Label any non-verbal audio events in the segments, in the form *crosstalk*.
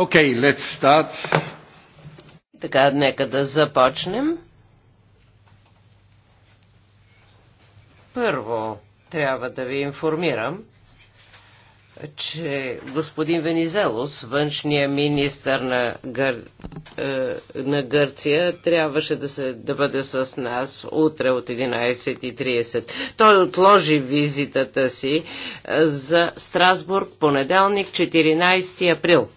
Okay, let's start. Така, нека да започнем. Първо, трябва да ви информирам, че господин Венизелос, външния министр на, Гър... Е, на Гърция, трябваше да, се... да бъде с нас утре от 11.30. Той отложи визитата си е, за Страсбург понеделник 14 април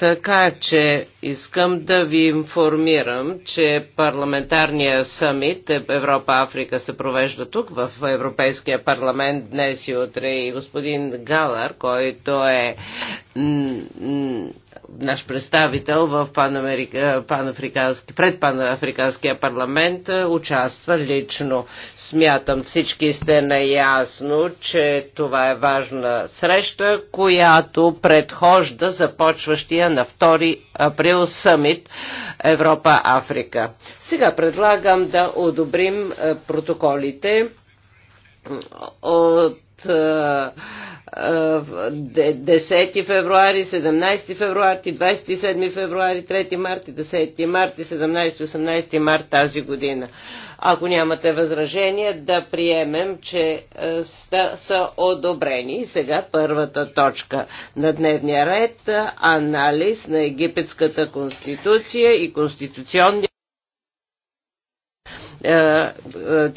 така че искам да ви информирам, че парламентарния самит е Европа-Африка се провежда тук в Европейския парламент днес и утре и господин Галар, който е наш представител в панафрикански, пред панафриканския парламент е, участва лично. Смятам всички сте наясно, че това е важна среща, която предхожда започващия на 2 април съмит Европа-Африка. Сега предлагам да одобрим е, протоколите от е, 10 февруари, 17 февруари, 27 февруари, 3 марти, 10 марти, 17-18 март тази година. Ако нямате възражения, да приемем, че ста, са одобрени. Сега първата точка на дневния ред – анализ на египетската конституция и конституционния е, е,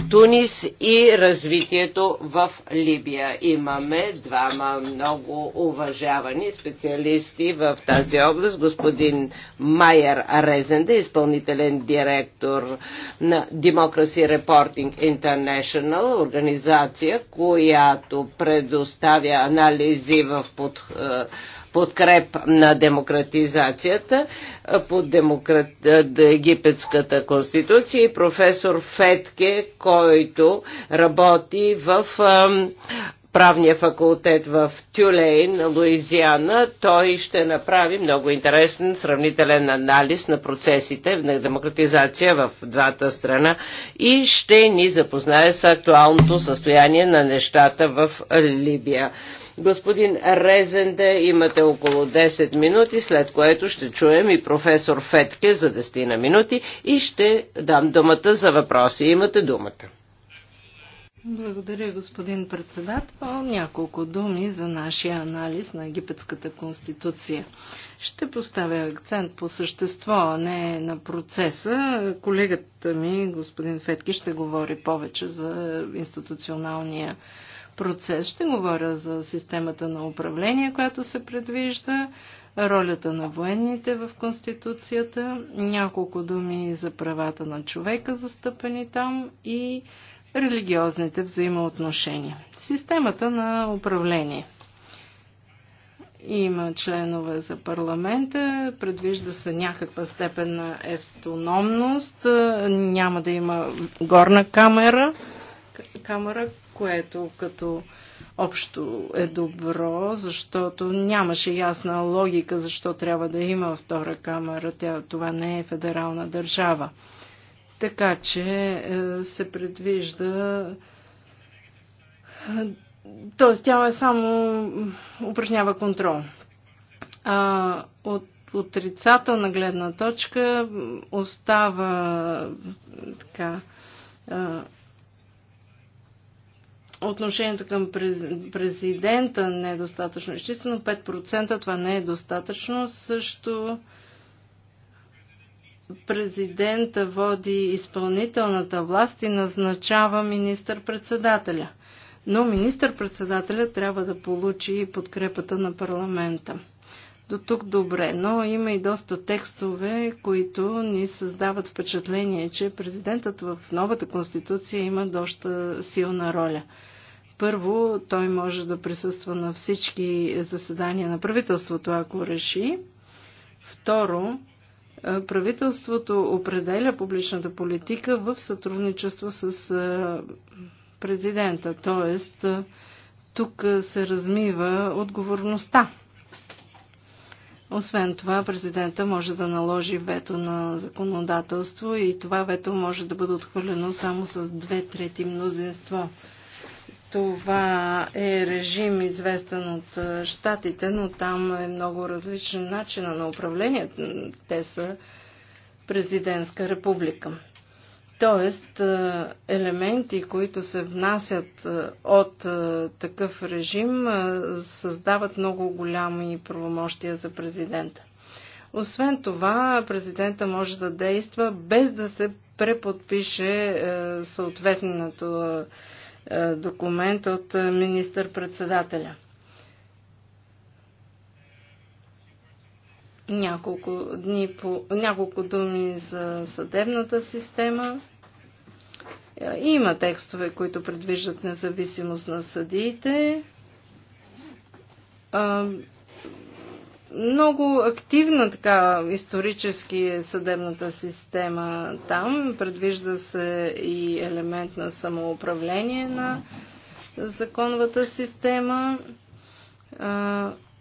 Тунис и развитието в Либия. Имаме двама много уважавани специалисти в тази област. Господин Майер Резенде, изпълнителен директор на Democracy Reporting International, организация, която предоставя анализи в под. Е, подкреп на демократизацията под демократ... египетската конституция и професор Фетке, който работи в правния факултет в Тюлейн, Луизиана, той ще направи много интересен сравнителен анализ на процесите на демократизация в двата страна и ще ни запознае с актуалното състояние на нещата в Либия. Господин Резенде, имате около 10 минути, след което ще чуем и професор Фетке за 10 на минути и ще дам думата за въпроси. Имате думата. Благодаря, господин председател. Няколко думи за нашия анализ на египетската конституция. Ще поставя акцент по същество, а не на процеса. Колегата ми, господин Фетки, ще говори повече за институционалния процес. Ще говоря за системата на управление, която се предвижда, ролята на военните в Конституцията, няколко думи за правата на човека, застъпени там и религиозните взаимоотношения. Системата на управление. Има членове за парламента, предвижда се някаква степен на автономност, няма да има горна камера, камера което като общо е добро, защото нямаше ясна логика, защо трябва да има втора камера. Тя, това не е федерална държава. Така че е, се предвижда. Е, Тоест, тя е само упражнява контрол. А, от отрицателна гледна точка остава така е, Отношението към президента не е достатъчно изчистено. 5% това не е достатъчно. Също президента води изпълнителната власт и назначава министър-председателя. Но министър-председателя трябва да получи подкрепата на парламента. До тук добре, но има и доста текстове, които ни създават впечатление, че президентът в новата конституция има доста силна роля. Първо, той може да присъства на всички заседания на правителството, ако реши. Второ, правителството определя публичната политика в сътрудничество с президента, Тоест, тук се размива отговорността. Освен това, президента може да наложи вето на законодателство и това вето може да бъде отхвърлено само с две трети мнозинство. Това е режим известен от щатите, но там е много различен начин на управление. Те са президентска република. Тоест, елементи, които се внасят от такъв режим, създават много голями правомощия за президента. Освен това, президента може да действа без да се преподпише съответното е, документ от е, министър-председателя. Няколко, дни по, няколко думи за съдебната система. Е, има текстове, които предвиждат независимост на съдиите. Много активна така исторически е съдебната система там. Предвижда се и елемент на самоуправление на законовата система.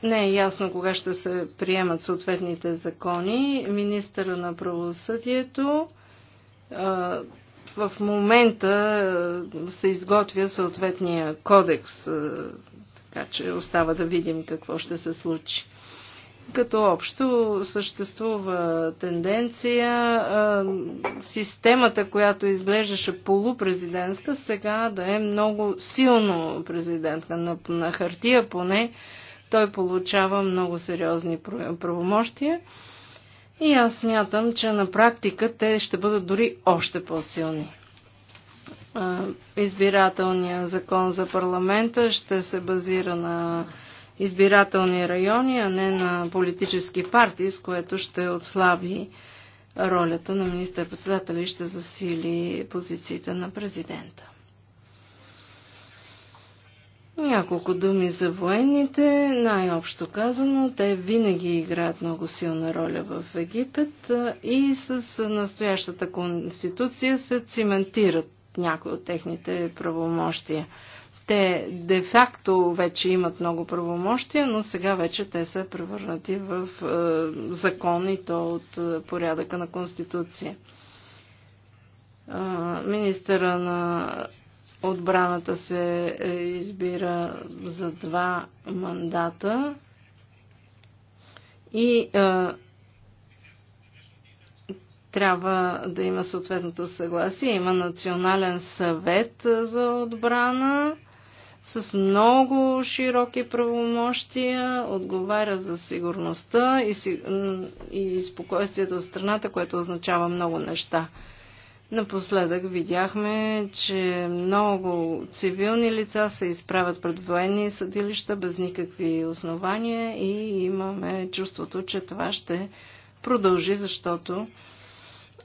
Не е ясно кога ще се приемат съответните закони. Министъра на правосъдието в момента се изготвя съответния кодекс, така че остава да видим какво ще се случи. Като общо съществува тенденция системата, която изглеждаше полупрезидентска, сега да е много силно президентка. На, на хартия поне той получава много сериозни правомощия. И аз смятам, че на практика те ще бъдат дори още по-силни. Избирателният закон за парламента ще се базира на избирателни райони, а не на политически партии, с което ще отслаби ролята на министър-председателя и ще засили позицията на президента. Няколко думи за военните. Най-общо казано, те винаги играят много силна роля в Египет и с настоящата конституция се циментират някои от техните правомощия. Те де-факто вече имат много правомощия, но сега вече те са превърнати в е, закон и то от е, порядъка на Конституция. Е, министъра на отбраната се е, избира за два мандата и е, трябва да има съответното съгласие. Има национален съвет за отбрана с много широки правомощия, отговаря за сигурността и, си, и спокойствието в страната, което означава много неща. Напоследък видяхме, че много цивилни лица се изправят пред военни съдилища без никакви основания и имаме чувството, че това ще продължи, защото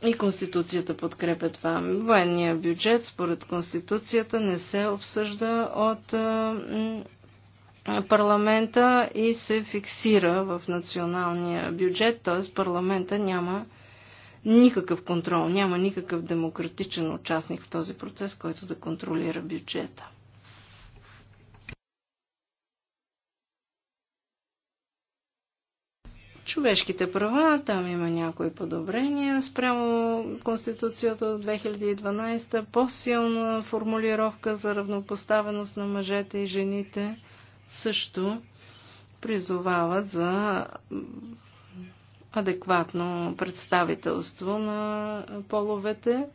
и Конституцията подкрепя това. Военния бюджет, според Конституцията, не се обсъжда от парламента и се фиксира в националния бюджет, т.е. парламента няма никакъв контрол, няма никакъв демократичен участник в този процес, който да контролира бюджета. човешките права, там има някои подобрения спрямо Конституцията от 2012, по-силна формулировка за равнопоставеност на мъжете и жените също призовават за адекватно представителство на половете.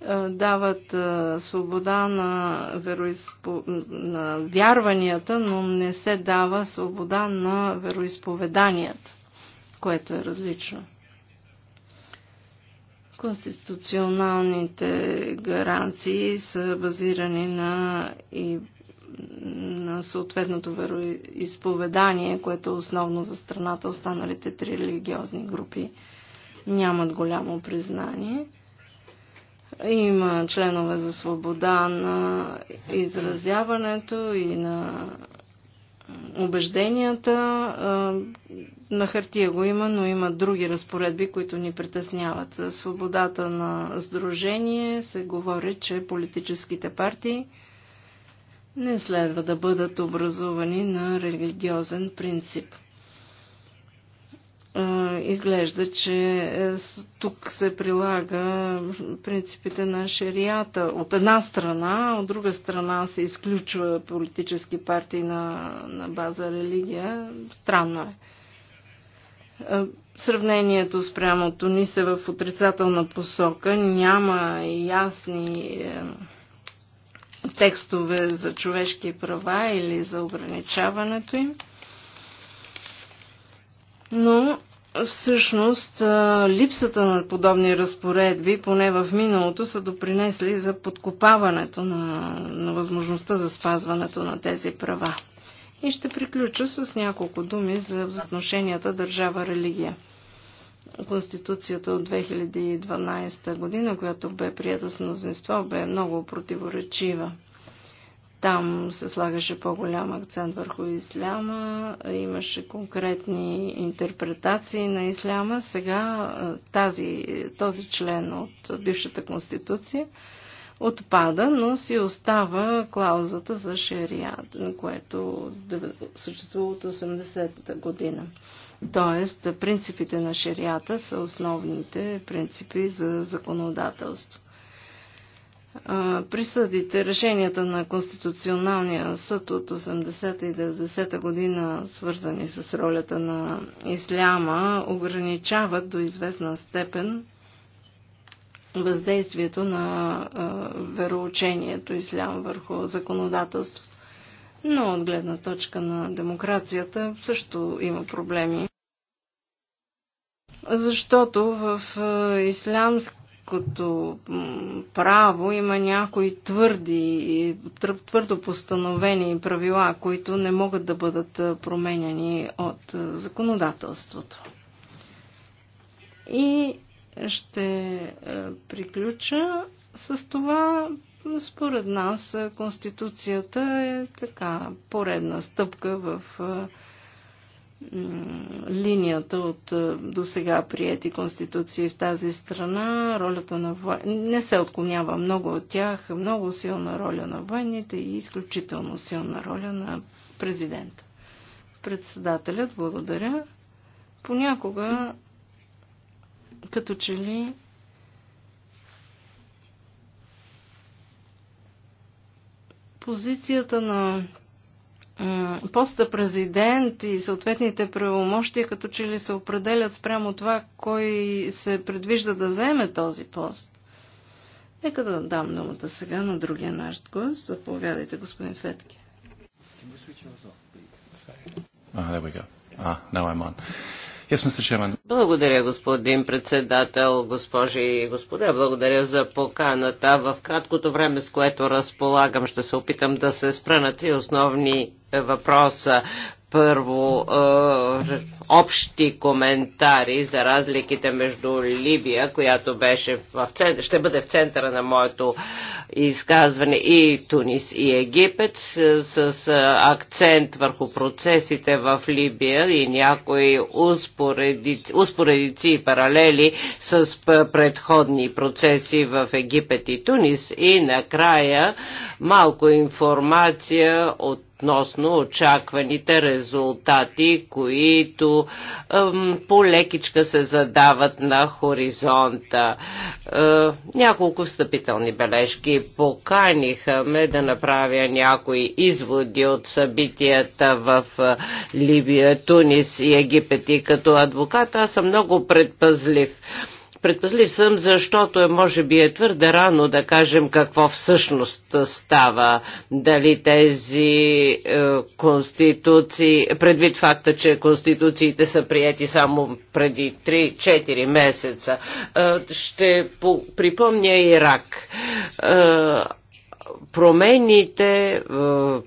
Е, дават е, свобода на, вероизпо... на вярванията, но не се дава свобода на вероисповеданията, което е различно. Конституционалните гаранции са базирани на, и, на съответното вероисповедание, което е основно за страната. Останалите три религиозни групи нямат голямо признание – има членове за свобода на изразяването и на убежденията. На хартия го има, но има други разпоредби, които ни притесняват. Свободата на сдружение се говори, че политическите партии не следва да бъдат образувани на религиозен принцип изглежда, че е, тук се прилага принципите на шарията. От една страна, от друга страна се изключва политически партии на, на база религия. Странно е. Сравнението спрямо Тунис е в отрицателна посока. Няма ясни е, текстове за човешки права или за ограничаването им. Но Всъщност, липсата на подобни разпоредби, поне в миналото, са допринесли за подкопаването на, на възможността за спазването на тези права. И ще приключа с няколко думи за отношенията държава-религия. Конституцията от 2012 година, която бе прията с мнозинство, бе много противоречива. Там се слагаше по-голям акцент върху исляма, имаше конкретни интерпретации на исляма. Сега тази, този член от бившата конституция отпада, но си остава клаузата за на което съществува от 80-та година. Тоест, принципите на шарията са основните принципи за законодателство присъдите, решенията на Конституционалния съд от 80-та и 90-та година, свързани с ролята на исляма, ограничават до известна степен въздействието на вероучението ислям върху законодателството. Но от гледна точка на демокрацията също има проблеми защото в ислямски българското право има някои твърди, твърдо постановени правила, които не могат да бъдат променени от законодателството. И ще приключа с това. Според нас Конституцията е така поредна стъпка в линията от е, до сега приети конституции в тази страна, ролята на вой... не се отклонява много от тях, много силна роля на войните и изключително силна роля на президента. Председателят, благодаря. Понякога, като че ли позицията на поста президент и съответните правомощия като че ли се определят спрямо това, кой се предвижда да заеме този пост. Нека да дам думата сега на другия наш гост. Заповядайте, господин Фетки. Ah, ah, Благодаря, господин председател, госпожи и господа. Благодаря за поканата. В краткото време, с което разполагам, ще се опитам да се спра на три основни въпроса. Първо, е, общи коментари за разликите между Либия, която беше в център, ще бъде в центъра на моето изказване, и Тунис и Египет, с, с е, акцент върху процесите в Либия и някои успоредици, успоредици и паралели с предходни процеси в Египет и Тунис. И накрая малко информация от относно очакваните резултати, които ем, полекичка се задават на хоризонта. Е, няколко встъпителни бележки поканиха ме да направя някои изводи от събитията в Либия, Тунис и Египет. И като адвокат аз съм много предпазлив. Предпазлив съм, защото е, може би е твърде рано да кажем какво всъщност става. Дали тези е, конституции, предвид факта, че конституциите са прияти само преди 3-4 месеца, е, ще по- припомня Ирак. Е, промените е,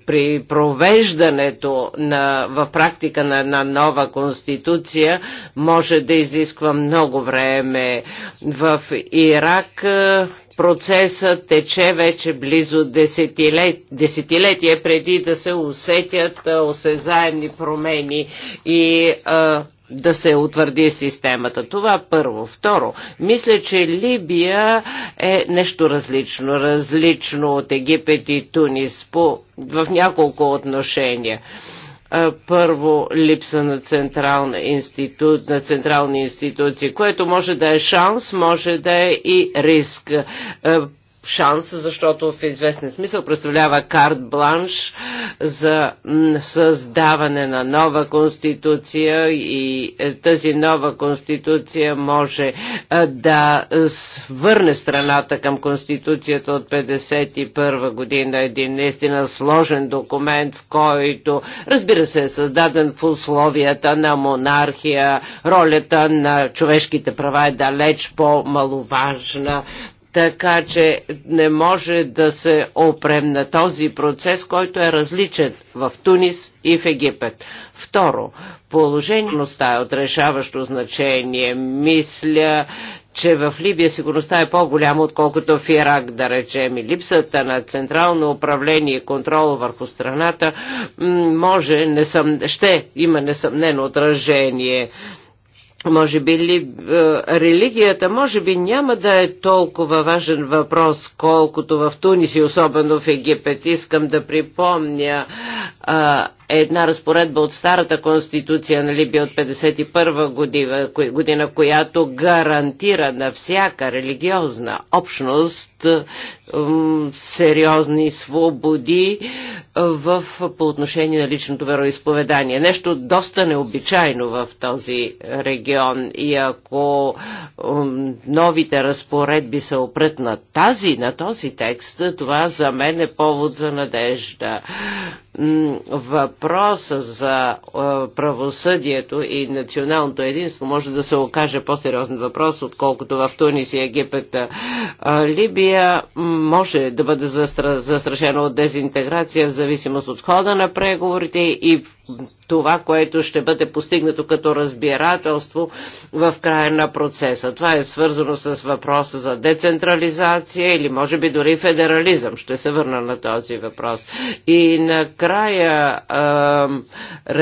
при провеждането на, в практика на една нова конституция може да изисква много време. В Ирак е, процесът тече вече близо десетилет, десетилетие преди да се усетят е, осезаемни промени и а, да се утвърди системата. Това първо. Второ, мисля, че Либия е нещо различно. Различно от Египет и Тунис по, в няколко отношения първо липса на, централна институт, на централни институции, което може да е шанс, може да е и риск шанс, защото в известен смисъл представлява карт бланш за създаване на нова конституция и е, тази нова конституция може е, да върне страната към конституцията от 1951 година. Един наистина сложен документ, в който, разбира се, е създаден в условията на монархия, ролята на човешките права е далеч по-маловажна, така че не може да се опрем на този процес, който е различен в Тунис и в Египет. Второ, положеността е от решаващо значение. Мисля, че в Либия сигурността е по-голяма, отколкото в Ирак, да речем. И липсата на централно управление и контрол върху страната може, несъм... ще има несъмнено отражение може би ли, е, религията може би няма да е толкова важен въпрос, колкото в Тунис и особено в Египет. Искам да припомня една разпоредба от старата конституция на Либия от 51 година, година, която гарантира на всяка религиозна общност сериозни свободи в, по отношение на личното вероисповедание. Нещо доста необичайно в този регион и ако новите разпоредби се опрет на тази, на този текст, това за мен е повод за надежда въпроса за правосъдието и националното единство може да се окаже по-сериозен въпрос, отколкото в Тунис и Египет. Либия може да бъде застрашена от дезинтеграция в зависимост от хода на преговорите и това, което ще бъде постигнато като разбирателство в края на процеса. Това е свързано с въпроса за децентрализация или може би дори федерализъм. Ще се върна на този въпрос. И на накрая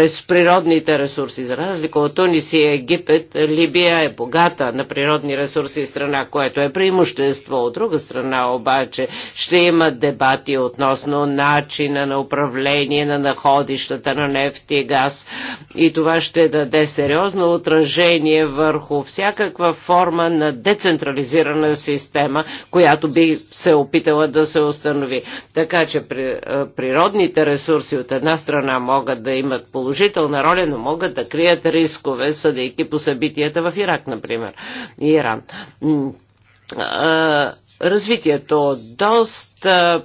с природните ресурси. За разлика от Тунис и Египет, Либия е богата на природни ресурси страна, което е преимущество. От друга страна обаче ще има дебати относно начина на управление на находищата на нефт и газ и това ще даде сериозно отражение върху всякаква форма на децентрализирана система, която би се опитала да се установи. Така че природните ресурси ресурси от една страна могат да имат положителна роля, но могат да крият рискове, съдейки по събитията в Ирак, например, и Иран развитието доста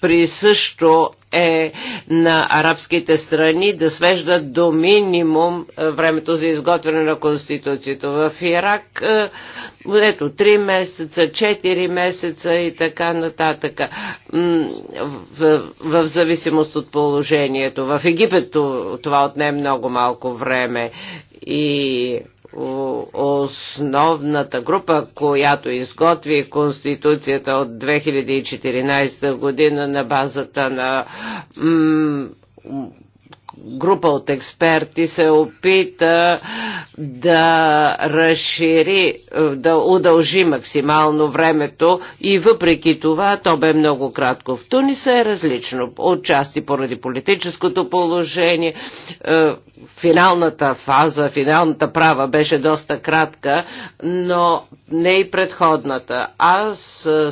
присъщо е на арабските страни да свеждат до минимум е, времето за изготвяне на Конституцията. В Ирак е, ето 3 месеца, 4 месеца и така нататък. В, в зависимост от положението. В Египет това отне много малко време. И основната група, която изготви Конституцията от 2014 година на базата на група от експерти се опита да разшири, е, да удължи максимално времето и въпреки това то бе много кратко. В Туниса е различно, отчасти поради политическото положение. Е, финалната фаза, финалната права беше доста кратка, но не и предходната. Аз е,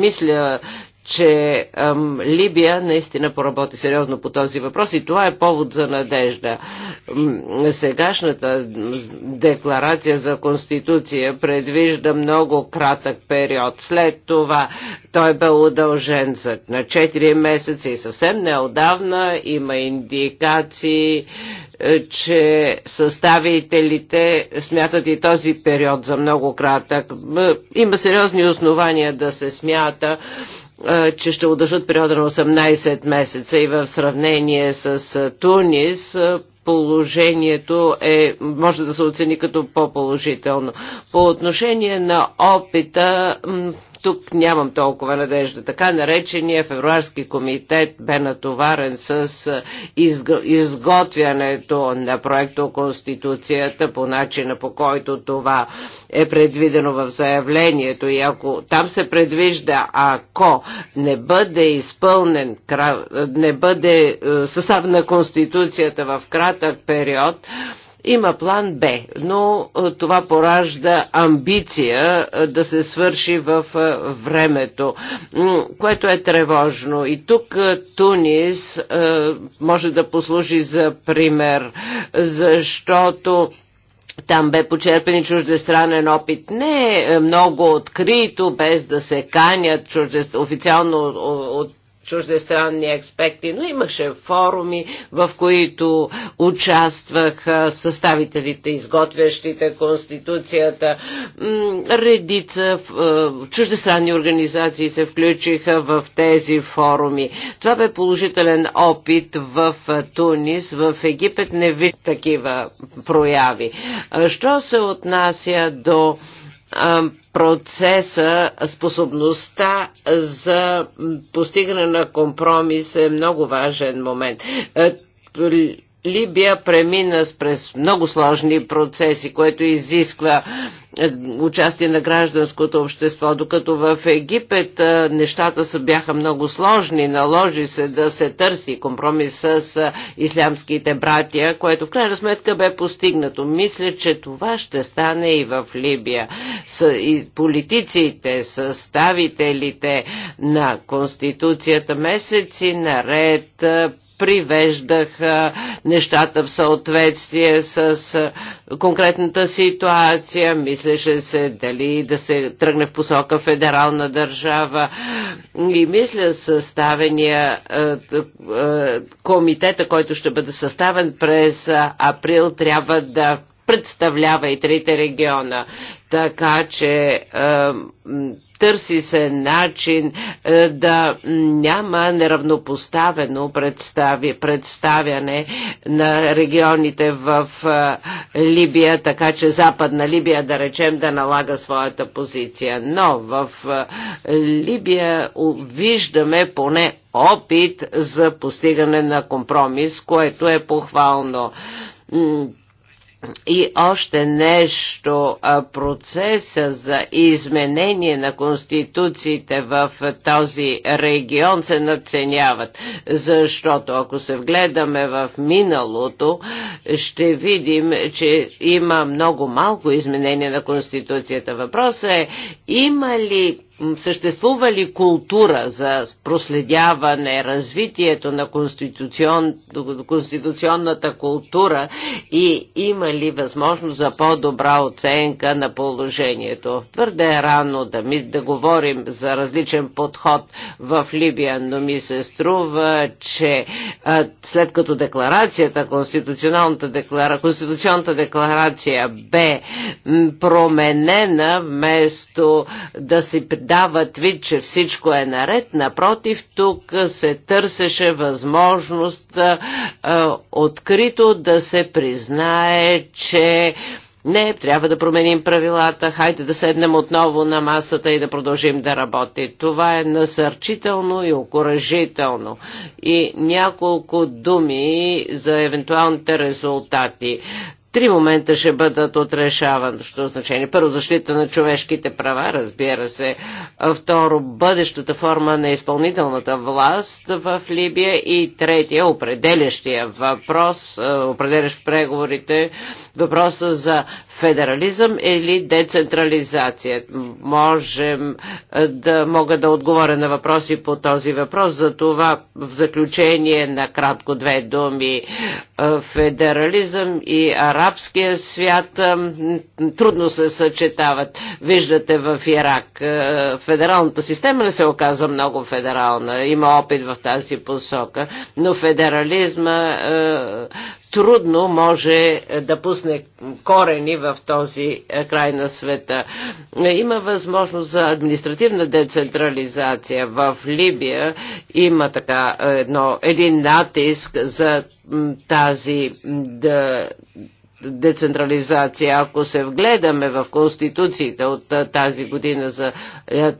мисля, че ам, Либия наистина поработи сериозно по този въпрос и това е повод за надежда. Сегашната декларация за Конституция предвижда много кратък период. След това той бе удължен за, на 4 месеца и съвсем неодавна има индикации, е, че съставителите смятат и този период за много кратък. Има сериозни основания да се смята, че ще удължат периода на 18 месеца и в сравнение с Тунис положението е, може да се оцени като по-положително. По отношение на опита, тук нямам толкова надежда. Така наречения февруарски комитет бе натоварен с изготвянето на проекто Конституцията по начина по който това е предвидено в заявлението и ако там се предвижда, ако не бъде изпълнен, не бъде състав на Конституцията в кратък период, има план Б, но е, това поражда амбиция е, да се свърши в е, времето, което е тревожно. И тук Тунис може да послужи за пример, защото там бе почерпен и чуждестранен опит. Не е много открито, без да се канят чуждест... официално от чуждестранни аспекти, но имаше форуми, в които участваха съставителите, изготвящите Конституцията. Редица е, чуждестранни организации се включиха в тези форуми. Това бе положителен опит в е, Тунис, в Египет не вижда такива прояви. Е, що се отнася до процеса, способността за постигане на компромис е много важен момент е, Либия премина през много сложни процеси, което изисква е, участие на гражданското общество, докато в Египет е, нещата са бяха много сложни, наложи се да се търси компромис с е, ислямските братия, което в крайна сметка бе постигнато. Мисля, че това ще стане и в Либия. С, и политиците, съставителите на Конституцията месеци наред привеждаха нещата в съответствие с конкретната ситуация. Мислеше се дали да се тръгне в посока федерална държава. И мисля съставения комитета, който ще бъде съставен през април, трябва да представлява и трите региона. Така че е, търси се начин е, да няма неравнопоставено представи, представяне на регионите в е, Либия, така че Западна Либия, да речем, да налага своята позиция. Но в Либия виждаме поне опит за постигане на компромис, което е похвално и още нещо, процеса за изменение на конституциите в този регион се надценяват, защото ако се вгледаме в миналото, ще видим, че има много малко изменение на конституцията. Въпросът е, има ли съществува ли култура за проследяване развитието на конституцион, конституционната култура и има ли възможност за по-добра оценка на положението? Твърде е рано да, ми, да говорим за различен подход в Либия, но ми се струва, че а, след като декларацията, конституционната, деклара, конституционната декларация бе променена вместо да се дават вид, че всичко е наред. Напротив, тук се търсеше възможност а, а, открито да се признае, че не, трябва да променим правилата, хайде да седнем отново на масата и да продължим да работи. Това е насърчително и окоръжително. И няколко думи за евентуалните резултати. Три момента ще бъдат отрешаващо значение. Първо, защита на човешките права, разбира се. Второ, бъдещата форма на изпълнителната власт в Либия. И третия, определящия въпрос, е, определящ преговорите, въпроса за федерализъм или децентрализация. Можем е, да мога да отговоря на въпроси по този въпрос, за това в заключение на кратко две думи. Е, федерализъм и арабския свят е, трудно се съчетават. Виждате в Ирак. Федералната система не се оказа много федерална. Има опит в тази посока, но федерализма трудно може да пусне корени в в този е, край на света. Има възможност за административна децентрализация. В Либия има така е, едно, един натиск за тази да, децентрализация. Ако се вгледаме в конституциите от тази година за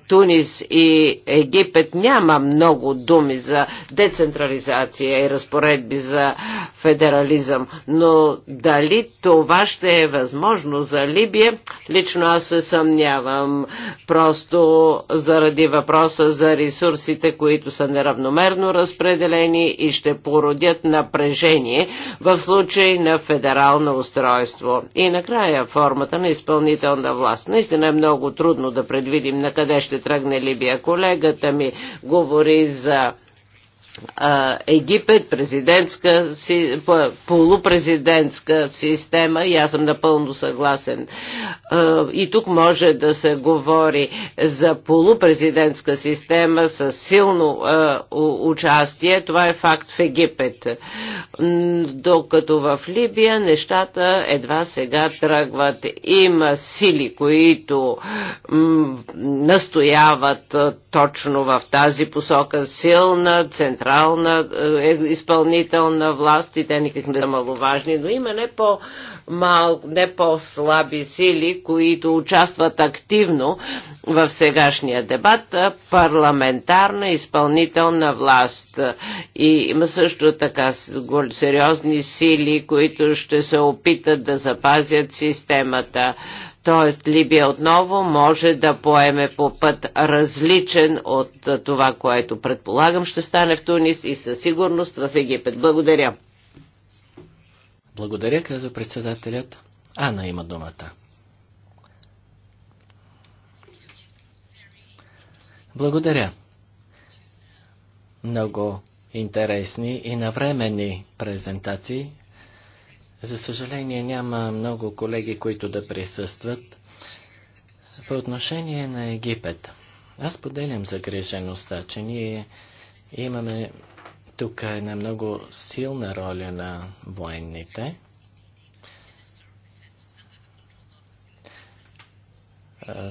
Тунис и Египет, няма много думи за децентрализация и разпоредби за федерализъм. Но дали това ще е възможно за Либия, лично аз се съмнявам. Просто заради въпроса за ресурсите, които са неравномерно разпределени и ще породят напрежение в случай на федерална устройство. И накрая формата на изпълнителна власт. Наистина е много трудно да предвидим на къде ще тръгне Либия. Колегата ми говори за Египет, президентска, полупрезидентска система и аз съм напълно съгласен. И тук може да се говори за полупрезидентска система с силно участие. Това е факт в Египет. Докато в Либия нещата едва сега тръгват. Има сили, които настояват точно в тази посока силна централна централна е, изпълнителна власт и те никак не са маловажни, но има не по мал, не по-слаби сили, които участват активно в сегашния дебат, парламентарна изпълнителна власт. И има също така сериозни сили, които ще се опитат да запазят системата. Т.е. Либия отново може да поеме по път различен от това, което предполагам ще стане в Тунис и със сигурност в Египет. Благодаря. Благодаря, казва председателят. Ана има думата. Благодаря. Много интересни и навремени презентации. За съжаление няма много колеги, които да присъстват. По отношение на Египет, аз поделям загрежеността, че ние имаме тук една много силна роля на военните.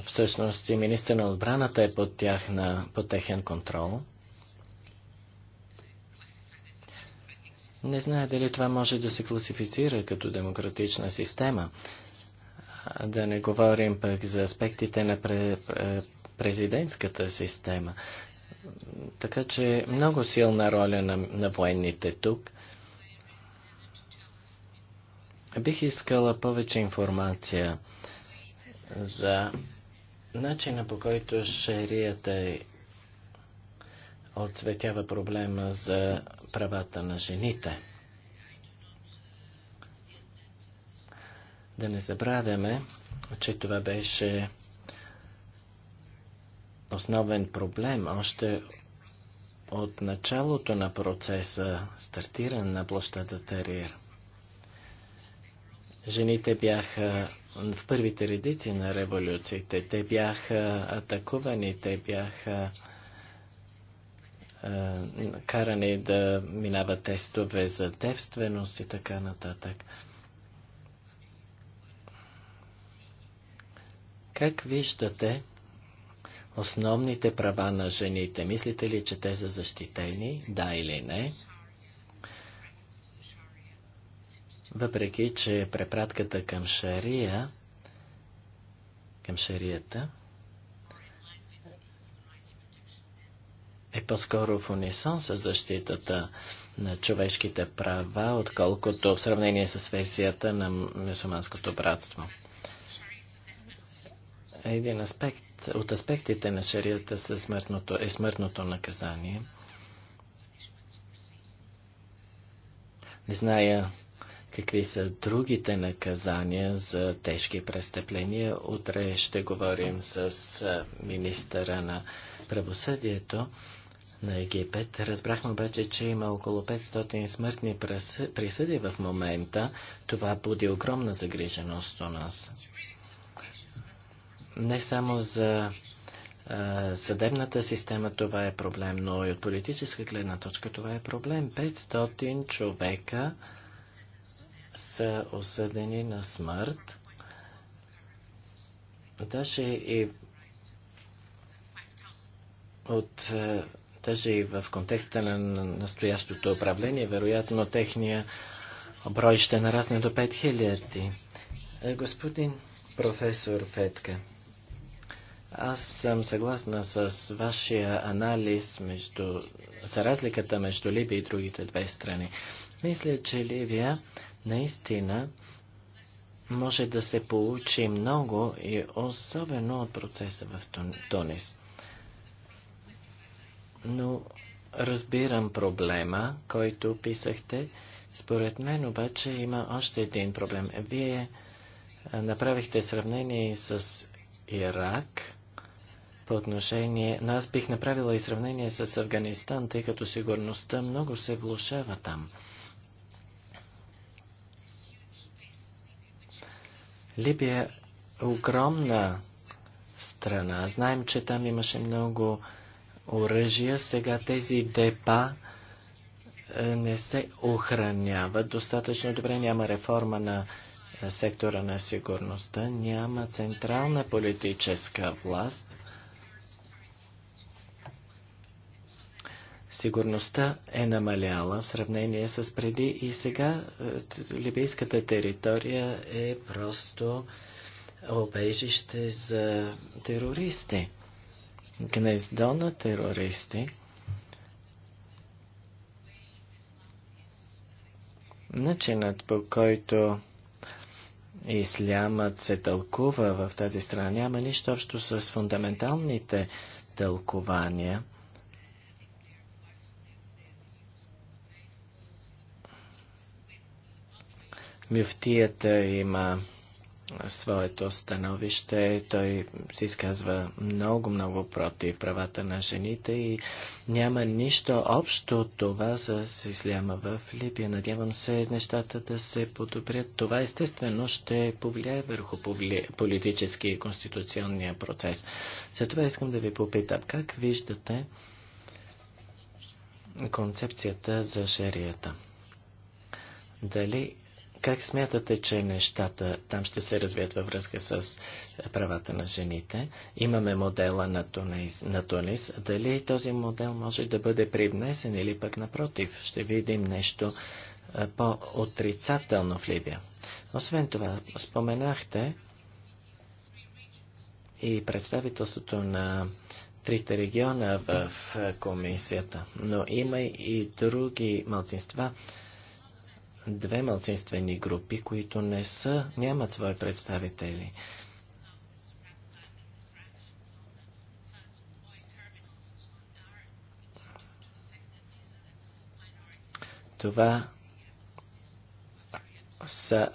Всъщност и министър на отбраната е под, на, под техен контрол – Не зная дали това може да се класифицира като демократична система. Да не говорим пък за аспектите на е, президентската система. Така че много силна роля на, на военните тук. Бих искала повече информация за начина по който шарията е отцветява проблема за правата на жените. Да не забравяме, че това беше основен проблем още от началото на процеса стартиран на площада Терир. Жените бяха в първите редици на революциите. Те бяха атакувани, те бяха е, карани да минават тестове за девственост и така нататък. Как виждате основните права на жените? Мислите ли, че те са защитени? Да или не? Въпреки, че препратката към шария, към шарията, е по-скоро в унисон с защитата на човешките права, отколкото в сравнение с версията на мусулманското братство. Един аспект от аспектите на шарията е смъртното, е смъртното наказание. Не зная какви са другите наказания за тежки престъпления. Утре ще говорим с министъра на правосъдието на Египет. Разбрахме обаче, че има около 500 смъртни присъди в момента. Това буди огромна загриженост у нас. Не само за а, съдебната система това е проблем, но и от политическа гледна точка това е проблем. 500 човека са осъдени на смърт. Даже и от даже и в контекста на настоящото управление, вероятно техния брой ще нарасне до 5000. Е, господин професор Фетка, аз съм съгласна с вашия анализ между, за разликата между Либия и другите две страни. Мисля, че Ливия наистина може да се получи много и особено от процеса в Тунис но разбирам проблема, който писахте. Според мен обаче има още един проблем. Вие направихте сравнение с Ирак по отношение... Но аз бих направила и сравнение с Афганистан, тъй като сигурността много се влушава там. Либия е огромна страна. Знаем, че там имаше много оръжия, сега тези депа е, не се охраняват достатъчно добре, няма реформа на е, сектора на сигурността, няма централна политическа власт. Сигурността е намаляла в сравнение с преди и сега е, либийската територия е просто обежище за терористи гнездо на терористи, начинът по който Ислямът се тълкува в тази страна няма нищо общо с фундаменталните тълкования. Мюфтията има своето становище. Той се изказва много-много против правата на жените и няма нищо общо от това с исляма в Либия. Надявам се нещата да се подобрят. Това естествено ще повлияе върху политически и конституционния процес. Затова искам да ви попитам, как виждате концепцията за шарията? Дали как смятате, че нещата там ще се развият във връзка с е, правата на жените? Имаме модела на Тунис. На Тунис. Дали този модел може да бъде привнесен или пък напротив? Ще видим нещо е, по-отрицателно в Либия. Освен това, споменахте и представителството на трите региона в е, комисията, но има и други малцинства, две мълцинствени групи, които не са, нямат свои представители. Това са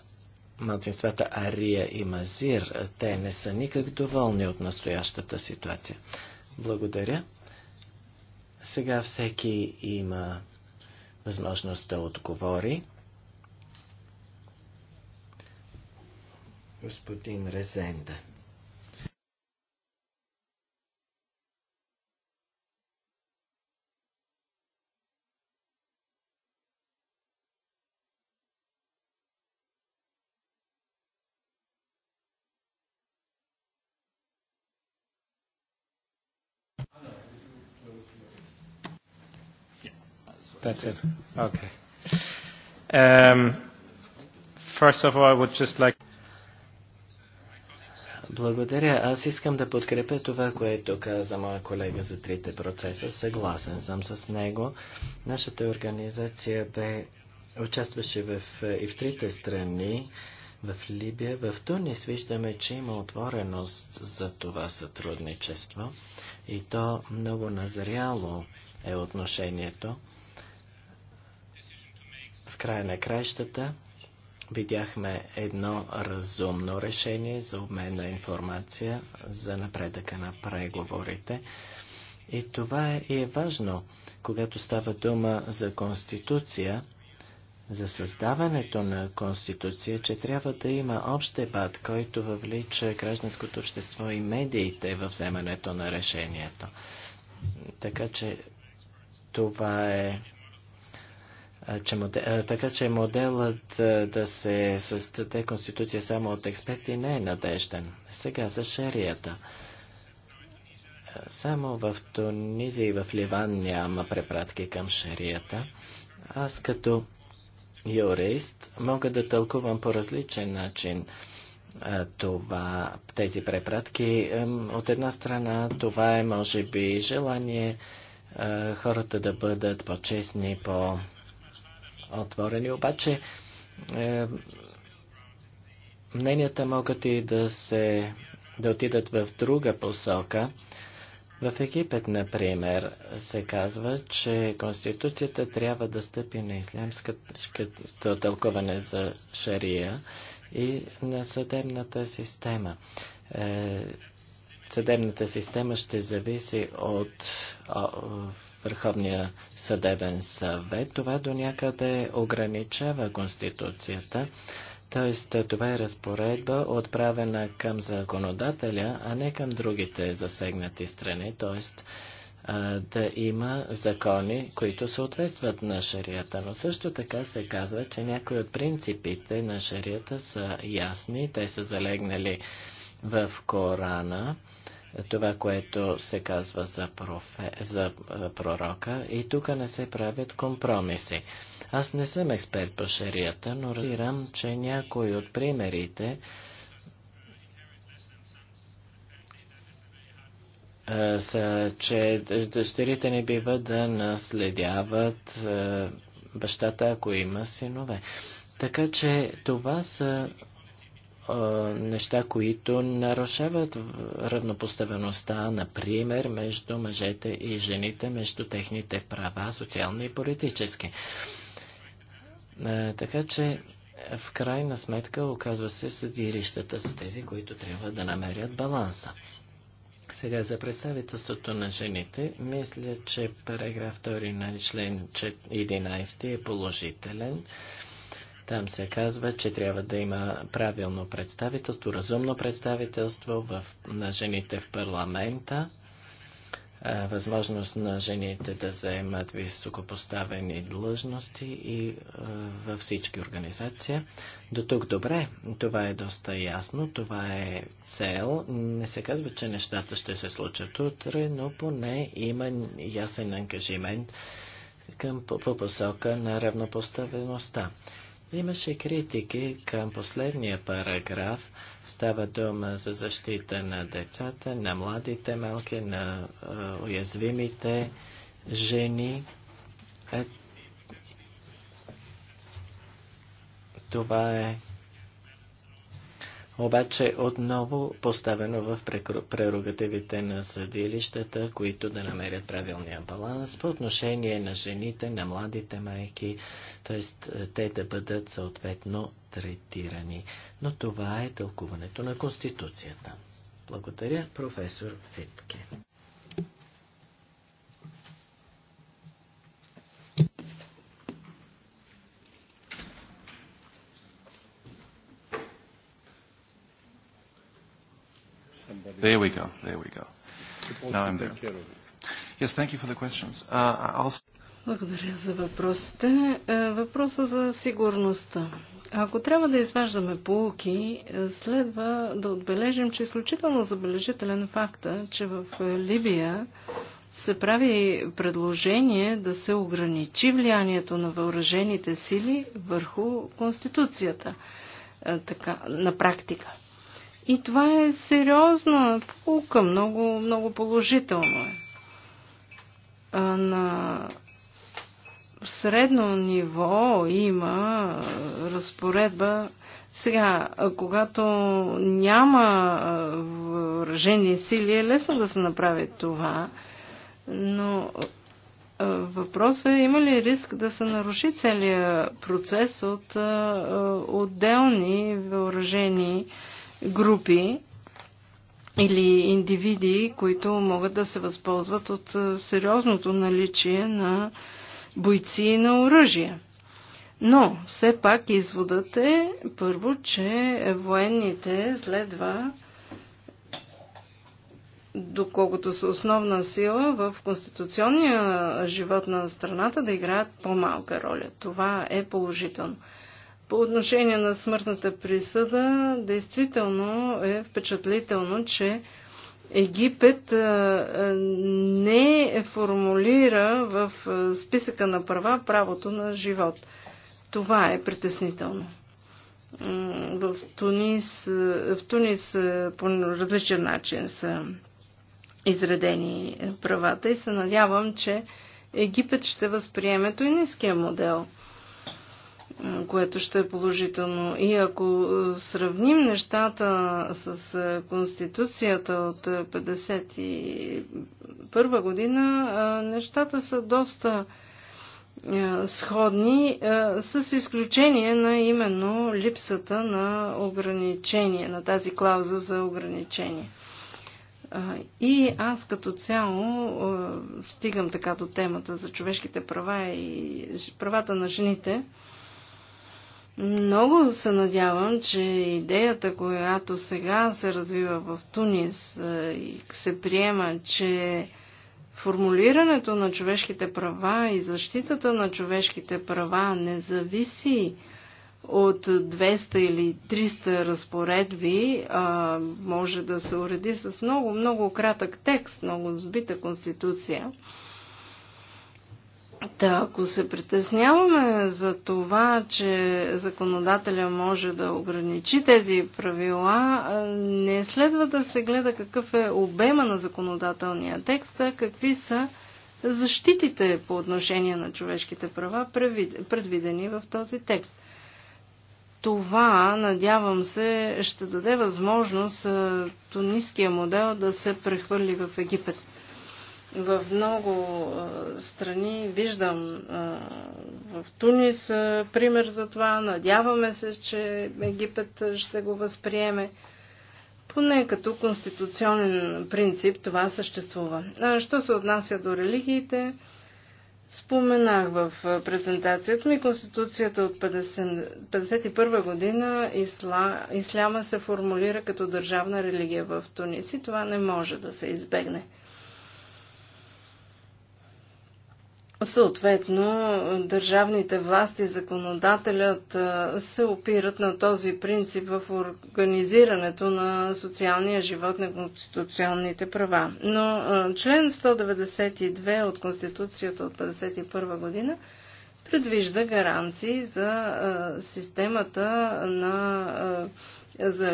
мълцинствата Ария и Мазир. Те не са никак доволни от настоящата ситуация. Благодаря. Сега всеки има възможност да отговори. господин Резенда. That's it. Okay. Um, first of all, I would just like благодаря. Аз искам да подкрепя това, което каза моя колега за трите процеса. Съгласен съм с него. Нашата организация бе, участваше в, и в трите страни, в Либия. В Тунис виждаме, че има отвореност за това сътрудничество и то много назряло е отношението. В края на краищата видяхме едно разумно решение за обмен на информация за напредъка на преговорите. И това е, и е важно, когато става дума за Конституция, за създаването на Конституция, че трябва да има общ дебат, който въвлича гражданското общество и медиите във вземането на решението. Така че това е че модел, така че моделът да се създаде конституция само от експерти не е надежден. Сега за шарията. Само в Тунизия и в Ливан няма препратки към шарията. Аз като юрист мога да тълкувам по различен начин това, тези препратки. От една страна това е може би желание хората да бъдат по-честни, по-честни отворени, обаче е, мненията могат и да се да отидат в друга посока. В Египет, например, се казва, че Конституцията трябва да стъпи на ислямското тълкуване за шария и на съдебната система. Е, съдебната система ще зависи от Върховния съдебен съвет, това до някъде ограничава Конституцията. Т.е. това е разпоредба, отправена към законодателя, а не към другите засегнати страни, т.е. да има закони, които съответстват на шарията. Но също така се казва, че някои от принципите на шарията са ясни, те са залегнали в Корана това, което се казва за, профе, за е, пророка и тук не се правят компромиси. Аз не съм експерт по шарията, но разбирам, че някои от примерите е, са, че дъщерите не бива да наследяват е, бащата, ако има синове. Така че това са неща, които нарушават равнопоставеността, например, между мъжете и жените, между техните права, социални и политически. Така че, в крайна сметка, оказва се съдилищата за тези, които трябва да намерят баланса. Сега за представителството на жените, мисля, че параграф 2 на член 11 е положителен. Там се казва, че трябва да има правилно представителство, разумно представителство в, на жените в парламента, а, възможност на жените да заемат високопоставени длъжности и а, във всички организации. До тук добре, това е доста ясно, това е цел. Не се казва, че нещата ще се случат утре, но поне има ясен ангажимент към, по, по посока на равнопоставеността. Имаше критики към последния параграф. Става дума за защита на децата, на младите малки, на уязвимите жени. Е, това е обаче отново поставено в прерогативите на съдилищата, които да намерят правилния баланс по отношение на жените, на младите майки, т.е. те да бъдат съответно третирани. Но това е тълкуването на Конституцията. Благодаря, професор Фитке. There we go. There we go. Now I'm there. Yes, thank you for the questions. Uh, I'll... Благодаря за въпросите. Е, въпроса за сигурността. Ако трябва да изваждаме полуки, е, следва да отбележим, че е изключително забележителен факта, че в Либия се прави предложение да се ограничи влиянието на въоръжените сили върху Конституцията. Така, на практика. И това е сериозна полука, много, много положително е. А на средно ниво има разпоредба. Сега, когато няма въоръжени сили, е лесно да се направи това, но въпросът е има ли риск да се наруши целият процес от отделни въоръжени сили групи или индивиди, които могат да се възползват от сериозното наличие на бойци и на оръжие. Но, все пак изводът е първо, че военните следва доколкото са основна сила в конституционния живот на страната да играят по-малка роля. Това е положително. По отношение на смъртната присъда, действително е впечатлително, че Египет не формулира в списъка на права правото на живот. Това е притеснително. В Тунис, в Тунис по различен начин са изредени правата и се надявам, че Египет ще възприеме тунисския модел – което ще е положително. И ако сравним нещата с Конституцията от 1951 година, нещата са доста сходни, с изключение на именно липсата на ограничение, на тази клауза за ограничение. И аз като цяло стигам така до темата за човешките права и правата на жените. Много се надявам, че идеята, която сега се развива в Тунис е, и се приема, че формулирането на човешките права и защитата на човешките права не зависи от 200 или 300 разпоредби, а, може да се уреди с много, много кратък текст, много сбита конституция. Да, ако се притесняваме за това, че законодателя може да ограничи тези правила, не следва да се гледа какъв е обема на законодателния текст, а какви са защитите по отношение на човешките права, предвидени в този текст. Това, надявам се, ще даде възможност туниския модел да се прехвърли в Египет в много страни виждам в Тунис пример за това. Надяваме се, че Египет ще го възприеме. Поне като конституционен принцип това съществува. А що се отнася до религиите, споменах в презентацията ми Конституцията от 1951 година исла, Исляма се формулира като държавна религия в Тунис и това не може да се избегне. Съответно, държавните власти, законодателят се опират на този принцип в организирането на социалния живот на конституционните права. Но член 192 от Конституцията от 1951 година предвижда гаранции за системата на за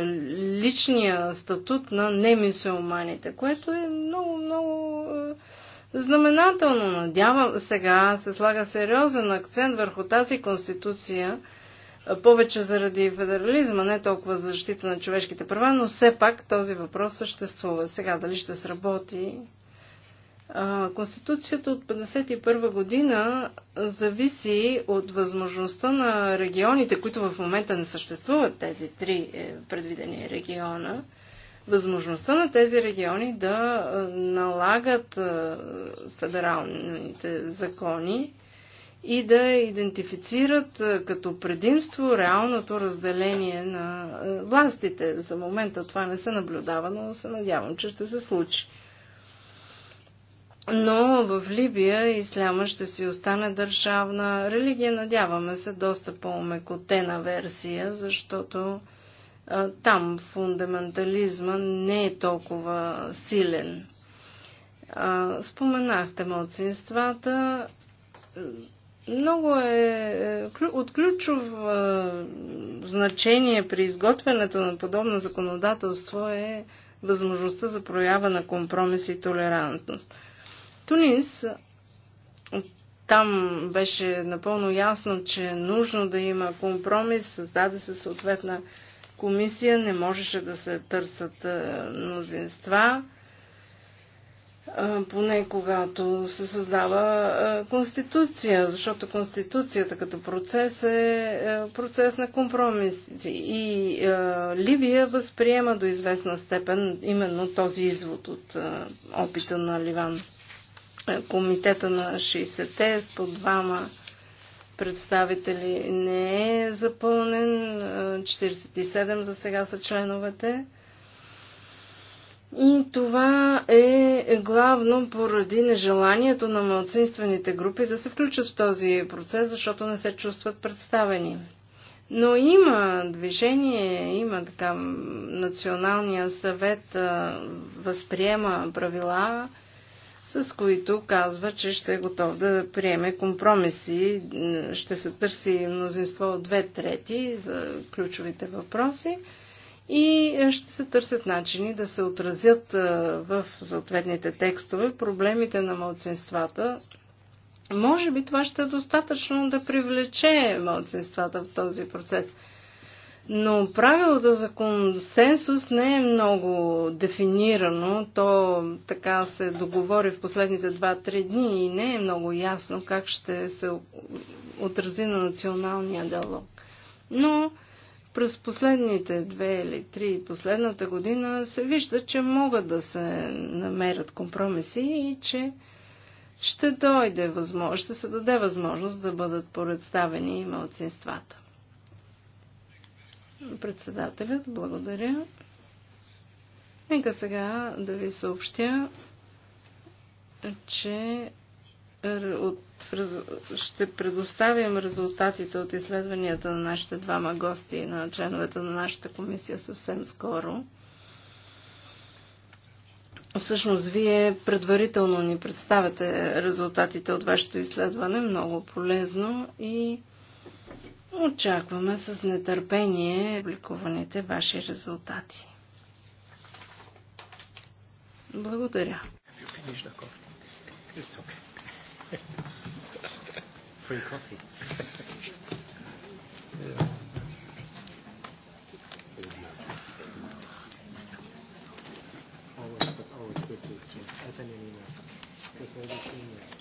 личния статут на немисълманите, което е много, много Знаменателно надявам сега се слага сериозен акцент върху тази конституция, повече заради федерализма, не толкова за защита на човешките права, но все пак този въпрос съществува. Сега дали ще сработи? Конституцията от 1951 година зависи от възможността на регионите, които в момента не съществуват, тези три е, предвидени региона, възможността на тези региони да налагат федералните закони и да идентифицират като предимство реалното разделение на властите. За момента това не се наблюдава, но се надявам, че ще се случи. Но в Либия исляма ще си остане държавна религия. Надяваме се доста по-омекотена версия, защото там фундаментализма не е толкова силен. Споменахте младсинствата. Много е, е от ключово значение при изготвянето на подобно законодателство е възможността за проява на компромис и толерантност. Тунис, там беше напълно ясно, че е нужно да има компромис, създаде се съответна комисия, не можеше да се търсят е, мнозинства, е, поне когато се създава е, Конституция, защото Конституцията като процес е процес на компромис. И Ливия възприема до известна степен именно този извод от опита на Ливан. Комитета на 60-те с по двама представители не е запълнен. 47 за сега са членовете. И това е главно поради нежеланието на малцинствените групи да се включат в този процес, защото не се чувстват представени. Но има движение, има така националния съвет, възприема правила, с които казва, че ще е готов да приеме компромиси. Ще се търси мнозинство от две трети за ключовите въпроси и ще се търсят начини да се отразят в съответните текстове проблемите на младсинствата. Може би това ще е достатъчно да привлече младсинствата в този процес – но правилото за консенсус не е много дефинирано. То така се договори в последните 2-3 дни и не е много ясно как ще се отрази на националния диалог. Но през последните две или три последната година се вижда, че могат да се намерят компромиси и че ще дойде възможност, ще се даде възможност да бъдат представени и малцинствата. Председателят, благодаря. Нека сега да ви съобщя, че от, ще предоставим резултатите от изследванията на нашите двама гости и на членовете на нашата комисия съвсем скоро. Всъщност, вие предварително ни представяте резултатите от вашето изследване, много полезно и Очакваме с нетърпение публикуваните ваши резултати. Благодаря. Thank you.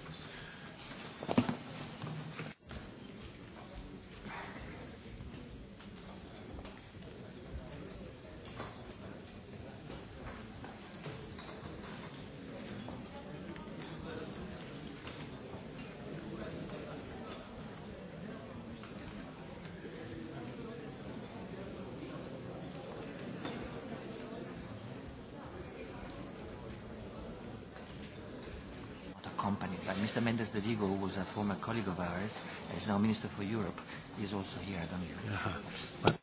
Mendes de Vigo, who was a former colleague of ours, is now Minister for Europe, is also here. I don't know.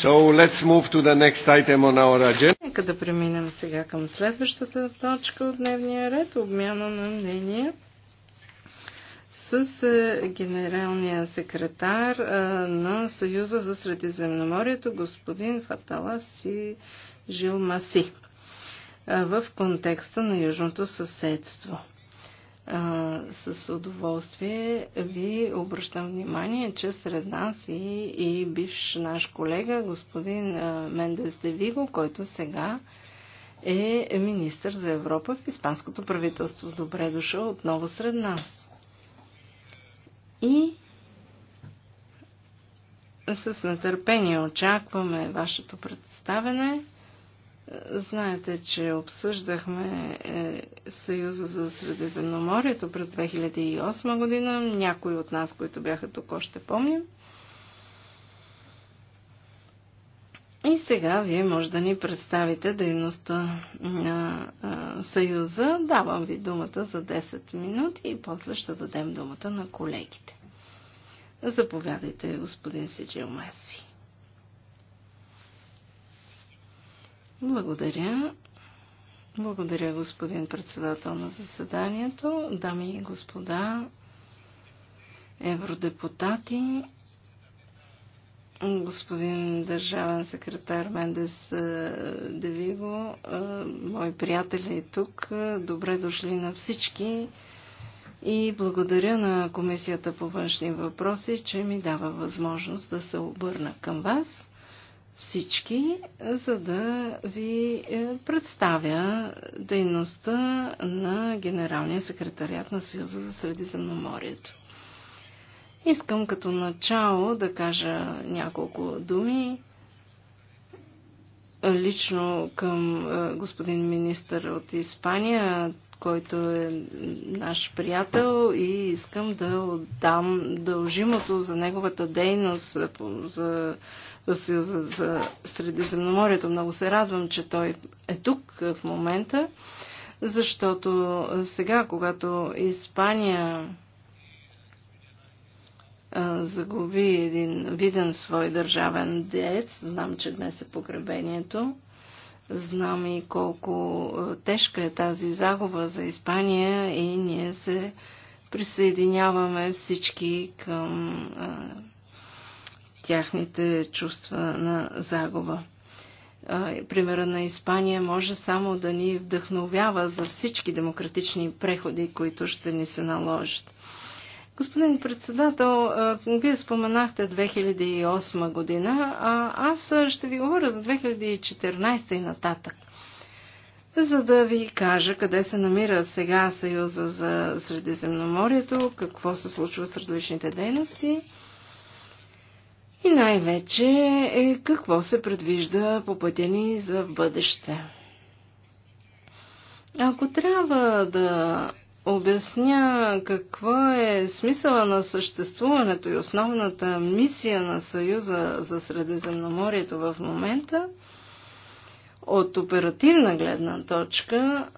So let's move to the next item on our agenda. Нека да преминем сега към следващата точка от дневния ред, обмяна на мнения с е, генералния секретар е, на Съюза за Средиземноморието, господин Фатала Си Жил Маси, е, в контекста на Южното съседство с удоволствие ви обръщам внимание, че сред нас и, и бивш наш колега, господин Мендес Девиго, който сега е министър за Европа в Испанското правителство. Добре дошъл отново сред нас. И с нетърпение очакваме вашето представене. Знаете, че обсъждахме е, Съюза за Средиземноморието през 2008 година. Някои от нас, които бяха тук, още помним. И сега вие може да ни представите дейността на Съюза. Давам ви думата за 10 минути и после ще дадем думата на колегите. Заповядайте, господин Сиджил Меси. Благодаря. Благодаря, господин председател на заседанието, дами и господа, евродепутати, господин държавен секретар Мендес е, Девиго, е, мои приятели е тук, добре дошли на всички и благодаря на Комисията по външни въпроси, че ми дава възможност да се обърна към вас всички, за да ви е, представя дейността на Генералния секретариат на Съюза за Средиземноморието. Искам като начало да кажа няколко думи лично към е, господин министър от Испания, който е наш приятел и искам да отдам дължимото за неговата дейност е, за Съюза за Средиземноморието. Много се радвам, че той е тук в момента, защото сега, когато Испания загуби един виден свой държавен дец, знам, че днес е погребението, знам и колко тежка е тази загуба за Испания и ние се присъединяваме всички към тяхните чувства на загуба. Примера на Испания може само да ни вдъхновява за всички демократични преходи, които ще ни се наложат. Господин председател, вие споменахте 2008 година, а аз ще ви говоря за 2014 и нататък. За да ви кажа къде се намира сега Съюза за Средиземноморието, какво се случва с различните дейности и най-вече е какво се предвижда по пътя ни за бъдеще. Ако трябва да обясня какво е смисъла на съществуването и основната мисия на Съюза за Средиземноморието в момента, от оперативна гледна точка,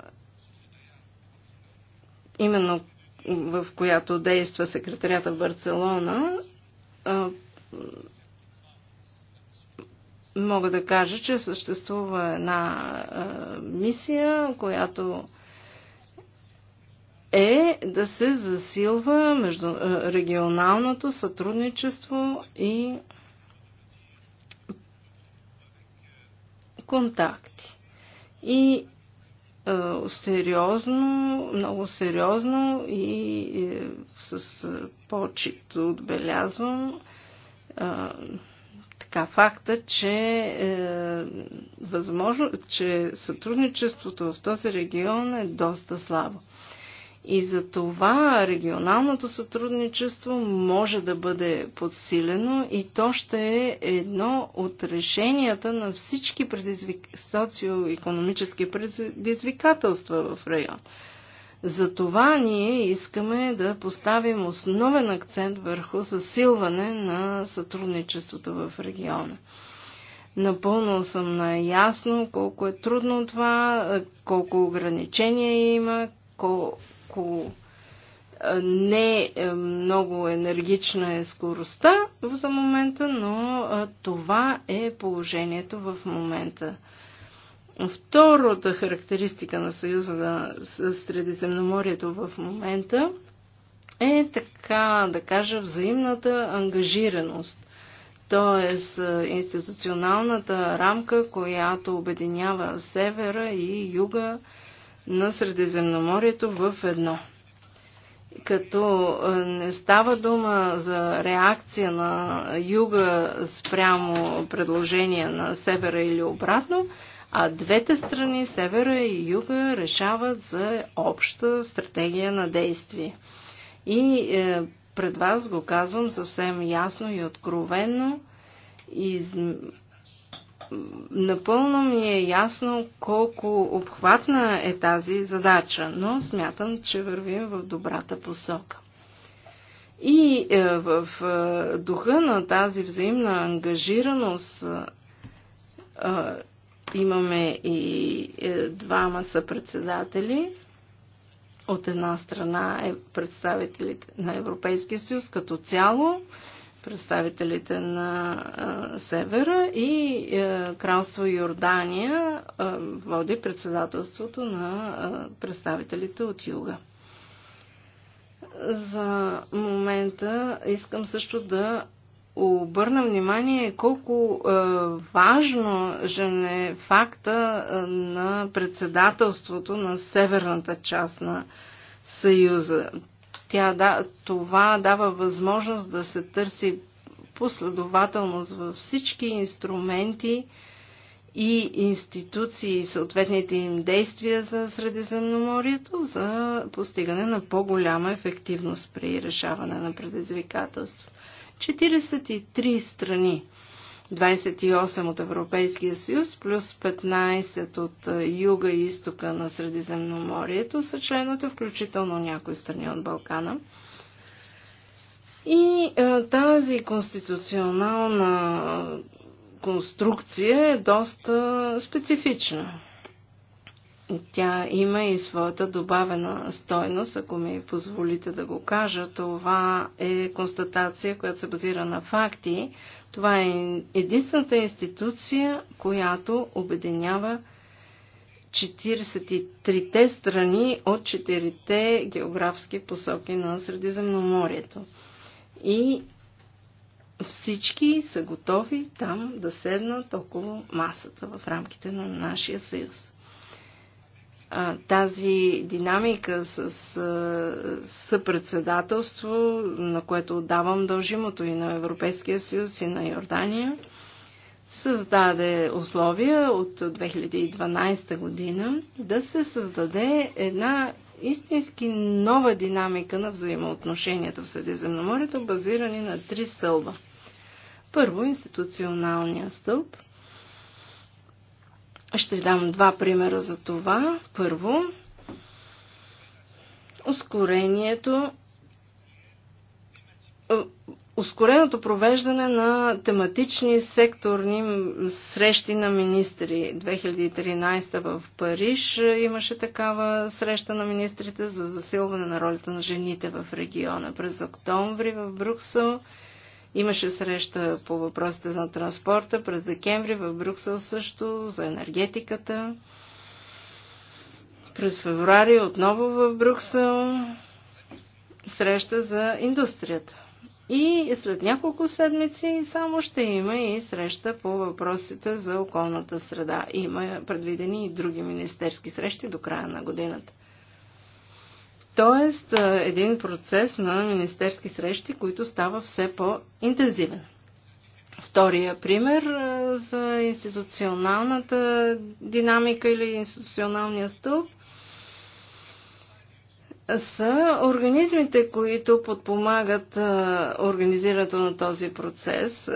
именно в която действа секретарята в Барселона, мога да кажа, че съществува една а, мисия, която е да се засилва между регионалното сътрудничество и контакти. И сериозно, много сериозно и с почет отбелязвам а, така, факта, че, е, възможно, че сътрудничеството в този регион е доста слабо. И за това регионалното сътрудничество може да бъде подсилено и то ще е едно от решенията на всички предизвик... социо-економически предизвикателства в района. Затова ние искаме да поставим основен акцент върху засилване на сътрудничеството в региона. Напълно съм наясно колко е трудно това, колко ограничения има, колко не е, много енергична е скоростта за момента, но това е положението в момента. Втората характеристика на Съюза на Средиземноморието в момента е така, да кажа, взаимната ангажираност. Тоест е, институционалната рамка, която обединява севера и юга на Средиземноморието в едно като е, не става дума за реакция на юга спрямо предложения на севера или обратно, а двете страни, севера и юга, решават за обща стратегия на действие. И е, пред вас го казвам съвсем ясно и откровенно. Из... Напълно ми е ясно колко обхватна е тази задача, но смятам, че вървим в добрата посока. И е, в е, духа на тази взаимна ангажираност е, Имаме и е, двама са председатели От една страна е представителите на Европейския съюз като цяло, представителите на а, е, Севера и а, е, Кралство Йордания а, води председателството на а, представителите от Юга. За момента искам също да обърна внимание колко е, важно е факта е, на председателството на северната част на Съюза. Тя, да, това дава възможност да се търси последователност във всички инструменти и институции и съответните им действия за Средиземноморието за постигане на по-голяма ефективност при решаване на предизвикателството. 43 страни. 28 от Европейския съюз плюс 15 от юга и изтока на Средиземноморието са членовете, включително някои страни от Балкана. И е, тази конституционална конструкция е доста специфична. Тя има и своята добавена стойност, ако ми позволите да го кажа. Това е констатация, която се базира на факти. Това е единствената институция, която обединява 43-те страни от 4-те географски посоки на Средиземноморието. И всички са готови там да седнат около масата в рамките на нашия съюз тази динамика с съпредседателство, на което отдавам дължимото и на Европейския съюз и на Йордания, създаде условия от 2012 година да се създаде една истински нова динамика на взаимоотношенията в Средиземноморието, базирани на три стълба. Първо, институционалния стълб – ще ви дам два примера за това. Първо, ускорението е, ускореното провеждане на тематични секторни срещи на министри. 2013 в Париж е, имаше такава среща на министрите за засилване на ролята на жените в региона. През октомври в Брюксел Имаше среща по въпросите на транспорта през декември в Брюксел също, за енергетиката. През февруари отново в Брюксел среща за индустрията. И след няколко седмици само ще има и среща по въпросите за околната среда. Има предвидени и други министерски срещи до края на годината. Тоест, един процес на министерски срещи, които става все по-интензивен. Втория пример за институционалната динамика или институционалния стълб са организмите, които подпомагат организирането на този процес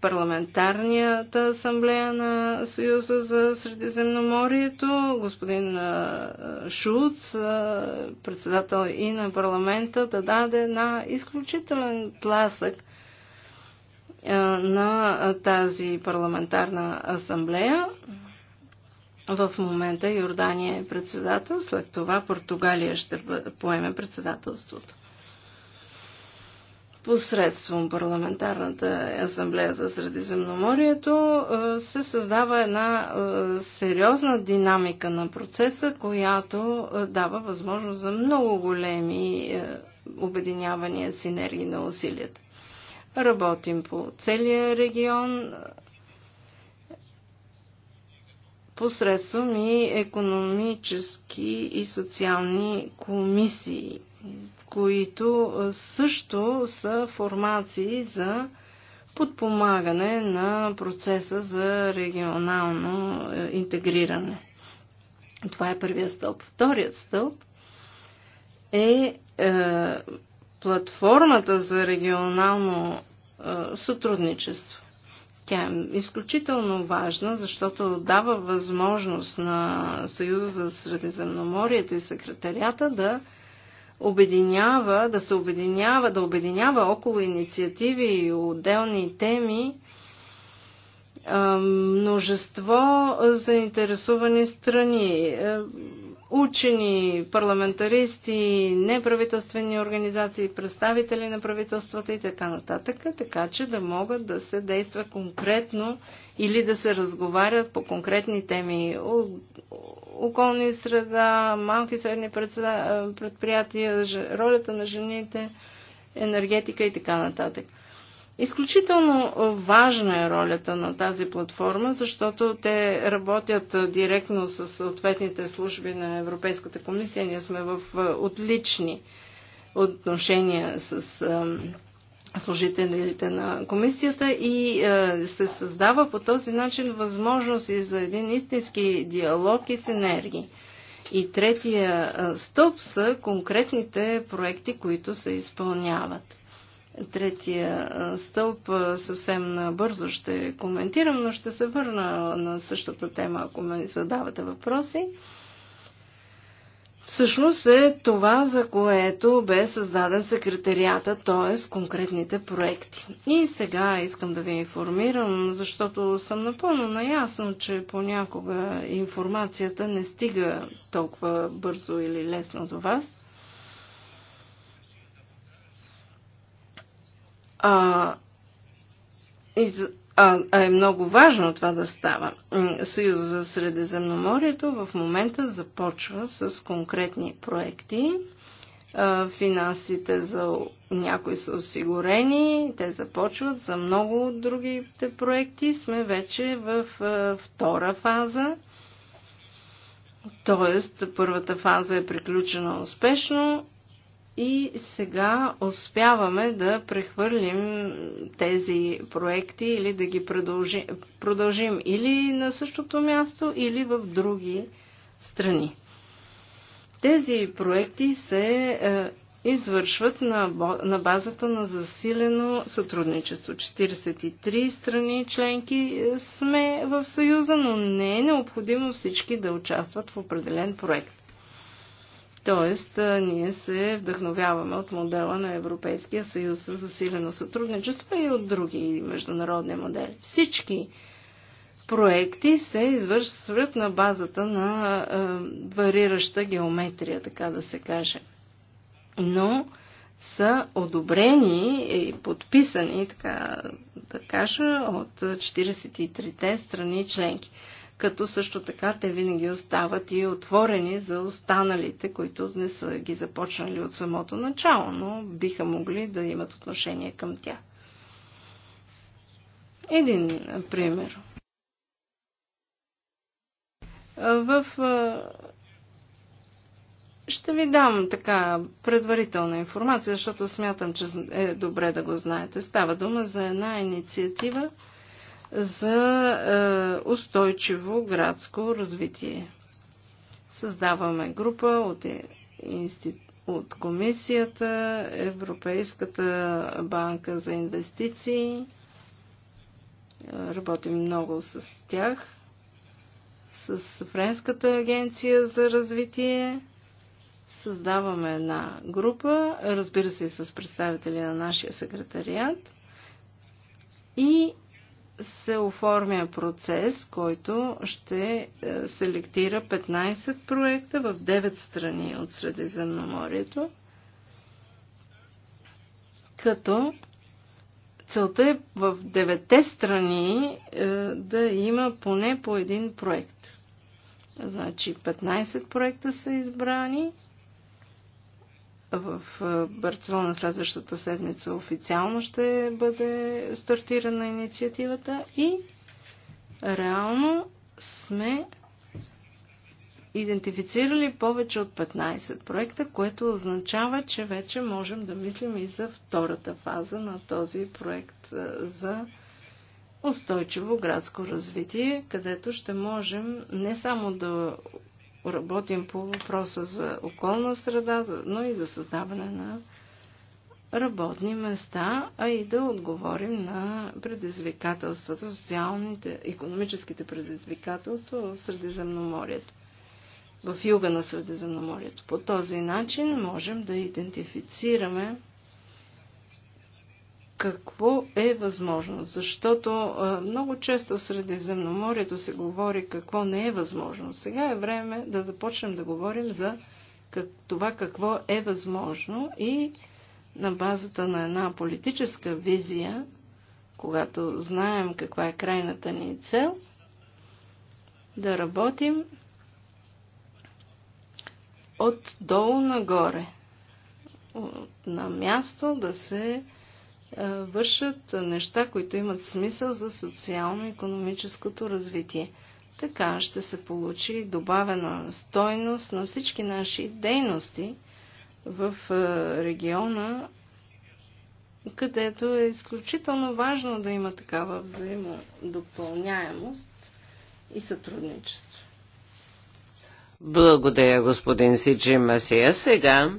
парламентарнията асамблея на Съюза за Средиземноморието, господин Шуц, председател и на парламента, да даде една изключителен тласък на тази парламентарна асамблея. В момента Йордания е председател, след това Португалия ще поеме председателството посредством парламентарната асамблея за Средиземноморието е, се създава една е, сериозна динамика на процеса, която е, дава възможност за много големи обединявания, синергии на усилията. Работим по целия регион посредством и економически и социални комисии, които също са формации за подпомагане на процеса за регионално интегриране. Това е първият стълб. Вторият стълб е, е платформата за регионално е, сътрудничество. Тя е изключително важна, защото дава възможност на Съюза за Средиземноморието и секретарията да е, обединява, да се обединява, да обединява около инициативи и отделни теми множество заинтересовани страни. Е, учени, парламентаристи, неправителствени организации, представители на правителствата и така нататък, така че да могат да се действа конкретно или да се разговарят по конкретни теми. Околни среда, малки и средни предприятия, ролята на жените, енергетика и така нататък. Изключително важна е ролята на тази платформа, защото те работят директно с съответните служби на Европейската комисия. Ние сме в отлични отношения с служителите на комисията и се създава по този начин възможност и за един истински диалог и синергии. И третия стълб са конкретните проекти, които се изпълняват третия стълб съвсем набързо ще коментирам, но ще се върна на същата тема, ако ме задавате въпроси. Всъщност е това, за което бе създаден секретарията, т.е. конкретните проекти. И сега искам да ви информирам, защото съм напълно наясно, че понякога информацията не стига толкова бързо или лесно до вас. а, из, а, а е много важно това да става. Съюза за Средиземноморието в момента започва с конкретни проекти. А, финансите за някои са осигурени, те започват. За много от другите проекти сме вече в а, втора фаза. Тоест, първата фаза е приключена успешно и сега успяваме да прехвърлим тези проекти или да ги продължи, продължим или на същото място, или в други страни. Тези проекти се е, извършват на, на базата на засилено сътрудничество. 43 страни членки е, сме в Съюза, но не е необходимо всички да участват в определен проект. Тоест, ние се вдъхновяваме от модела на Европейския съюз за засилено сътрудничество и от други международни модели. Всички проекти се извършват на базата на варираща геометрия, така да се каже. Но са одобрени и подписани, така да кажа, от 43-те страни членки като също така те винаги остават и отворени за останалите, които не са ги започнали от самото начало, но биха могли да имат отношение към тях. Един пример. В ще ви дам така предварителна информация, защото смятам, че е добре да го знаете. Става дума за една инициатива, за е, устойчиво градско развитие. Създаваме група от, от комисията, Европейската банка за инвестиции. Работим много с тях, с Френската агенция за развитие създаваме една група, разбира се, с представители на нашия секретариат и се оформя процес, който ще е, селектира 15 проекта в 9 страни от Средиземноморието, като целта е в 9 страни е, да има поне по един проект. Значи 15 проекта са избрани – в Барселона следващата седмица официално ще бъде стартирана инициативата и реално сме идентифицирали повече от 15 проекта, което означава, че вече можем да мислим и за втората фаза на този проект е, за устойчиво градско развитие, където ще можем не само да работим по въпроса за околна среда, но и за създаване на работни места, а и да отговорим на предизвикателствата, социалните, економическите предизвикателства в Средиземноморието, в юга на Средиземноморието. По този начин можем да идентифицираме какво е възможно. Защото много често в Средиземноморието се говори какво не е възможно. Сега е време да започнем да говорим за това какво е възможно и на базата на една политическа визия, когато знаем каква е крайната ни цел, да работим отдолу нагоре. На място да се е, вършат неща, които имат смисъл за социално-економическото развитие. Така ще се получи добавена стойност на всички наши дейности в е, региона, където е изключително важно да има такава взаимодопълняемост и сътрудничество. Благодаря, господин Сиджи Масия. Сега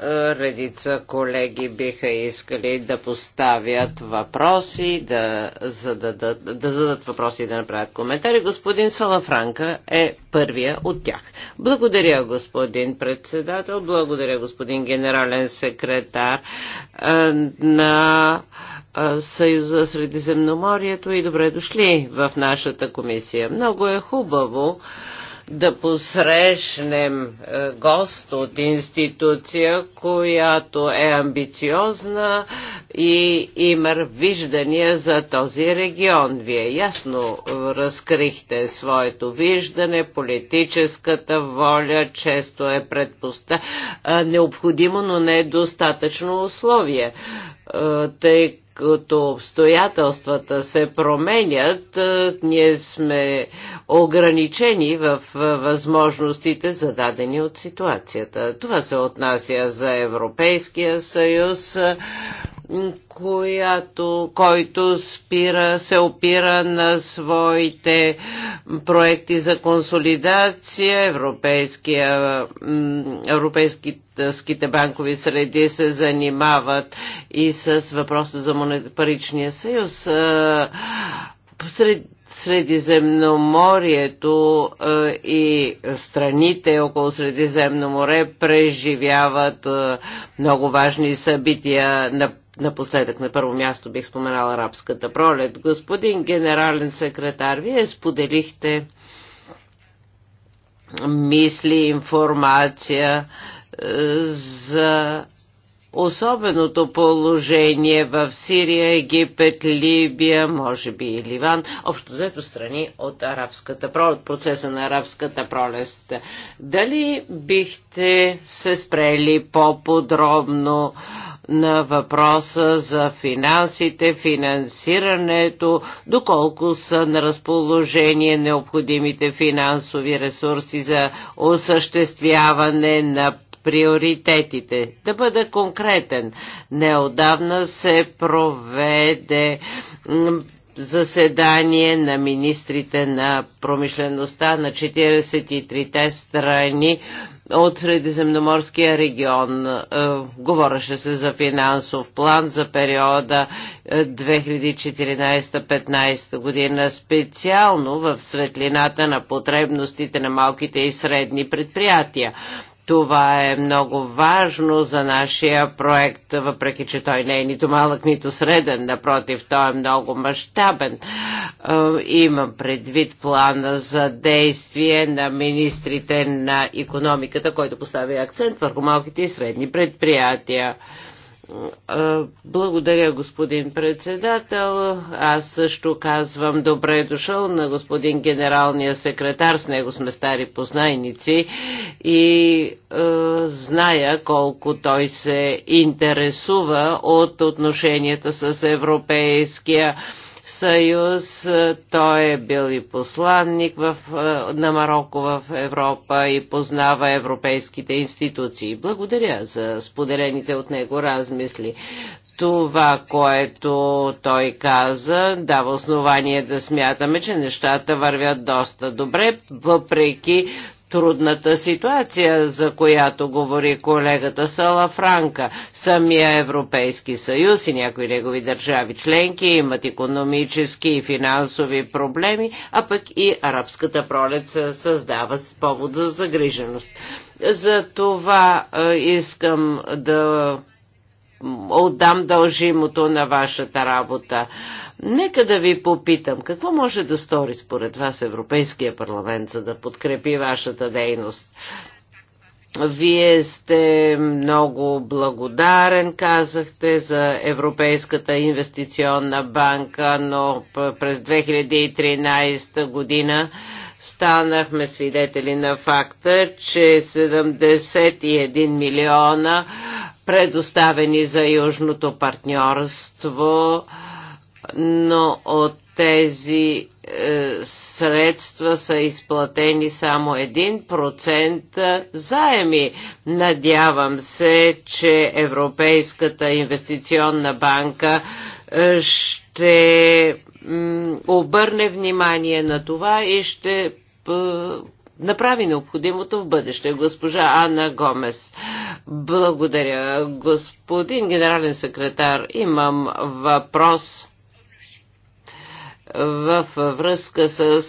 редица колеги биха искали да поставят въпроси, да зададат, да зададат въпроси и да направят коментари. Господин Салафранка е първия от тях. Благодаря, господин председател, благодаря, господин генерален секретар на Съюза Средиземноморието и добре дошли в нашата комисия. Много е хубаво да посрещнем е, гост от институция, която е амбициозна и има виждания за този регион. Вие ясно е, разкрихте своето виждане, политическата воля често е предпоста е, необходимо, но не е достатъчно условие тъй като обстоятелствата се променят, е, ние сме ограничени в е, възможностите зададени от ситуацията. Това се отнася за Европейския съюз, която, който спира, се опира на своите проекти за консолидация. Европейския, европейските банкови среди се занимават и с въпроса за паричния съюз. Сред Средиземноморието и страните около Средиземно море преживяват много важни събития. на Напоследък на първо място бих споменала арабската пролет. Господин генерален секретар, вие споделихте мисли, информация е, за особеното положение в Сирия, Египет, Либия, може би и Ливан, общо взето страни от арабската пролет, процеса на арабската пролест. Дали бихте се спрели по-подробно на въпроса за финансите, финансирането, доколко са на разположение необходимите финансови ресурси за осъществяване на приоритетите. Да бъда конкретен. Неодавна се проведе заседание на министрите на промишлеността на 43-те страни от Средиземноморския регион. Е, говореше се за финансов план за периода 2014-15 е, година, специално в светлината на потребностите на малките и средни предприятия. Това е много важно за нашия проект, въпреки че той не е нито малък, нито среден. Напротив, той е много мащабен. Е, имам предвид плана за действие на министрите на економиката, който поставя акцент върху малките и средни предприятия. Благодаря, господин председател. Аз също казвам добре дошъл на господин генералния секретар. С него сме стари познайници и е, зная колко той се интересува от отношенията с Европейския съюз. Той е бил и посланник в, е, на Марокко в Европа и познава европейските институции. Благодаря за споделените от него размисли. Това, което той каза, дава основание да смятаме, че нещата вървят доста добре, въпреки трудната ситуация, за която говори колегата Сала Франка, Самия Европейски съюз и някои негови държави членки имат економически и финансови проблеми, а пък и арабската пролет създава повод за загриженост. За това е, искам да отдам дължимото на вашата работа. Нека да ви попитам, какво може да стори според вас Европейския парламент, за да подкрепи вашата дейност? Вие сте много благодарен, казахте, за Европейската инвестиционна банка, но през 2013 година станахме свидетели на факта, че 71 милиона предоставени за Южното партньорство, но от тези е, средства са изплатени само 1% заеми. Надявам се, че Европейската инвестиционна банка е, ще обърне внимание на това и ще направи необходимото в бъдеще. Госпожа Анна Гомес. Благодаря, господин генерален секретар. Имам въпрос в връзка с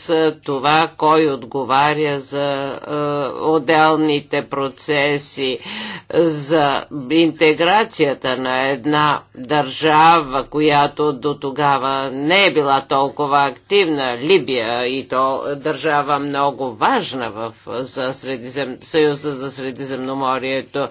това кой отговаря за отделните процеси, за интеграцията на една държава, която до тогава не е била толкова активна, Либия и то държава много важна в, за средизем, Съюза за Средиземноморието,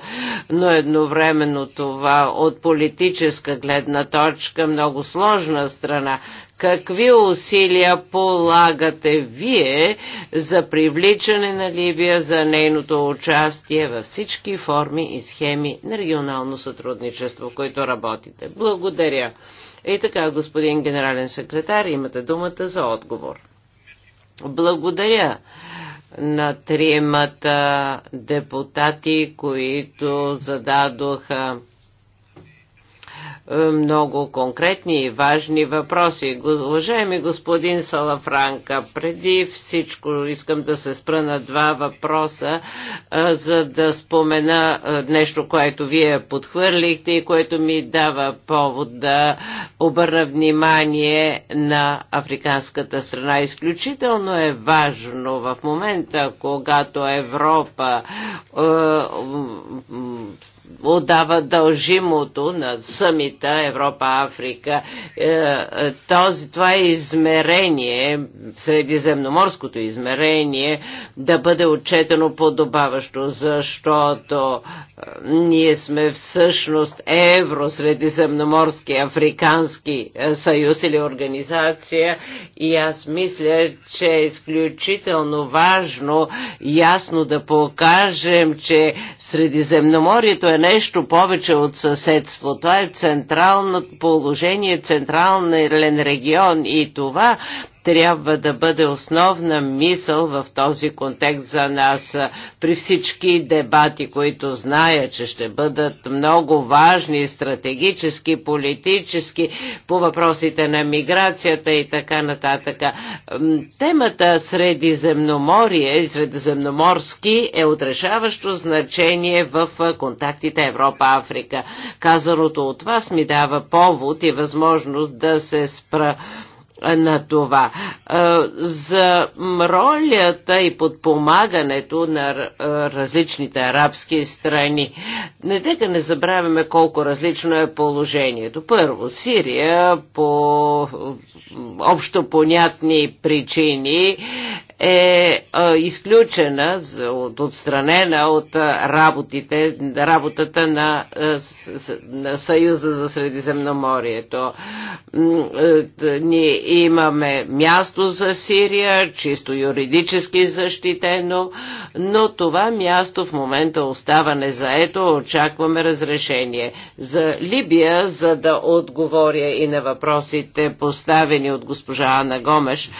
но едновременно това от политическа гледна точка много сложна страна. Какви усилия полагате вие за привличане на Ливия, за нейното участие във всички форми и схеми на регионално сътрудничество, в които работите? Благодаря. И така, господин генерален секретар, имате думата за отговор. Благодаря на тримата депутати, които зададоха е, много конкретни и важни въпроси. Уважаеми господин Салафранка, преди всичко искам да се спра на два въпроса, е, за да спомена е, нещо, което вие подхвърлихте и което ми дава повод да обърна внимание на африканската страна. Изключително е важно в момента, когато Европа отдава дължимото на съмита Европа-Африка. Е, е, този, това измерение, средиземноморското измерение, да бъде отчетено подобаващо, защото е, ние сме всъщност Евро, Средиземноморски, Африкански съюз или организация и аз мисля, че е изключително важно ясно да покажем, че Средиземноморието е е нещо повече от съседство. Това е централно положение, централен регион и това трябва да бъде основна мисъл в този контекст за нас. При всички дебати, които зная, че ще бъдат много важни, стратегически, политически, по въпросите на миграцията и така нататък. Темата Средиземноморие и Средиземноморски е отрешаващо значение в контактите Европа-Африка. Казаното от вас ми дава повод и възможност да се спра на това. Е, за ролята и подпомагането на е, различните арабски страни. Не дека не забравяме колко различно е положението. Първо, Сирия по общо понятни причини е изключена, отстранена от работите, работата на, на Съюза за Средиземноморието. Ние имаме място за Сирия, чисто юридически защитено, но това място в момента остава незаето, очакваме разрешение. За Либия, за да отговоря и на въпросите поставени от госпожа Ана Гомеш,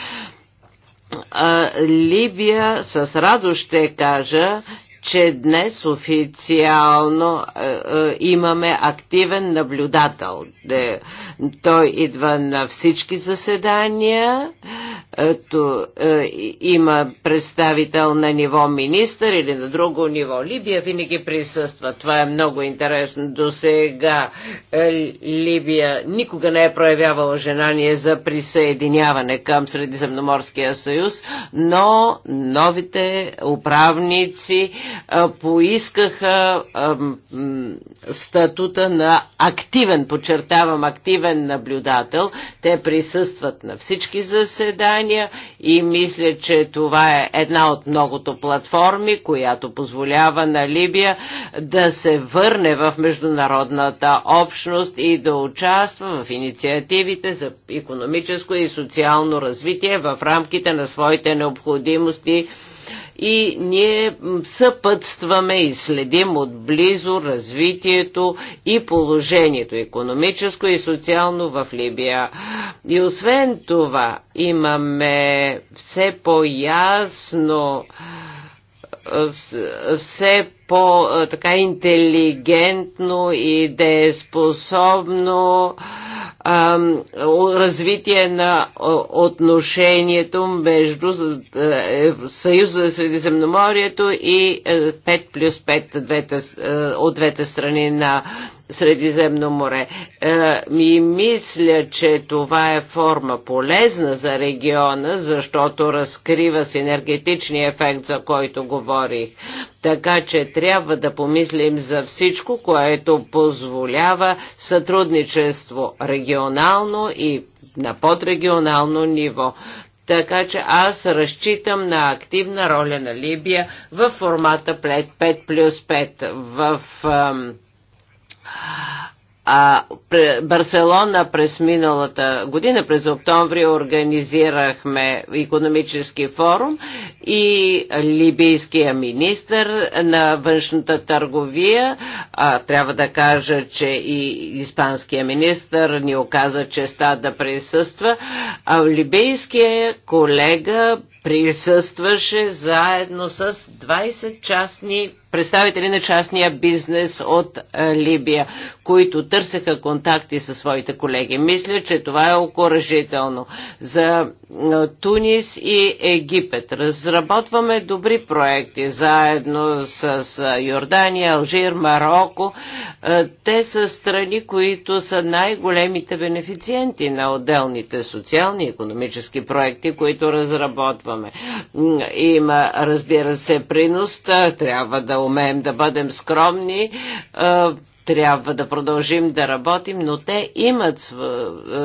Либия с радост ще кажа, че днес официално е, е, имаме активен наблюдател. Де, той идва на всички заседания, е, то, е, има представител на ниво министър или на друго ниво. Либия винаги присъства. Това е много интересно. До сега е, Либия никога не е проявявала желание за присъединяване към Средиземноморския съюз, но новите управници поискаха статута на активен, подчертавам, активен наблюдател. Те присъстват на всички заседания и мисля, че това е една от многото платформи, която позволява на Либия да се върне в международната общност и да участва в инициативите за економическо и социално развитие в рамките на своите необходимости и ние съпътстваме и следим отблизо развитието и положението економическо и социално в Либия. И освен това имаме все по-ясно все по-така интелигентно и дееспособно развитие на отношението между е, Съюза за Средиземноморието и 5 е, плюс 5 е, от двете страни на Средиземно море. Е, и мисля, че това е форма полезна за региона, защото разкрива синергетичния ефект, за който говорих. Така че трябва да помислим за всичко, което позволява сътрудничество регионално и на подрегионално ниво. Така че аз разчитам на активна роля на Либия в формата 5 плюс 5 в а Барселона през миналата година, през октомври, организирахме економически форум и либийския министр на външната търговия, а, трябва да кажа, че и испанския министр ни оказа честа да присъства, а либийския колега присъстваше заедно с 20 частни представители на частния бизнес от е, Либия, които търсеха контакти със своите колеги. Мисля, че това е окоръжително. За е, Тунис и Египет разработваме добри проекти заедно с е, Йордания, Алжир, Марокко. Те са страни, които са най-големите бенефициенти на отделните социални и економически проекти, които разработваме. Има, разбира се, принос, трябва да умеем да бъдем скромни, трябва да продължим да работим, но те имат, е,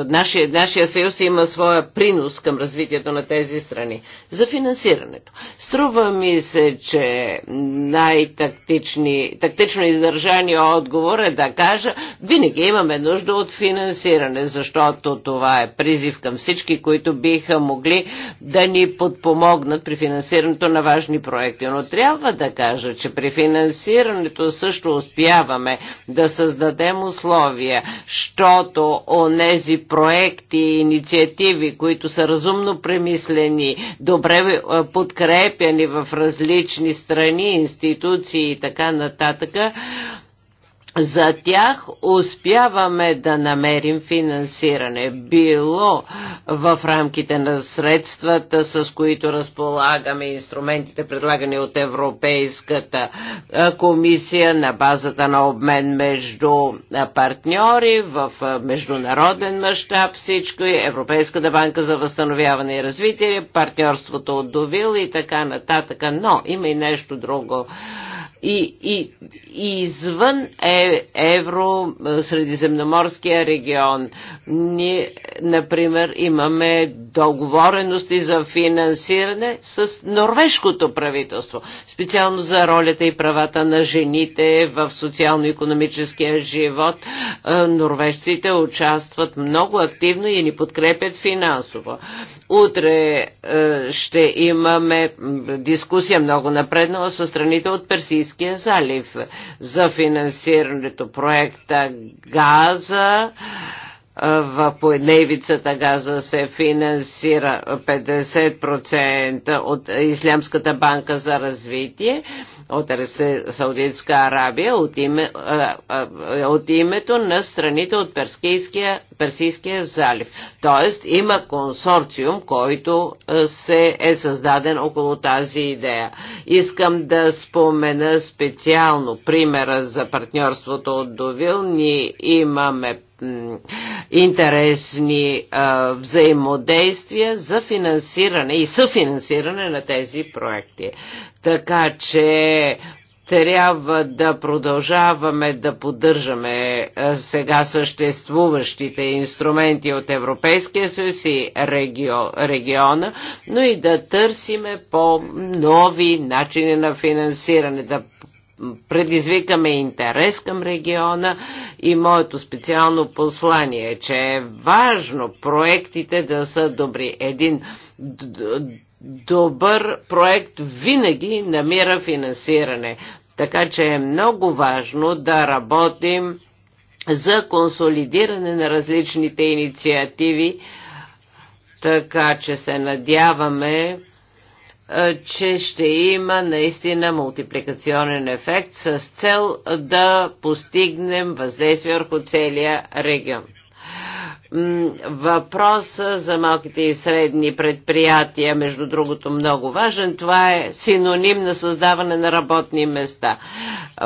нашия, нашия съюз има своя принос към развитието на тези страни. За финансирането. Струва ми се, че най-тактично издържание отговор е да кажа, винаги имаме нужда от финансиране, защото това е призив към всички, които биха могли да ни подпомогнат при финансирането на важни проекти. Но трябва да кажа, че при финансирането също успяваме да създадем условия, защото онези проекти и инициативи, които са разумно премислени, добре е, подкрепяни в различни страни, институции и така нататък, за тях успяваме да намерим финансиране. Било в рамките на средствата, с които разполагаме инструментите, предлагани от Европейската комисия на базата на обмен между партньори в международен мащаб всичко, и Европейската банка за възстановяване и развитие, партньорството от Довил и така нататък. Но има и нещо друго и, и, и извън е, евро е, средиземноморския регион. Ние, например, имаме договорености за финансиране с норвежкото правителство, специално за ролята и правата на жените в социално-економическия живот. Е, норвежците участват много активно и ни подкрепят финансово. Утре е, ще имаме дискусия много напреднала с страните от Персийския залив за финансирането проекта Газа в поедневицата Газа се финансира 50% от Ислямската банка за развитие от Саудитска Арабия от, име, от името на страните от Персийския, Персийския залив. Тоест има консорциум, който се е създаден около тази идея. Искам да спомена специално примера за партньорството от Довил. Ние имаме интересни а, взаимодействия за финансиране и съфинансиране на тези проекти. Така че трябва да продължаваме да поддържаме сега съществуващите инструменти от Европейския съюз и региона, но и да търсиме по-нови начини на финансиране, да предизвикаме интерес към региона и моето специално послание, е, че е важно проектите да са добри. Един добър проект винаги намира финансиране. Така че е много важно да работим за консолидиране на различните инициативи, така че се надяваме е, че ще има наистина мултипликационен ефект с цел да постигнем въздействие върху целия регион Въпрос за малките и средни предприятия, между другото много важен. Това е синоним на създаване на работни места. Е,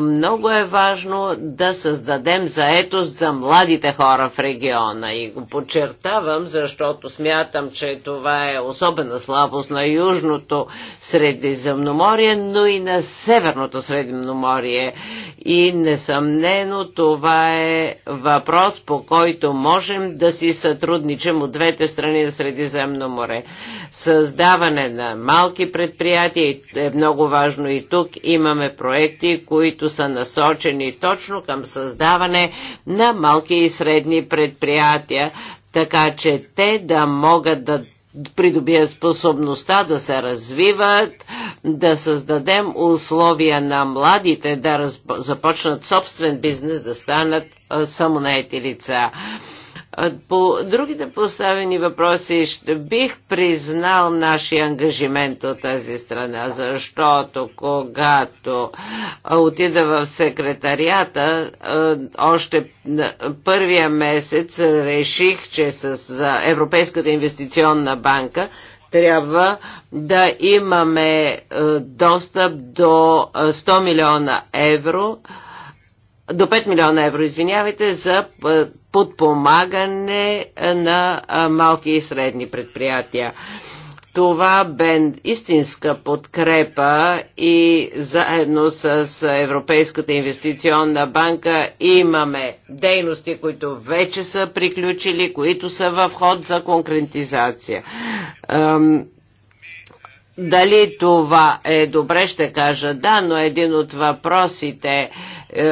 много е важно да създадем заетост за младите хора в региона. И го подчертавам, защото смятам, че това е особена слабост на Южното Средиземноморие, но и на Северното Средиземноморие. И несъмнено това е въпрос, по който можем да си сътрудничим от двете страни на Средиземно море. Създаване на малки предприятия е много важно и тук имаме проекти, които които са насочени точно към създаване на малки и средни предприятия, така че те да могат да придобият способността да се развиват, да създадем условия на младите да разп... започнат собствен бизнес, да станат самонаети лица. По другите поставени въпроси ще бих признал нашия ангажимент от тази страна, защото когато отида в секретарията, още първия месец реших, че с Европейската инвестиционна банка трябва да имаме достъп до 100 милиона евро до 5 милиона евро, извинявайте, за подпомагане на малки и средни предприятия. Това бе истинска подкрепа и заедно с Европейската инвестиционна банка имаме дейности, които вече са приключили, които са в ход за конкретизация. Дали това е добре, ще кажа да, но един от въпросите е е,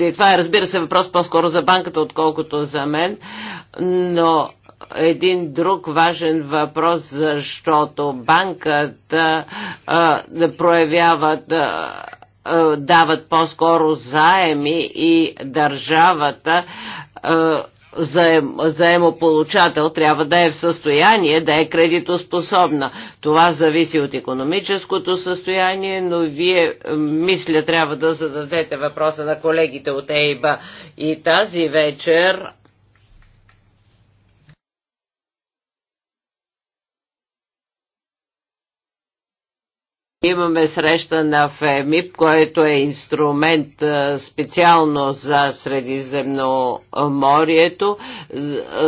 е това е, разбира се, въпрос по-скоро за банката, отколкото за мен, но един друг важен въпрос, защото банката е, да проявяват е, е, дават по-скоро заеми и държавата е, заем, заемополучател трябва да е в състояние да е кредитоспособна. Това зависи от економическото състояние, но вие мисля трябва да зададете въпроса на колегите от ЕИБА. И тази вечер Имаме среща на ФЕМИП, който е инструмент специално за Средиземноморието,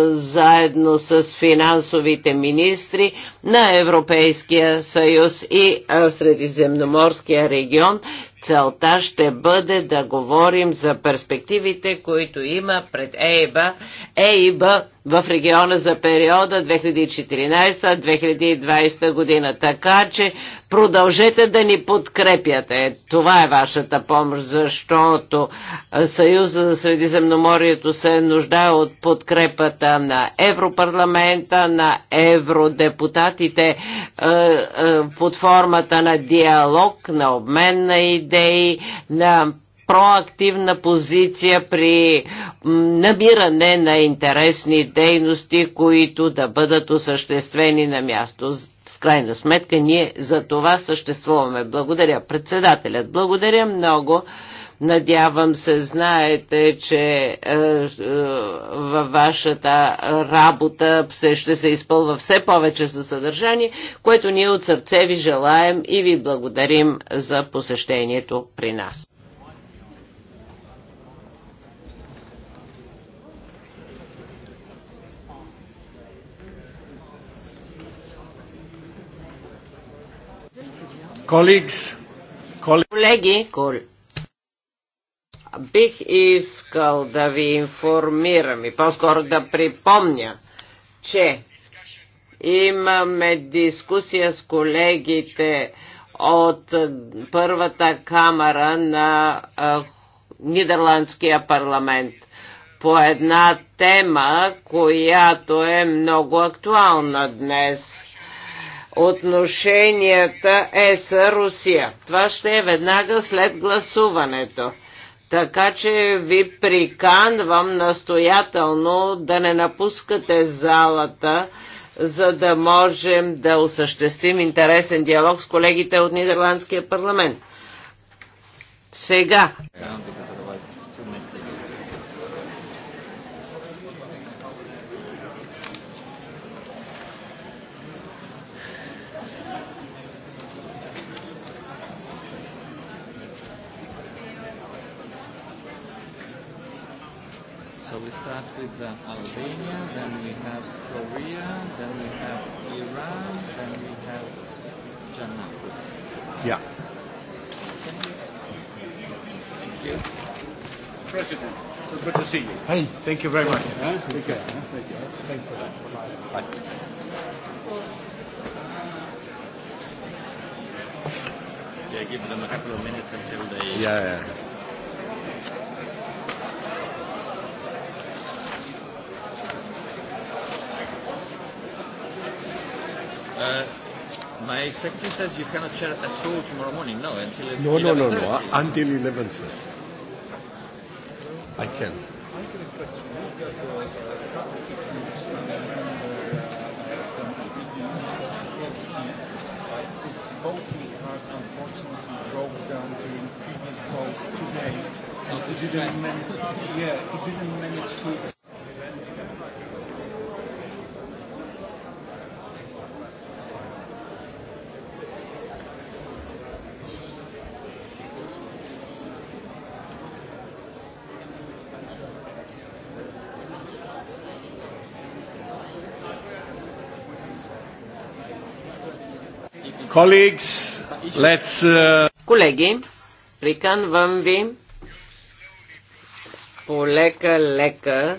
заедно с финансовите министри на Европейския съюз и Средиземноморския регион. Целта ще бъде да говорим за перспективите, които има пред ЕИБА, ЕИБА в региона за периода 2014-2020 година. Така че продължете да ни подкрепяте. Това е вашата помощ, защото Съюза за Средиземноморието се нуждае от подкрепата на Европарламента, на евродепутатите е, е, под формата на диалог, на обмен на идеи, на проактивна позиция при набиране на интересни дейности, които да бъдат осъществени на място. В крайна сметка ние за това съществуваме. Благодаря председателят. Благодаря много. Надявам се, знаете, че е, е, във вашата работа все ще се изпълва все повече със съдържание, което ние от сърце ви желаем и ви благодарим за посещението при нас. Колеги, бих искал да ви информирам и по-скоро да припомня, че имаме дискусия с колегите от първата камера на Нидерландския парламент по една тема, която е много актуална днес отношенията ЕС-Русия. Това ще е веднага след гласуването. Така че ви приканвам настоятелно да не напускате залата, за да можем да осъществим интересен диалог с колегите от Нидерландския парламент. Сега. with uh, Albania, then we have Korea, then we have Iran, then we have Jannah. Yeah. Thank you. President, good to see you. Hey, thank you very much. Huh? Take care. Thank you. Thank you. that. Bye. Yeah, give them a couple of minutes until they. Yeah. yeah. Uh, my secretary says you cannot chair at all tomorrow morning. No, until no, 11.30. No, no, no, no. Until 11.30. I can. yeah, he didn't manage to Uh, Колеги, приканвам ви полека-лека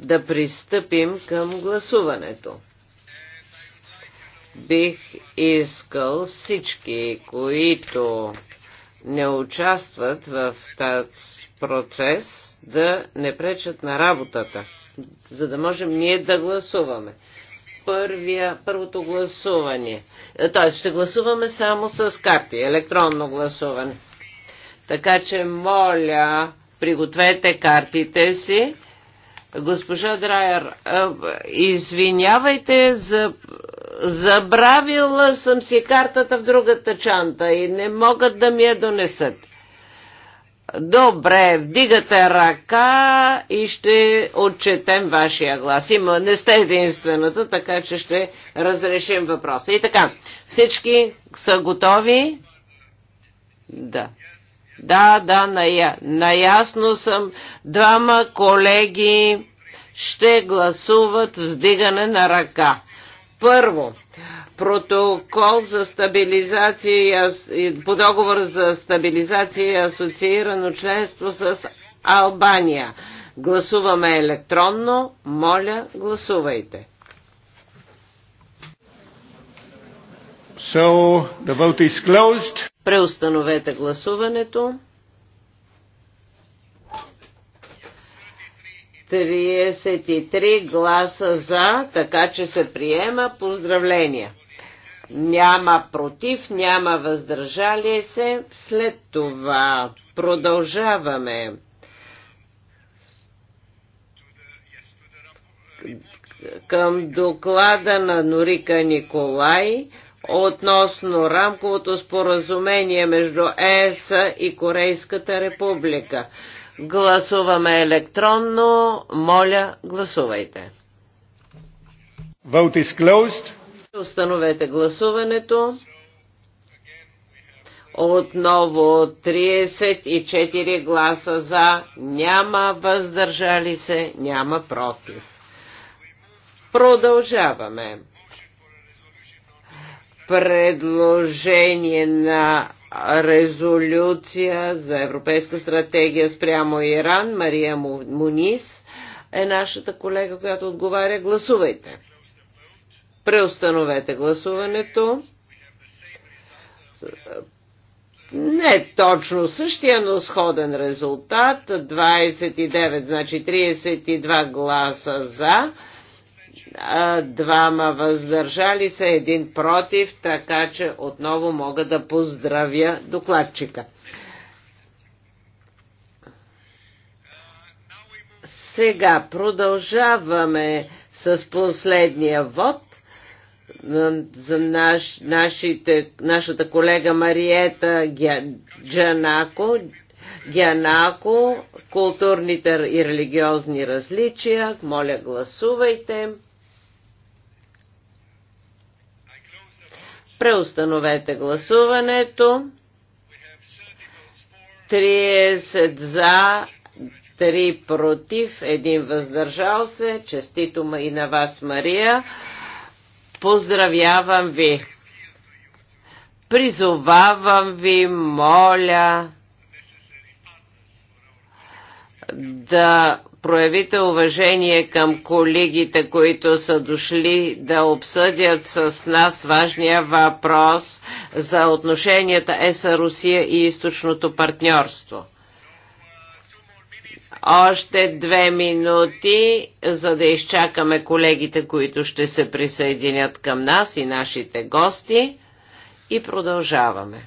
да пристъпим към гласуването. Бих искал всички, които не участват в този процес, да не пречат на работата, за да можем ние да гласуваме първия, първото гласуване. Тоест ще гласуваме само с карти, електронно гласуване. Така че, моля, пригответе картите си. Госпожа Драйер, извинявайте, за... забравила съм си картата в другата чанта и не могат да ми я донесат. Добре, вдигате ръка и ще отчетем вашия глас. Има, не сте единствената, така че ще разрешим въпроса. И така, всички са готови? Да. Да, да, ная, наясно съм. Двама колеги ще гласуват вдигане на ръка. Първо, Протокол за стабилизация и по договор за стабилизация и асоциирано членство с Албания. Гласуваме електронно. Моля, гласувайте. So, the vote is closed. Преустановете гласуването. 33 гласа за, така че се приема. Поздравления! няма против, няма въздържали се. След това продължаваме. към доклада на Норика Николай относно рамковото споразумение между ЕС и Корейската република. Гласуваме електронно. Моля, гласувайте. Vote is closed. Остановете гласуването. Отново 34 гласа за, няма въздържали се, няма против. Продължаваме. Предложение на резолюция за Европейска стратегия спрямо Иран. Мария Мунис е нашата колега, която отговаря. Гласувайте. Преустановете гласуването. Не точно същия, но сходен резултат. 29, значи 32 гласа за, двама въздържали се, един против, така че отново мога да поздравя докладчика. Сега продължаваме с последния вод за наш, нашите, нашата колега Мариета Джанако, Гянако, културните и религиозни различия. Моля, гласувайте. Преустановете гласуването. 30 за, 3 против, 1 въздържал се. Честито и на вас, Мария. Поздравявам ви! Призовавам ви, моля, да проявите уважение към колегите, които са дошли да обсъдят с нас важния въпрос за отношенията ЕСА-Русия и източното партньорство. Още две минути, за да изчакаме колегите, които ще се присъединят към нас и нашите гости. И продължаваме.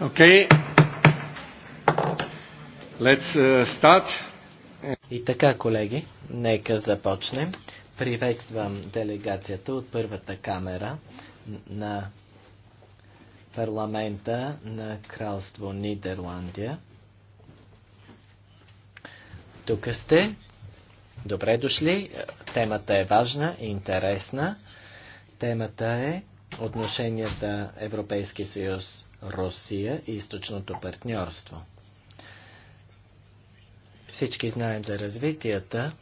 Okay. Let's uh, start. И така, колеги, нека започнем. Приветствам делегацията от първата камера на парламента на Кралство Нидерландия. Тук сте. Добре дошли. Темата е важна и интересна. Темата е отношенията Европейски съюз Русия и източното партньорство. Всички знаем за развитията,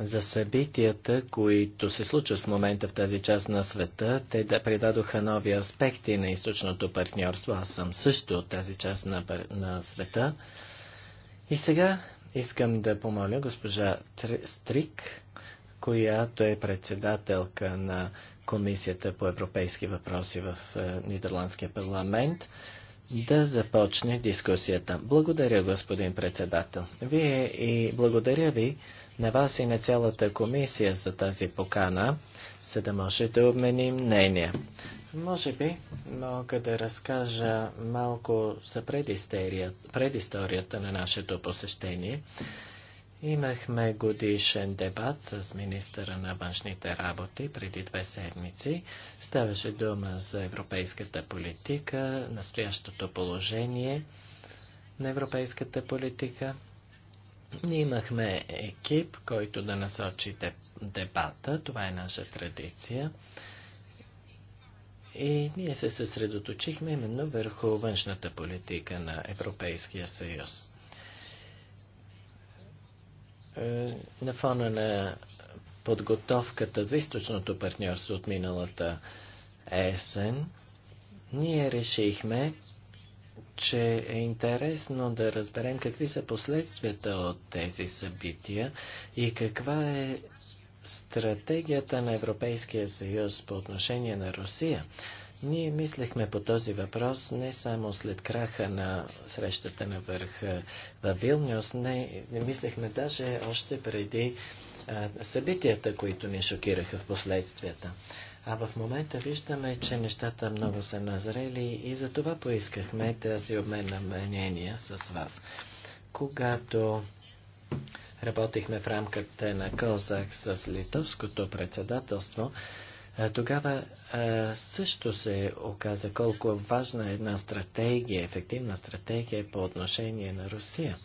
за събитията, които се случват в момента в тази част на света. Те да придадоха нови аспекти на източното партньорство. Аз съм също от тази част на, на света. И сега искам да помоля госпожа Стрик която е председателка на Комисията по европейски въпроси в е, Нидерландския парламент, да започне дискусията. Благодаря, господин председател. Вие и благодаря ви на вас и на цялата комисия за тази покана, за да може да обменим мнение. Може би мога да разкажа малко за предисторията на нашето посещение. Имахме годишен дебат с министъра на външните работи преди две седмици. Ставаше дума за европейската политика, настоящото положение на европейската политика. Имахме екип, който да насочи дебата. Това е наша традиция. И ние се съсредоточихме именно върху външната политика на Европейския съюз. Е, на фона на подготовката за източното партньорство от миналата есен, ние решихме, че е интересно да разберем какви са последствията от тези събития и каква е стратегията на Европейския съюз по отношение на Русия. Ние мислехме по този въпрос не само след краха на срещата на върха в Вилнюс, не, не мислехме даже още преди а, събитията, които ни шокираха в последствията. А в момента виждаме, че нещата много са назрели и за това поискахме тази обмен на мнение с вас. Когато работихме в рамката на Козак с литовското председателство, е, тогава е, също се оказа колко важна е една стратегия, ефективна стратегия по отношение на Русия.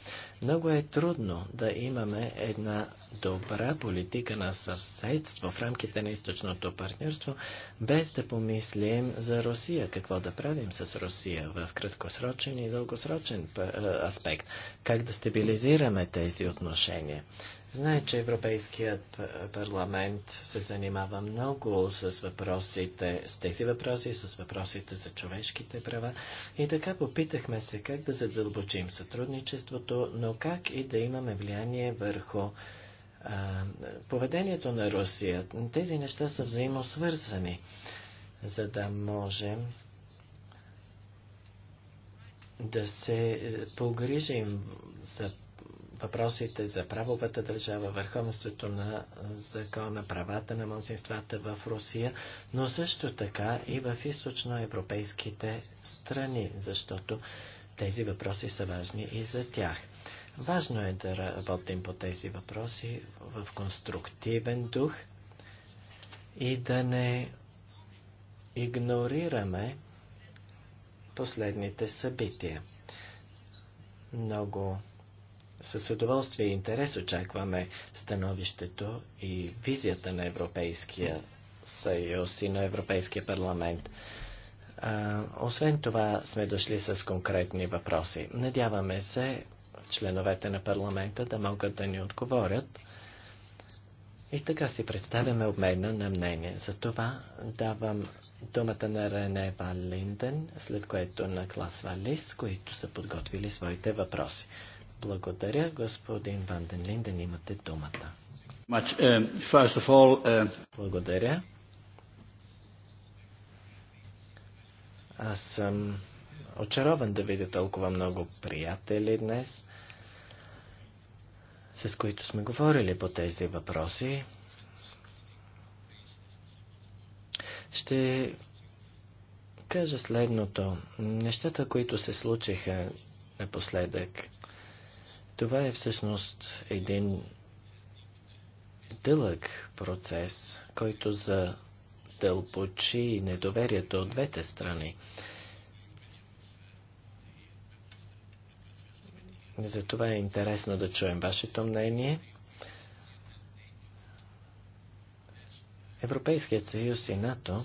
Много е трудно да имаме една добра политика на съседство в рамките на източното партньорство, без да помислим за Русия, какво да правим с Русия в краткосрочен и дългосрочен е, аспект, как да стабилизираме тези отношения. Знае, че Европейският парламент се занимава много с въпросите, с тези въпроси, с въпросите за човешките права. И така попитахме се как да задълбочим сътрудничеството, но как и да имаме влияние върху а, поведението на Русия. Тези неща са взаимосвързани, за да можем да се погрижим за въпросите за правовата държава, върховенството на закона, правата на мълцинствата в Русия, но също така и в източноевропейските страни, защото тези въпроси са важни и за тях. Важно е да работим по тези въпроси в конструктивен дух и да не игнорираме последните събития. Много с удоволствие и интерес очакваме становището и визията на Европейския съюз и на Европейския парламент. А, освен това сме дошли с конкретни въпроси. Надяваме се членовете на парламента да могат да ни отговорят. И така си представяме обмена на мнение. За това давам думата на Рене Валинден, след което на Клас Валис, които са подготвили своите въпроси. Благодаря, господин Ванден Линден, имате думата. Much, uh, all, uh... Благодаря. Аз съм очарован да видя толкова много приятели днес, с които сме говорили по тези въпроси. Ще кажа следното. Нещата, които се случиха напоследък, това е всъщност един дълъг процес, който задълбочи недоверието от двете страни. Затова е интересно да чуем вашето мнение. Европейският съюз и НАТО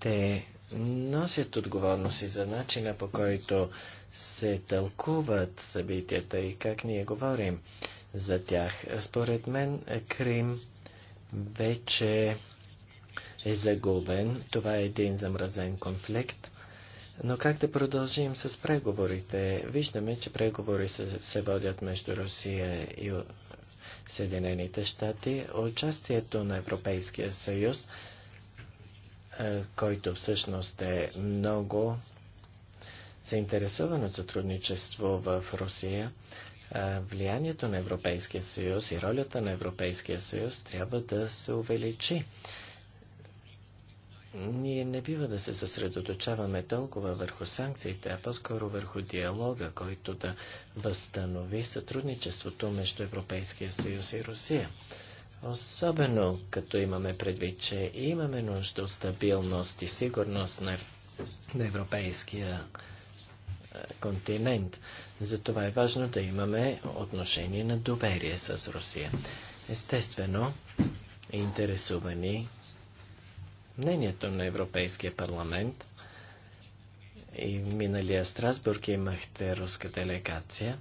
Те носят отговорност и за начина по който се тълкуват събитията и как ние говорим за тях. Според мен Крим вече е загубен. Това е един замразен конфликт. Но как да продължим с преговорите? Виждаме, че преговори се, се водят между Русия и Съединените щати. Участието на Европейския съюз е, който всъщност е много заинтересован от сътрудничество в Русия, е, влиянието на Европейския съюз и ролята на Европейския съюз трябва да се увеличи. Ние не бива да се съсредоточаваме толкова върху санкциите, а по-скоро върху диалога, който да възстанови сътрудничеството между Европейския съюз и Русия. Особено като имаме предвид, че имаме нужда от стабилност и сигурност на, на европейския е, континент. Затова е важно да имаме отношение на доверие с Русия. Естествено, интересувани мнението на Европейския парламент и в миналия Страсбург имахте руска делегация.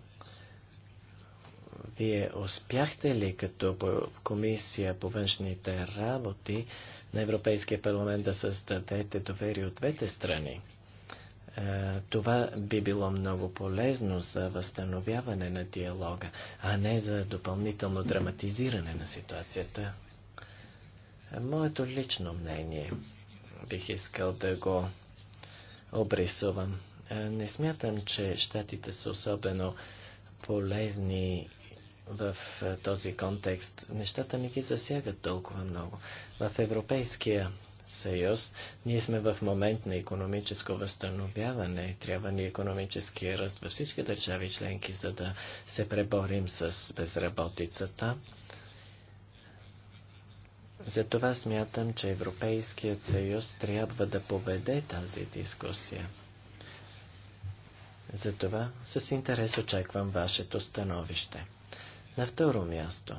Вие успяхте ли като комисия по външните работи на Европейския парламент да създадете доверие от двете страни? Е, това би било много полезно за възстановяване на диалога, а не за допълнително драматизиране на ситуацията. Моето лично мнение бих искал да го обрисувам. Е, не смятам, че щатите са особено полезни в е, този контекст. Нещата не ги засягат толкова много. В Европейския съюз ние сме в момент на економическо възстановяване. Трябва ни економически ръст във всички държави членки, за да се преборим с безработицата. Затова смятам, че Европейският съюз трябва да поведе тази дискусия. Затова с интерес очаквам вашето становище. На второ място.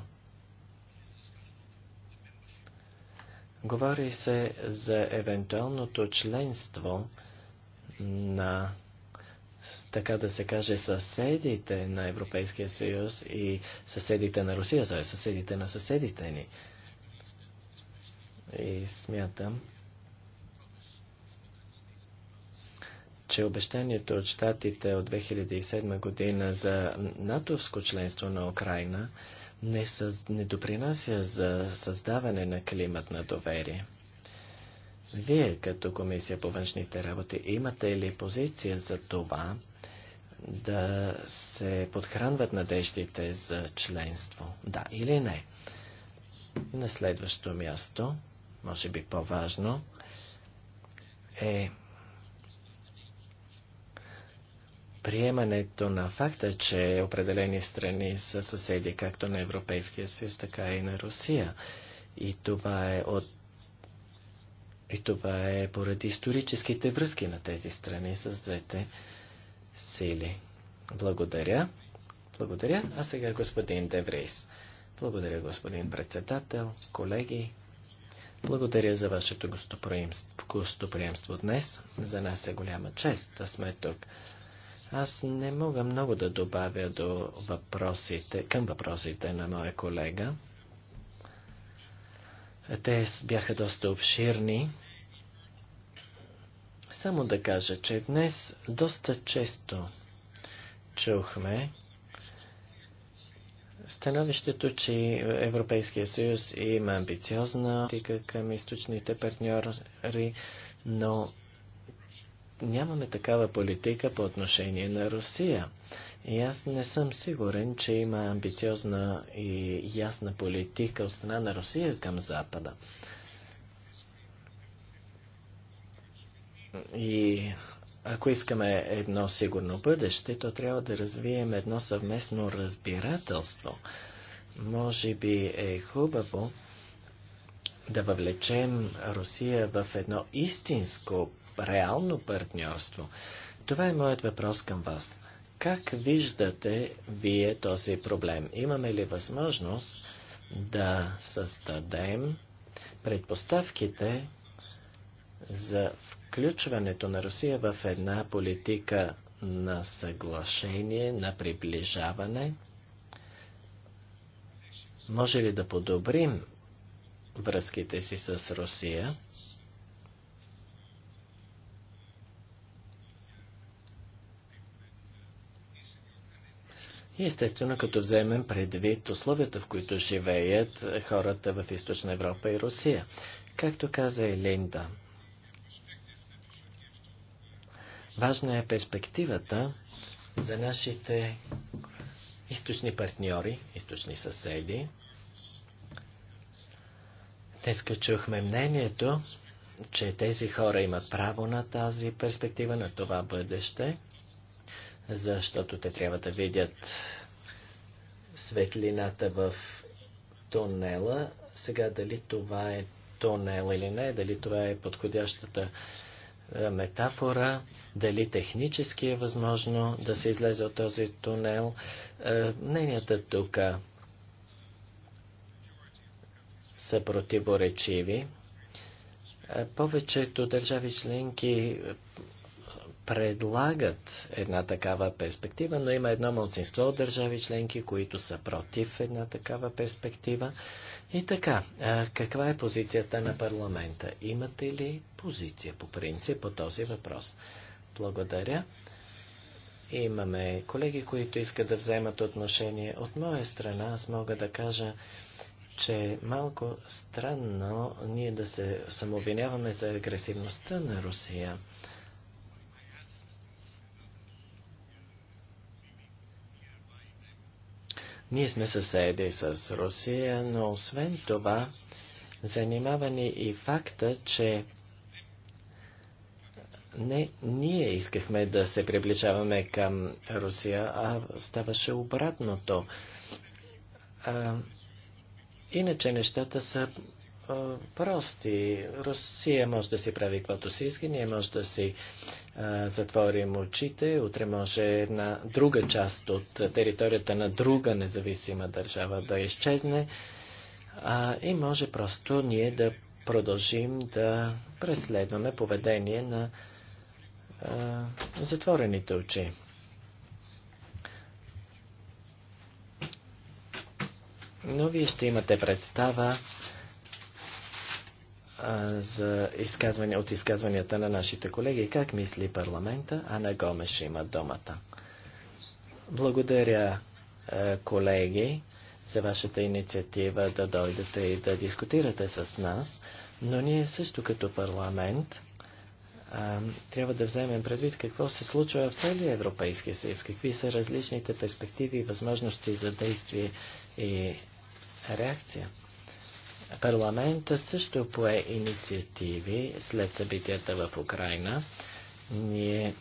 Говори се за евентуалното членство на, така да се каже, съседите на Европейския съюз и съседите на Русия, т.е. съседите на съседите ни. И смятам, че обещанието от щатите от 2007 година за натовско членство на Украина не, съз... не допринася за създаване на климат на доверие. Вие, като Комисия по външните работи, имате ли позиция за това да се подхранват надеждите за членство? Да или не? На следващо място, може би по-важно, е приемането на факта, че определени страни са съседи както на Европейския съюз, така и на Русия. И това е от и това е поради историческите връзки на тези страни с двете сили. Благодаря. Благодаря. А сега господин Деврис. Благодаря, господин председател, колеги. Благодаря за вашето гостоприемство днес. За нас е голяма чест да сме тук. Аз не мога много да добавя до въпросите, към въпросите на моя колега. Те бяха доста обширни. Само да кажа, че днес доста често чухме становището, че Европейския съюз има амбициозна тика към източните партньори, но нямаме такава политика по отношение на Русия. И аз не съм сигурен, че има амбициозна и ясна политика от страна на Русия към Запада. И ако искаме едно сигурно бъдеще, то трябва да развием едно съвместно разбирателство. Може би е хубаво да въвлечем Русия в едно истинско реално партньорство. Това е моят въпрос към вас. Как виждате вие този проблем? Имаме ли възможност да създадем предпоставките за включването на Русия в една политика на съглашение, на приближаване? Може ли да подобрим връзките си с Русия? И естествено, като вземем предвид условията, в които живеят хората в Източна Европа и Русия. Както каза Елинда, важна е перспективата за нашите източни партньори, източни съседи. Днес чухме мнението, че тези хора имат право на тази перспектива, на това бъдеще – защото те трябва да видят светлината в тунела. Сега дали това е тунел или не, дали това е подходящата е, метафора, дали технически е възможно да се излезе от този тунел. Е, мненията тук са противоречиви. Е, повечето държави членки предлагат една такава перспектива, но има едно мълцинство от държави членки, които са против една такава перспектива. И така, каква е позицията на парламента? Имате ли позиция по принцип по този въпрос? Благодаря. Имаме колеги, които искат да вземат отношение. От моя страна аз мога да кажа, че малко странно ние да се самовиняваме за агресивността на Русия. Ние сме съседи с Русия, но освен това, занимава ни и факта, че не ние искахме да се приближаваме към Русия, а ставаше обратното. А, иначе нещата са е, прости. Русия може да си прави каквото си иска, ние може да си а, е, затворим очите, утре може една друга част от територията на друга независима държава да изчезне а, и може просто ние да продължим да преследваме поведение на а, е, затворените очи. Но вие ще имате представа за изказване от изказванията на нашите колеги. Как мисли парламента? Ана Гомеш има думата. Благодаря, колеги, за вашата инициатива да дойдете и да дискутирате с нас, но ние също като парламент трябва да вземем предвид какво се случва в целия Европейски съюз, какви са различните перспективи и възможности за действие и реакция. Парламентът също пое инициативи след събитията в Украина. Ние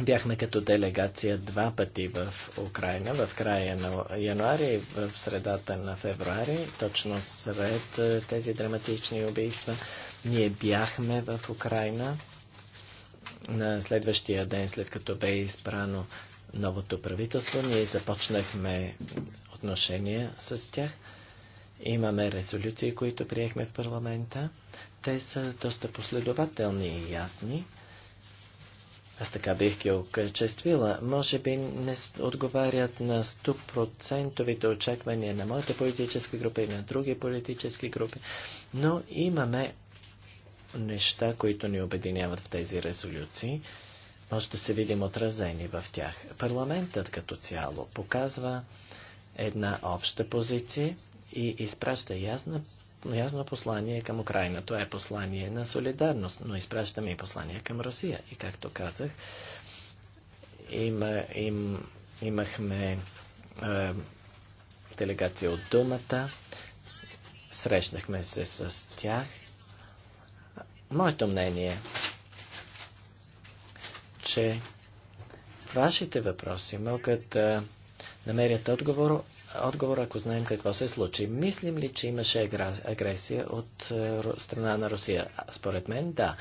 бяхме като делегация два пъти в Украина, в края на януари и в средата на февруари, точно сред е, тези драматични убийства. Ние бяхме в Украина на следващия ден, след като бе избрано новото правителство. Ние започнахме отношения с тях. Имаме резолюции, които приехме в парламента. Те са доста последователни и ясни. Аз така бих ги окачествила. Може би не отговарят на 100%-овите очаквания на моята политическа група и на други политически групи, но имаме неща, които ни обединяват в тези резолюции. Може да се видим отразени в тях. Парламентът като цяло показва една обща позиция, и изпраща ясна, ясно послание към Украина. Това е послание на солидарност, но изпращаме и послание към Русия. И както казах, има, им, имахме е, делегация от думата, срещнахме се с тях. Моето мнение е, че вашите въпроси могат да намерят отговор отговор, ако знаем какво се случи. Мислим ли, че имаше агресия от е, страна на Русия? Според мен, да.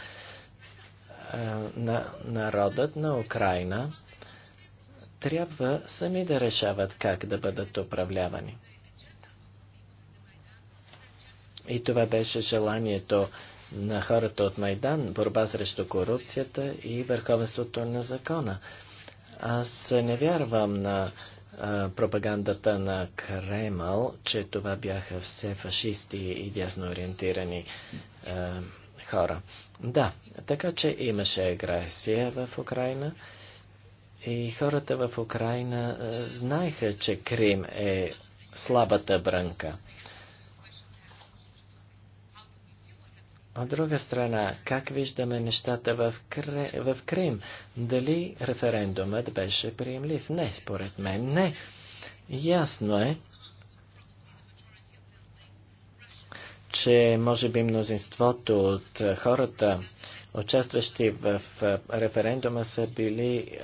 Е, на, народът на Украина трябва сами да решават как да бъдат управлявани. И това беше желанието на хората от Майдан, борба срещу корупцията и върховенството на закона. Аз не вярвам на пропагандата на Кремъл, че това бяха все фашисти и дясно ориентирани е, хора. Да, така че имаше агресия в Украина и хората в Украина е, знаеха, че Крим е слабата брънка. От друга страна, как виждаме нещата в, Кре... в Крим? Дали референдумът беше приемлив? Не, според мен не. Ясно е, че може би мнозинството от хората, участващи в референдума, са били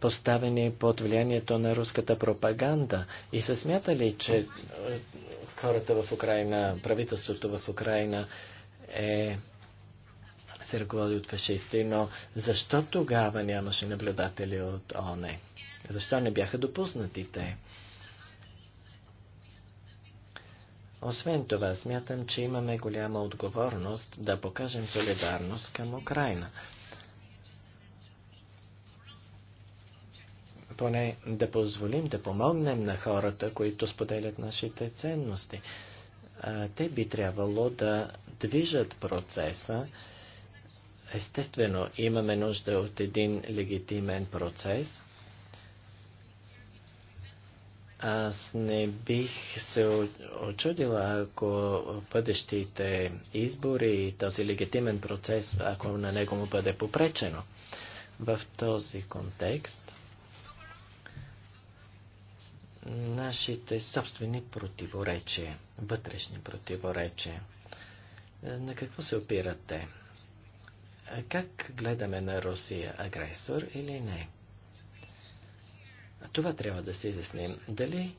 поставени под влиянието на руската пропаганда и са смятали, че е, хората в Украина, правителството в Украина е се ръководи от фашисти, но защо тогава нямаше наблюдатели от ОНЕ? Защо не бяха допуснати те? Освен това, смятам, че имаме голяма отговорност да покажем солидарност към Украина. поне да позволим да помогнем на хората, които споделят нашите ценности. Те би трябвало да движат процеса. Естествено, имаме нужда от един легитимен процес. Аз не бих се очудила, ако бъдещите избори и този легитимен процес, ако на него му бъде попречено. В този контекст нашите собствени противоречия, вътрешни противоречия. Е, на какво се опират те? Е, как гледаме на Русия агресор или не? Това трябва да се изясним. Дали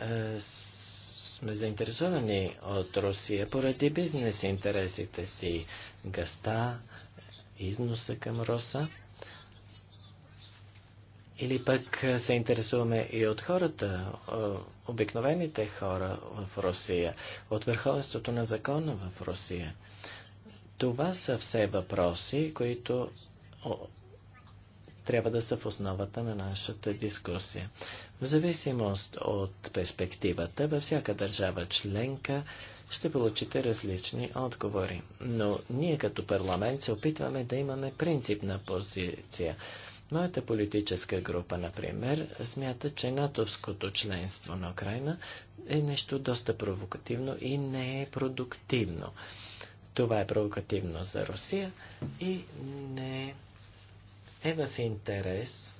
е, сме заинтересовани от Русия поради бизнес интересите си, гъста, износа към Роса? Или пък се интересуваме и от хората, обикновените хора в Русия, от върховенството на закона в Русия. Това са все въпроси, които трябва да са в основата на нашата дискусия. В зависимост от перспективата, във всяка държава членка ще получите различни отговори. Но ние като парламент се опитваме да имаме принципна позиция. Моята политическа група, например, смята, че натовското членство на Украина е нещо доста провокативно и не е продуктивно. Това е провокативно за Русия и не е в интерес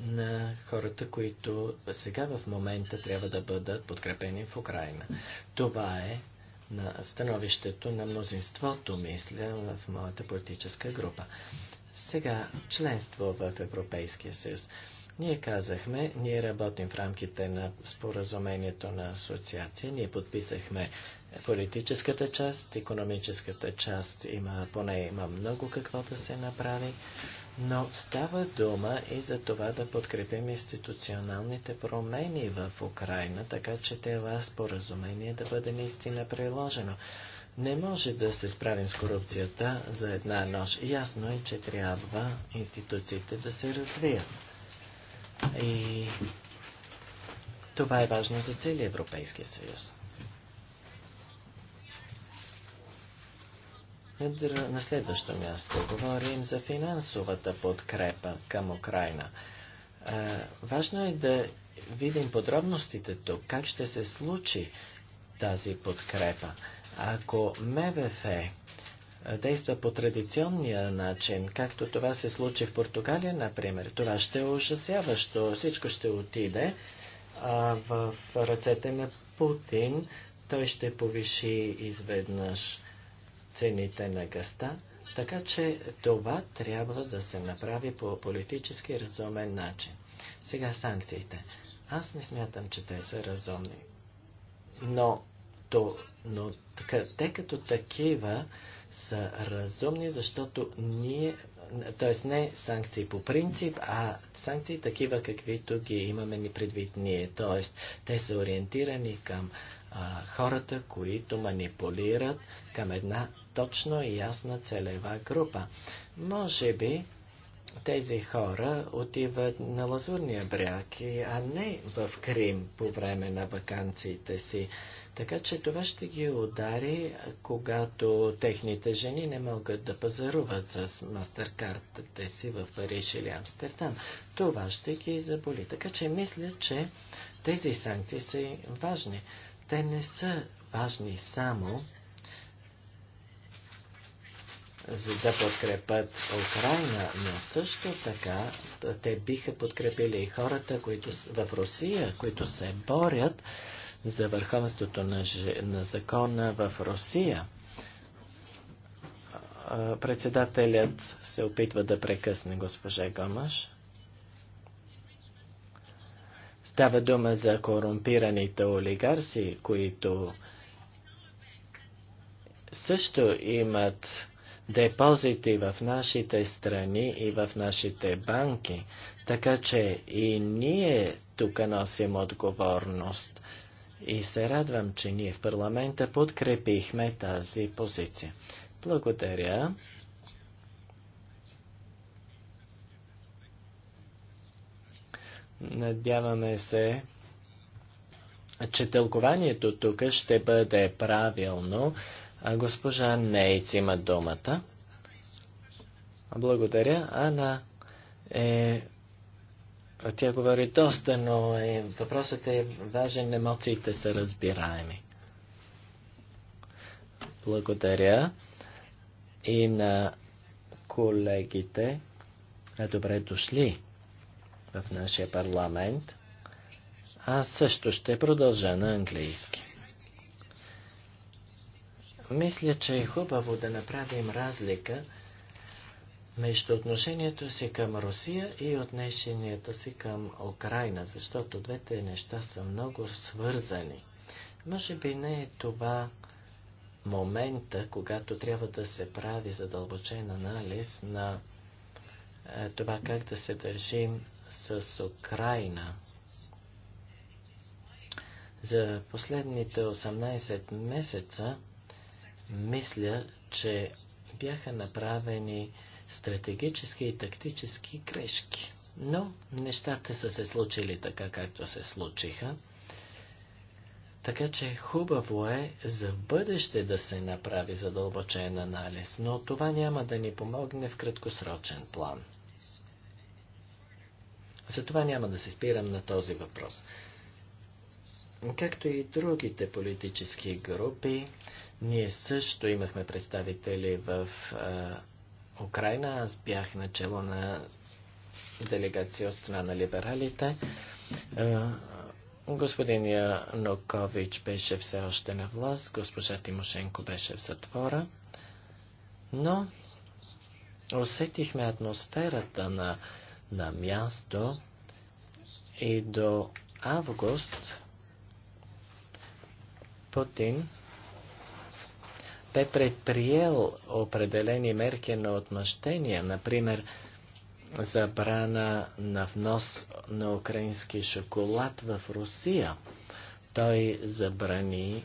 на хората, които сега в момента трябва да бъдат подкрепени в Украина. Това е на становището на мнозинството, мисля, в моята политическа група. Сега, членство в Европейския съюз. Ние казахме, ние работим в рамките на споразумението на асоциация, ние подписахме политическата част, економическата част има, поне има много какво да се направи, но става дума и за това да подкрепим институционалните промени в Украина, така че това споразумение да бъде наистина приложено. Не може да се справим с корупцията за една нощ. Ясно е, че трябва институциите да се развият. И това е важно за целия Европейския съюз. На следващо място говорим за финансовата подкрепа към Украина. Важно е да видим подробностите тук, как ще се случи тази подкрепа. Ако МВФ е, действа по традиционния начин, както това се случи в Португалия, например, това ще е ужасяващо. Всичко ще отиде а, в ръцете на Путин. Той ще повиши изведнъж цените на гъста. Така че това трябва да се направи по политически разумен начин. Сега санкциите. Аз не смятам, че те са разумни. Но то, но те като такива са разумни, защото ние, т.е. не санкции по принцип, а санкции такива, каквито ги имаме ни предвид ние. Т.е. те са ориентирани към а, хората, които манипулират към една точно и ясна целева група. Може би тези хора отиват на Лазурния бряг, а не в Крим по време на вакансиите си. Така че това ще ги удари, когато техните жени не могат да пазаруват с мастеркартите си в Париж или Амстердам. Това ще ги заболи. Така че мисля, че тези санкции са важни. Те не са важни само за да подкрепят Украина, но също така те биха подкрепили и хората които, в Русия, които се борят за върховенството на, на закона в Русия. Председателят се опитва да прекъсне госпожа Гомаш. Става дума за корумпираните олигарси, които също имат депозити в нашите страни и в нашите банки, така че и ние тук носим отговорност. И се радвам, че ние в парламента подкрепихме тази позиция. Благодаря. Надяваме се, че тълкованието тук ще бъде правилно. А госпожа Нейц има думата. Благодаря. Ана е тя говори доста, но е, въпросът е важен, емоциите са разбираеми. Благодаря и на колегите. Добре дошли в нашия парламент. Аз също ще продължа на английски. Мисля, че е хубаво да направим разлика между отношението си към Русия и отношението си към Украина, защото двете неща са много свързани. Може би не е това момента, когато трябва да се прави задълбочен анализ на е, това как да се държим с Украина. За последните 18 месеца мисля, че бяха направени стратегически и тактически грешки. Но нещата са се случили така, както се случиха. Така че хубаво е за бъдеще да се направи задълбочен анализ, но това няма да ни помогне в краткосрочен план. Затова няма да се спирам на този въпрос. Както и другите политически групи, ние също имахме представители в Украина. Аз бях начало на делегация от страна на либералите. Господин Янукович беше все още на власт, госпожа Тимошенко беше в затвора, но усетихме атмосферата на, на място и до август Путин бе предприел определени мерки на отмъщение, например забрана на внос на украински шоколад в Русия. Той забрани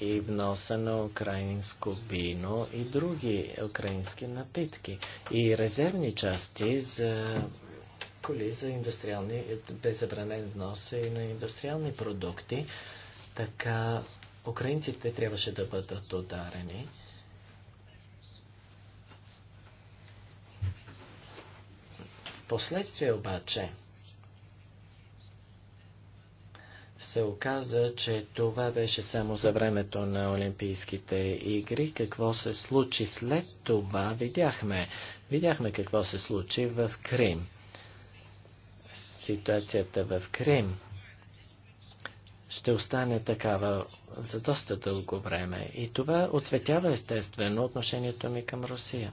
и вноса на украинско вино и други украински напитки и резервни части за коли за индустриални, безабранен вноса и на индустриални продукти. Така Украинците трябваше да бъдат ударени. Последствие обаче се оказа, че това беше само за времето на Олимпийските игри. Какво се случи след това, видяхме. Видяхме какво се случи в Крим. Ситуацията в Крим ще остане такава за доста дълго време. И това оцветява естествено отношението ми към Русия.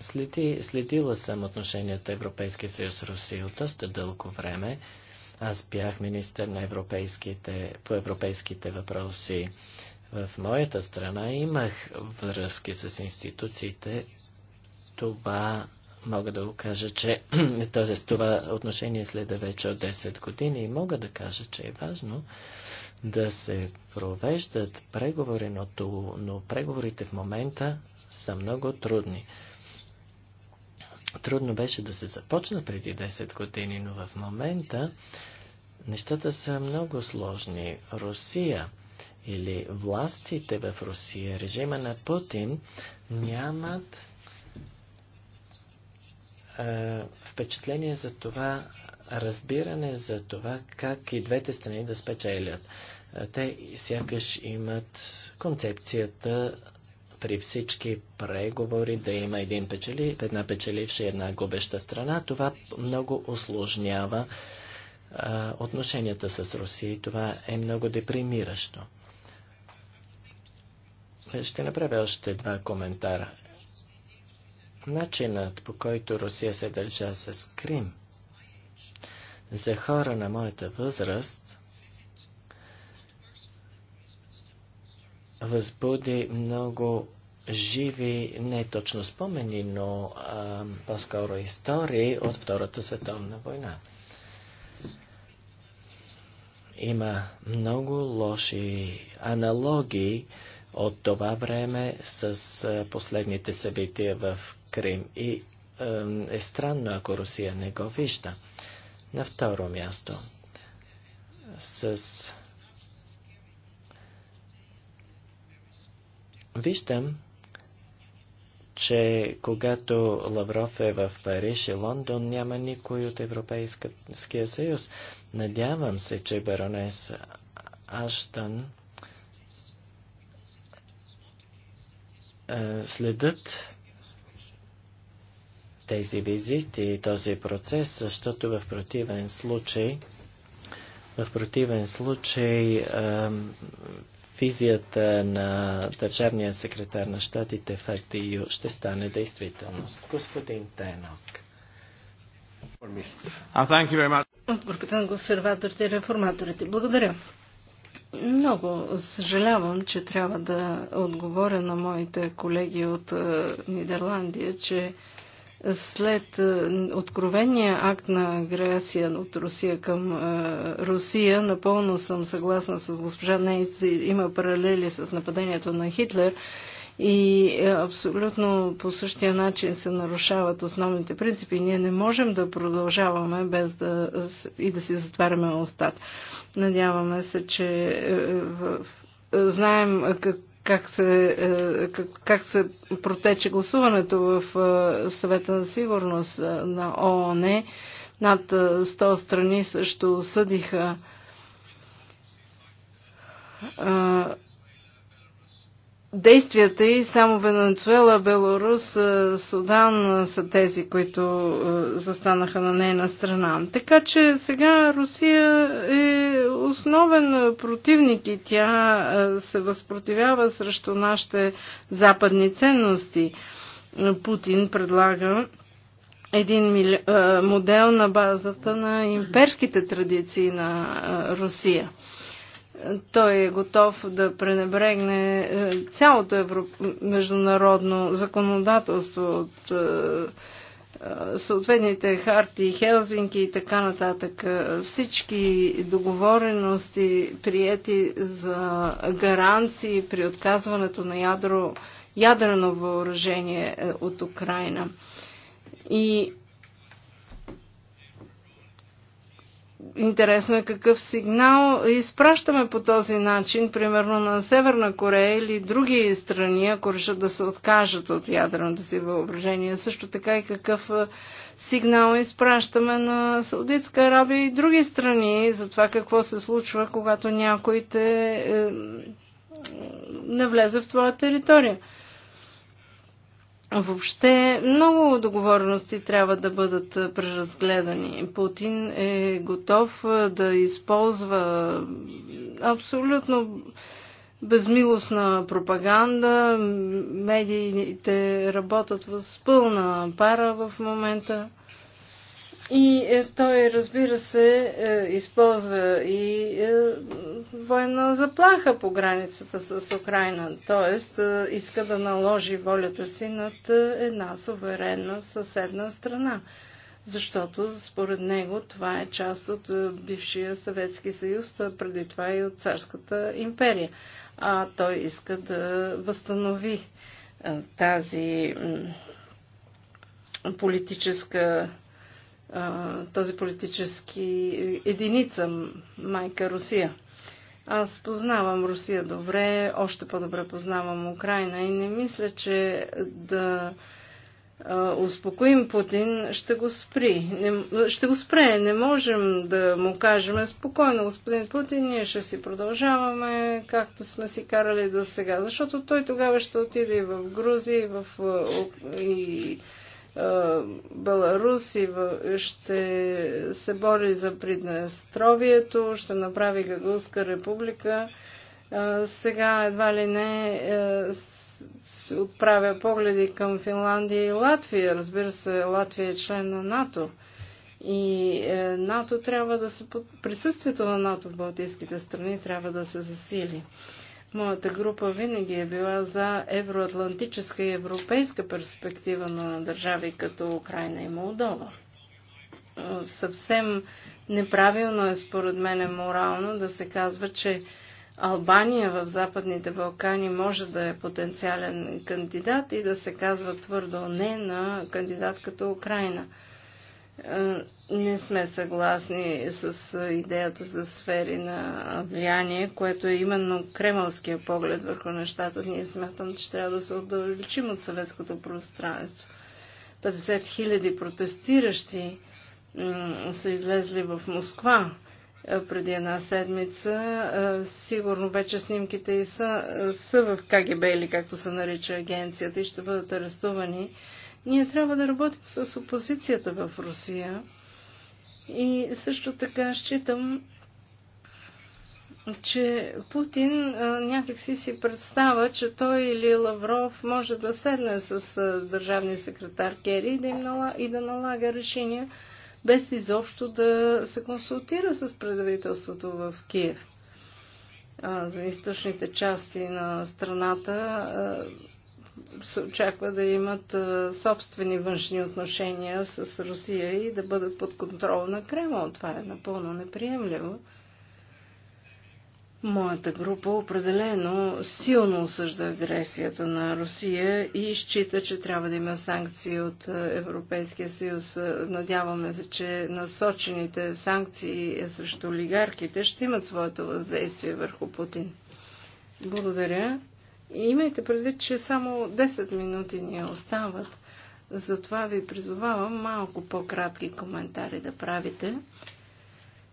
Следи, следила съм отношенията Европейския съюз Русия от доста дълго време. Аз бях министър на европейските, по европейските въпроси. В моята страна имах връзки с институциите. Това мога да го кажа, че *clears throat* т.е. това отношение следа вече от 10 години и мога да кажа, че е важно да се провеждат преговори, но, но преговорите в момента са много трудни. Трудно беше да се започна преди 10 години, но в момента нещата са много сложни. Русия или властите в Русия, режима на Путин, нямат е, впечатление за това, разбиране за това как и двете страни да спечелят. Е, те сякаш имат концепцията при всички преговори да има един печели, една печеливша и една губеща страна. Това много осложнява а, е, отношенията с Русия и това е много депримиращо. Ще направя още два коментара. Начинът по който Русия се държа с Крим за хора на моята възраст възбуди много живи, не точно спомени, но по-скоро истории от Втората световна война. Има много лоши аналогии от това време с последните събития в Крим и е странно, ако Русия не го вижда. На второ място, с... Виждам, че когато Лавров е в Париж и Лондон, няма никой от Европейския съюз. Надявам се, че баронес Аштън е, следят тези визити и този процес, защото в противен случай в противен случай визията на държавния секретар на щатите в АТИЮ ще стане действителност. Господин Тенок. От групата на консерваторите и реформаторите. Благодаря. Много съжалявам, че трябва да отговоря на моите колеги от е, Нидерландия, че след е, откровения акт на агресия от Русия към е, Русия, напълно съм съгласна с госпожа Нейц, има паралели с нападението на Хитлер и е, абсолютно по същия начин се нарушават основните принципи. Ние не можем да продължаваме без да и да си затваряме устата. Надяваме се, че в знаем как, как се, е, как, се протече гласуването в е, съвета на сигурност е, на ООН. Над 100 страни също осъдиха действията и само Венецуела, Беларус, е, Судан е, са тези, които е, застанаха на нейна страна. Така че сега Русия е основен противник и тя се възпротивява срещу нашите западни ценности. Путин предлага един модел на базата на имперските традиции на Русия – той е готов да пренебрегне е, цялото евро... международно законодателство от е, е, съответните харти, Хелзинки и така нататък. Всички договорености, приети за гаранции при отказването на ядро, ядрено въоръжение от Украина. И Интересно е какъв сигнал изпращаме по този начин, примерно на Северна Корея или други страни, ако решат да се откажат от ядреното си въображение, Също така и какъв е, сигнал изпращаме на Саудитска Арабия и други страни за това какво се случва, когато някой те не влезе в твоя територия. Въобще много договорености трябва да бъдат преразгледани. Путин е готов да използва абсолютно безмилостна пропаганда. Медиите работят с пълна пара в момента. И е, той, разбира се, е, използва и е, военна заплаха по границата с Украина, т.е. Е, иска да наложи волята си над е, една суверенна съседна страна, защото според него това е част от е, бившия Съветски съюз, преди това и от Царската империя. А той иска да възстанови е, тази политическа този политически единица, майка Русия. Аз познавам Русия добре, още по-добре познавам Украина и не мисля, че да успокоим Путин, ще го спри. Не, ще го спре. Не можем да му кажем спокойно, господин Путин, ние ще си продължаваме както сме си карали до сега. Защото той тогава ще отиде и в Грузия, и в и Беларус и ще се бори за Приднестровието, ще направи Гагулска република. Сега едва ли не се отправя погледи към Финландия и Латвия. Разбира се, Латвия е член на НАТО. И е, НАТО трябва да се... Присъствието на НАТО в Балтийските страни трябва да се засили. Моята група винаги е била за евроатлантическа и европейска перспектива на държави като Украина и Молдова. Съвсем неправилно е според мен е морално да се казва, че Албания в Западните Балкани може да е потенциален кандидат и да се казва твърдо не на кандидат като Украина. Е, не сме съгласни с е, идеята за сфери на влияние, което е именно кремълския поглед върху нещата. Ние смятам, че трябва да се отдалечим от съветското пространство. 50 хиляди протестиращи са излезли в Москва е, преди една седмица. Сигурно вече снимките и са, са в КГБ или както се нарича агенцията и ще бъдат арестувани ние трябва да работим с опозицията в Русия и също така считам, че Путин някакси си представа, че той или Лавров може да седне с държавния секретар Кери и да, им налага, и да налага решения, без изобщо да се консултира с правителството в Киев. За източните части на страната се очаква да имат собствени външни отношения с Русия и да бъдат под контрол на Кремъл. Това е напълно неприемливо. Моята група определено силно осъжда агресията на Русия и счита, че трябва да има санкции от Европейския съюз. Надяваме се, че насочените санкции е, срещу олигархите ще имат своето въздействие върху Путин. Благодаря. И имайте предвид, че само 10 минути ни остават. Затова ви призовавам малко по-кратки коментари да правите.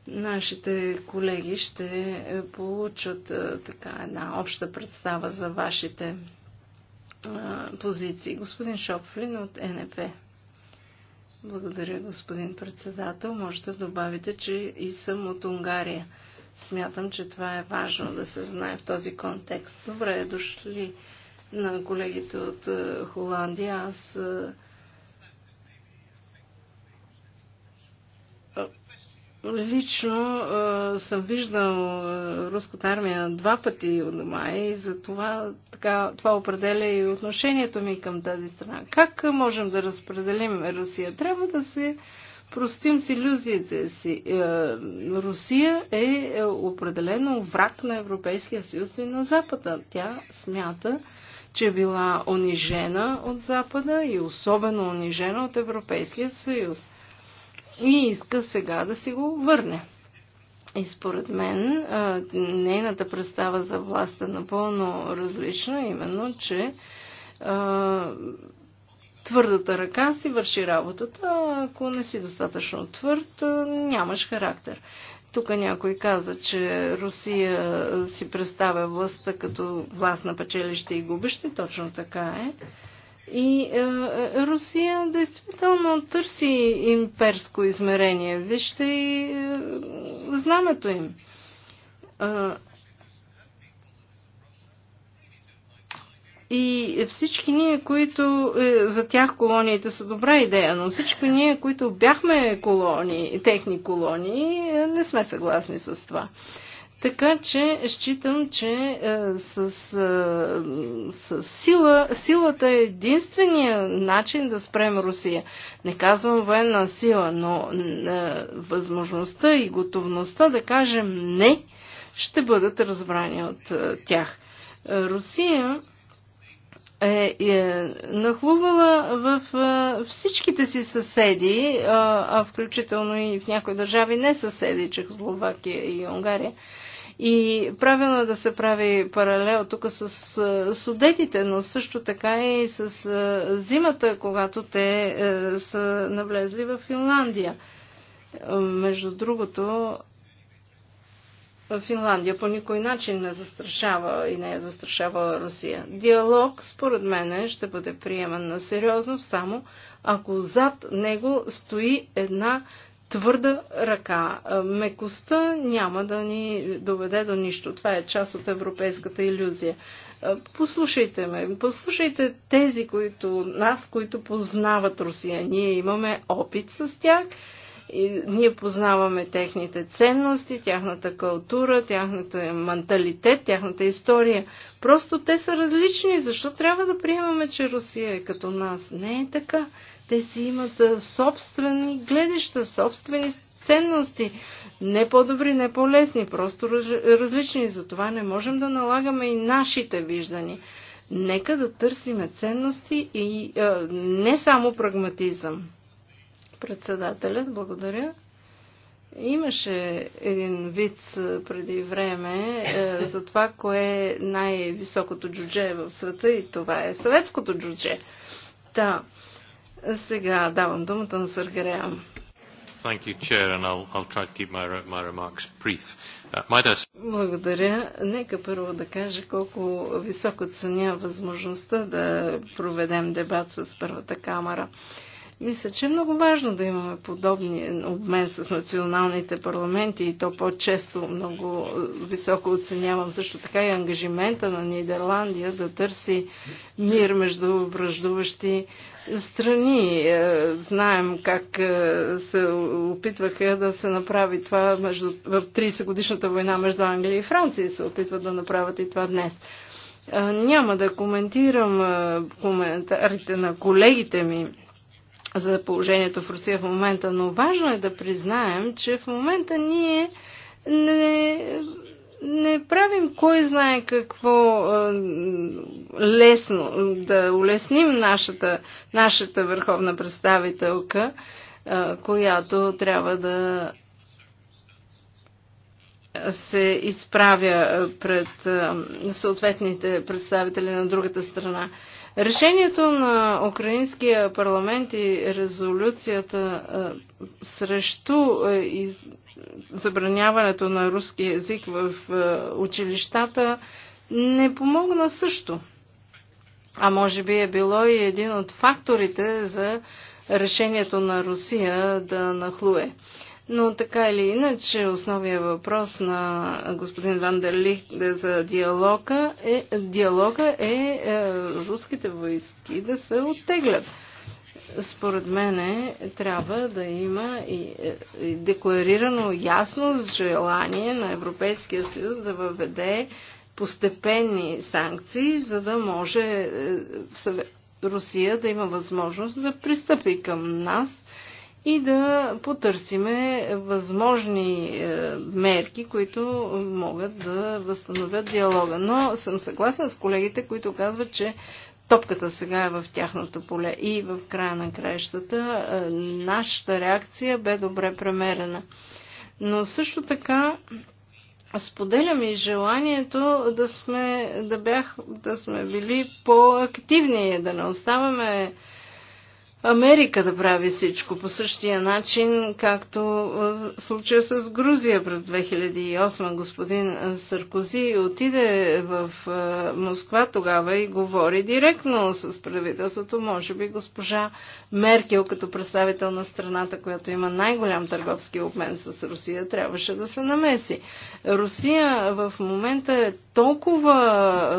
Нашите колеги ще получат е, така една обща представа за вашите а, е, позиции. Господин Шопфлин от НП. Благодаря, господин председател. Можете да добавите, че и съм от Унгария. Смятам, че това е важно да се знае в този контекст. Добре е дошли на колегите от е, Холандия. Аз е, е, лично съм виждал руската армия два пъти от дома и за това, така, това определя и отношението ми към тази страна. Как можем да разпределим Русия? Трябва да се простим с иллюзиите си. Е, Русия е, е определено враг на Европейския съюз и на Запада. Тя смята, че е била унижена от Запада и особено унижена от Европейския съюз. И иска сега да си го върне. И според мен е, нейната представа за власт е напълно различна, именно, че твърдата ръка си върши работата, а ако не си достатъчно твърд, нямаш характер. Тук някой каза, че Русия си представя властта като власт на печелище и губище. Точно така е. И е, Русия действително търси имперско измерение. Вижте и е, знамето им. Е, И всички ние, които е, за тях колониите са добра идея, но всички ние, които бяхме колони, техни колонии, е, не сме съгласни с това. Така че считам, че е, с, е, с сила, силата е единствения начин да спрем Русия. Не казвам военна сила, но е, възможността и готовността да кажем не ще бъдат разбрани от е, тях. Русия е, е нахлувала в е, всичките си съседи, е, а включително и в някои държави не съседи, Чехословакия и Унгария. И правилно е да се прави паралел тук с е, судетите, но също така и с е, зимата, когато те е, са навлезли в Финландия. Между другото, Финландия по никой начин не застрашава и не е застрашава Русия. Диалог, според мен, ще бъде приеман на сериозно, само ако зад него стои една твърда ръка. Мекостта няма да ни доведе до нищо. Това е част от европейската иллюзия. Послушайте ме, послушайте тези, които, нас, които познават Русия. Ние имаме опит с тях и ние познаваме техните ценности, тяхната култура, тяхната менталитет, тяхната история. Просто те са различни. Защо трябва да приемаме, че Русия е като нас? Не е така. Те си имат собствени гледища, собствени ценности. Не по-добри, не по-лесни, просто различни. Затова не можем да налагаме и нашите виждания. Нека да търсиме ценности и а, не само прагматизъм. Председателят, благодаря. Имаше един вид преди време е, за това, кое е най-високото джудже в света и това е съветското джудже. Та, да. сега давам думата на Съргереям. Uh, благодаря. Нека първо да кажа колко високо ценя възможността да проведем дебат с първата камера. Uh, мисля, че е много важно да имаме подобни обмен с националните парламенти и то по-често много високо оценявам също така и ангажимента на Нидерландия да търси мир между враждуващи страни. Е, знаем как е, се опитваха да се направи това между, в 30-годишната война между Англия и Франция и се опитват да направят и това днес. Е, няма да коментирам коментарите на колегите ми за положението в Русия в момента, но важно е да признаем, че в момента ние не, не правим кой знае какво е, лесно, да улесним нашата, нашата върховна представителка, е, която трябва да се изправя пред е, съответните представители на другата страна. Е, Решението на Украинския парламент и резолюцията е, срещу е, забраняването на руски язик в е, училищата не помогна също. А може би е било и един от факторите за решението на Русия да нахлуе. Но така или иначе, основният въпрос на господин Ван Лих за диалога е, диалога е, е руските войски да се оттеглят. Според мен трябва да има и, е, и декларирано ясно желание на Европейския съюз да въведе постепенни санкции, за да може е, Русия да има възможност да пристъпи към нас и да потърсиме възможни е, мерки, които могат да възстановят диалога. Но съм съгласен с колегите, които казват, че топката сега е в тяхното поле и в края на краищата е, нашата реакция бе добре премерена. Но също така споделям и желанието да сме, да бях, да сме били по-активни, да не оставаме Америка да прави всичко по същия начин, както е, случая с Грузия през 2008. Господин е, Саркози отиде в е, Москва тогава и говори директно с правителството. Може би госпожа Меркел, като представител на страната, която има най-голям търговски обмен с Русия, трябваше да се намеси. Русия в момента е толкова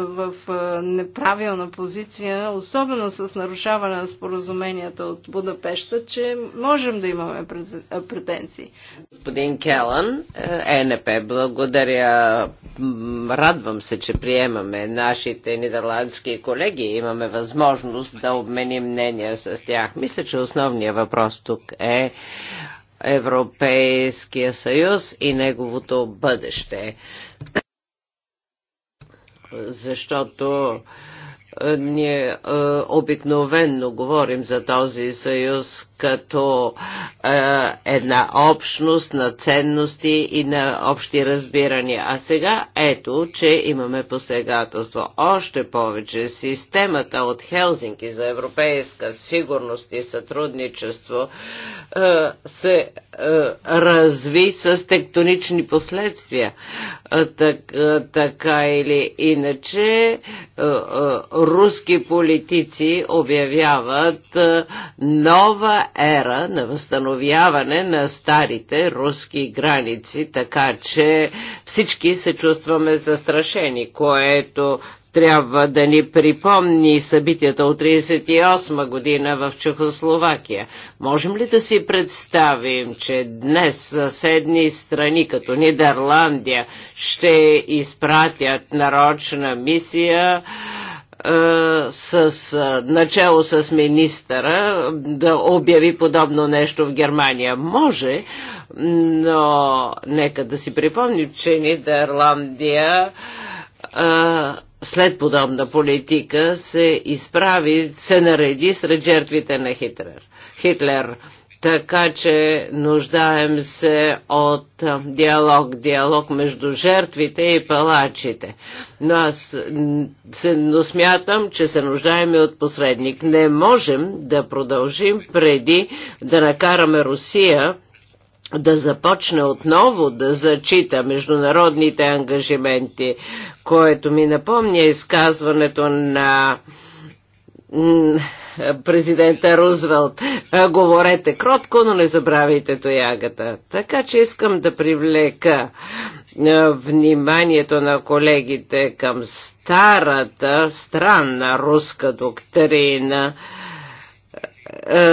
в неправилна позиция, особено с нарушаване на споразуменията от Будапешта, че можем да имаме претенции. Господин Келан, ЕНП, е благодаря. Радвам се, че приемаме нашите нидерландски колеги. Имаме възможност да обменим мнения с тях. Мисля, че основният въпрос тук е Европейския съюз и неговото бъдеще. Защото е, ние е, обикновенно говорим за този съюз като е, една общност на ценности и на общи разбирания. А сега ето, че имаме посегателство. Още повече системата от Хелзинки за европейска сигурност и сътрудничество е, се е, разви с тектонични последствия. Е, так, е, така или иначе, е, е, руски политици обявяват е, нова ера на възстановяване на старите руски граници, така че всички се чувстваме застрашени, което трябва да ни припомни събитията от 1938 година в Чехословакия. Можем ли да си представим, че днес съседни страни като Нидерландия ще изпратят нарочна мисия? с, начало с министъра да обяви подобно нещо в Германия. Може, но нека да си припомним, че Нидерландия а, след подобна политика се изправи, се нареди сред жертвите на Хитлер. Хитлер така че нуждаем се от диалог, диалог между жертвите и палачите. Но аз се, но смятам, че се нуждаем и от посредник. Не можем да продължим преди да накараме Русия да започне отново да зачита международните ангажименти, което ми напомня изказването на президента Рузвелт. Говорете кротко, но не забравяйте тоягата. Така че искам да привлека вниманието на колегите към старата странна руска доктрина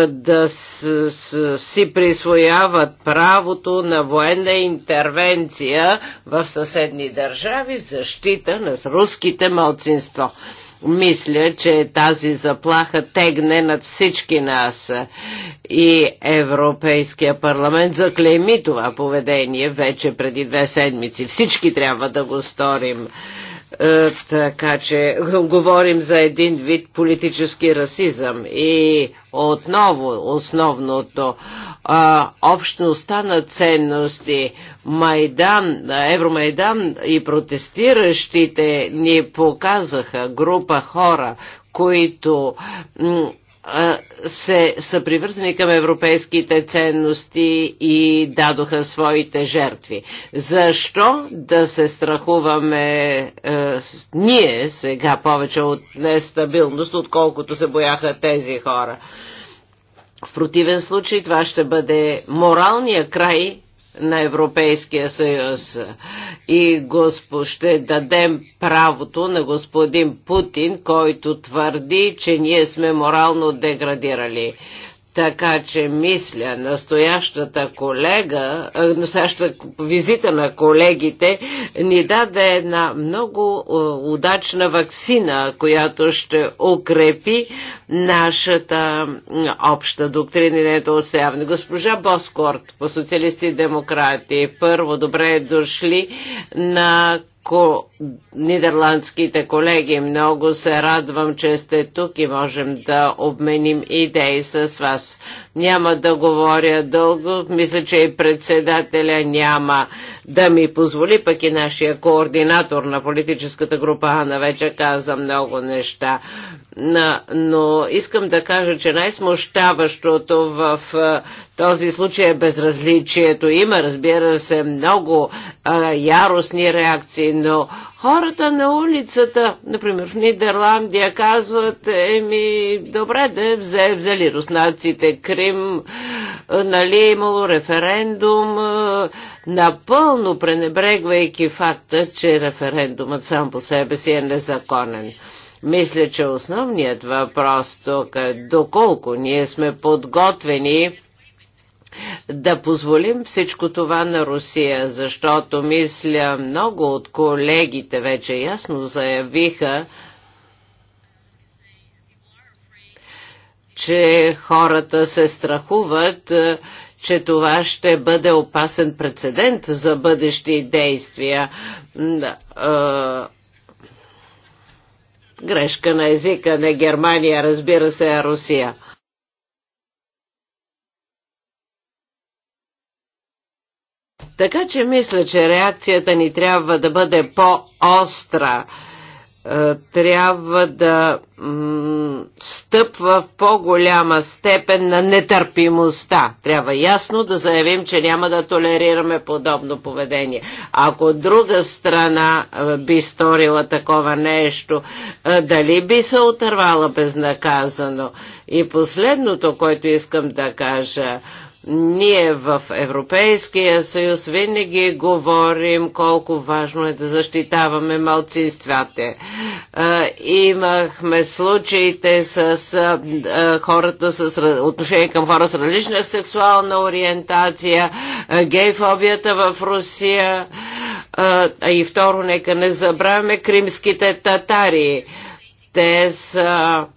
да си присвояват правото на военна интервенция в съседни държави в защита на руските малцинство. Мисля, че тази заплаха тегне над всички нас и Европейския парламент заклейми това поведение вече преди две седмици. Всички трябва да го сторим. Е, така че *laughs* говорим за един вид политически расизъм. И отново основното а, общността на ценности Майдан, Евромайдан и протестиращите ни показаха група хора, които се, са привързани към европейските ценности и дадоха своите жертви. Защо да се страхуваме е, ние сега повече от нестабилност, отколкото се бояха тези хора? В противен случай това ще бъде моралния край на Европейския съюз. И госпо, ще дадем правото на господин Путин, който твърди, че ние сме морално деградирали. Така че мисля, настоящата колега, е, настоящата визита на колегите ни даде една много е, удачна вакцина, която ще укрепи нашата обща доктрина и нето осяване. Госпожа Боскорт по Социалисти и демократи, първо добре дошли на ко... нидерландските колеги. Много се радвам, че сте тук и можем да обменим идеи с вас. Няма да говоря дълго. Мисля, че и председателя няма да ми позволи, пък и нашия координатор на политическата група Ана вече каза много неща но искам да кажа, че най-смущаващото в този случай е безразличието. Има, разбира се, много а, яростни реакции, но хората на улицата, например в Нидерландия, казват, еми, добре, да взе, взели руснаците Крим, нали е имало референдум, напълно пренебрегвайки факта, че референдумът сам по себе си е незаконен. Мисля, че основният въпрос тук е доколко ние сме подготвени да позволим всичко това на Русия, защото мисля много от колегите вече ясно заявиха, че хората се страхуват, че това ще бъде опасен прецедент за бъдещи действия Грешка на езика на Германия, разбира се, а Русия. Така че мисля, че реакцията ни трябва да бъде по-остра е, трябва да стъпва в по-голяма степен на нетърпимостта. Трябва ясно да заявим, че няма да толерираме подобно поведение. Ако друга страна е, би сторила такова нещо, е, дали би се отървала безнаказано? И последното, което искам да кажа, ние в Европейския съюз винаги говорим колко важно е да защитаваме малцинствата. Имахме случаите с хората с отношение към хора с различна сексуална ориентация, гейфобията в Русия. И второ, нека не забравяме кримските татари. Те са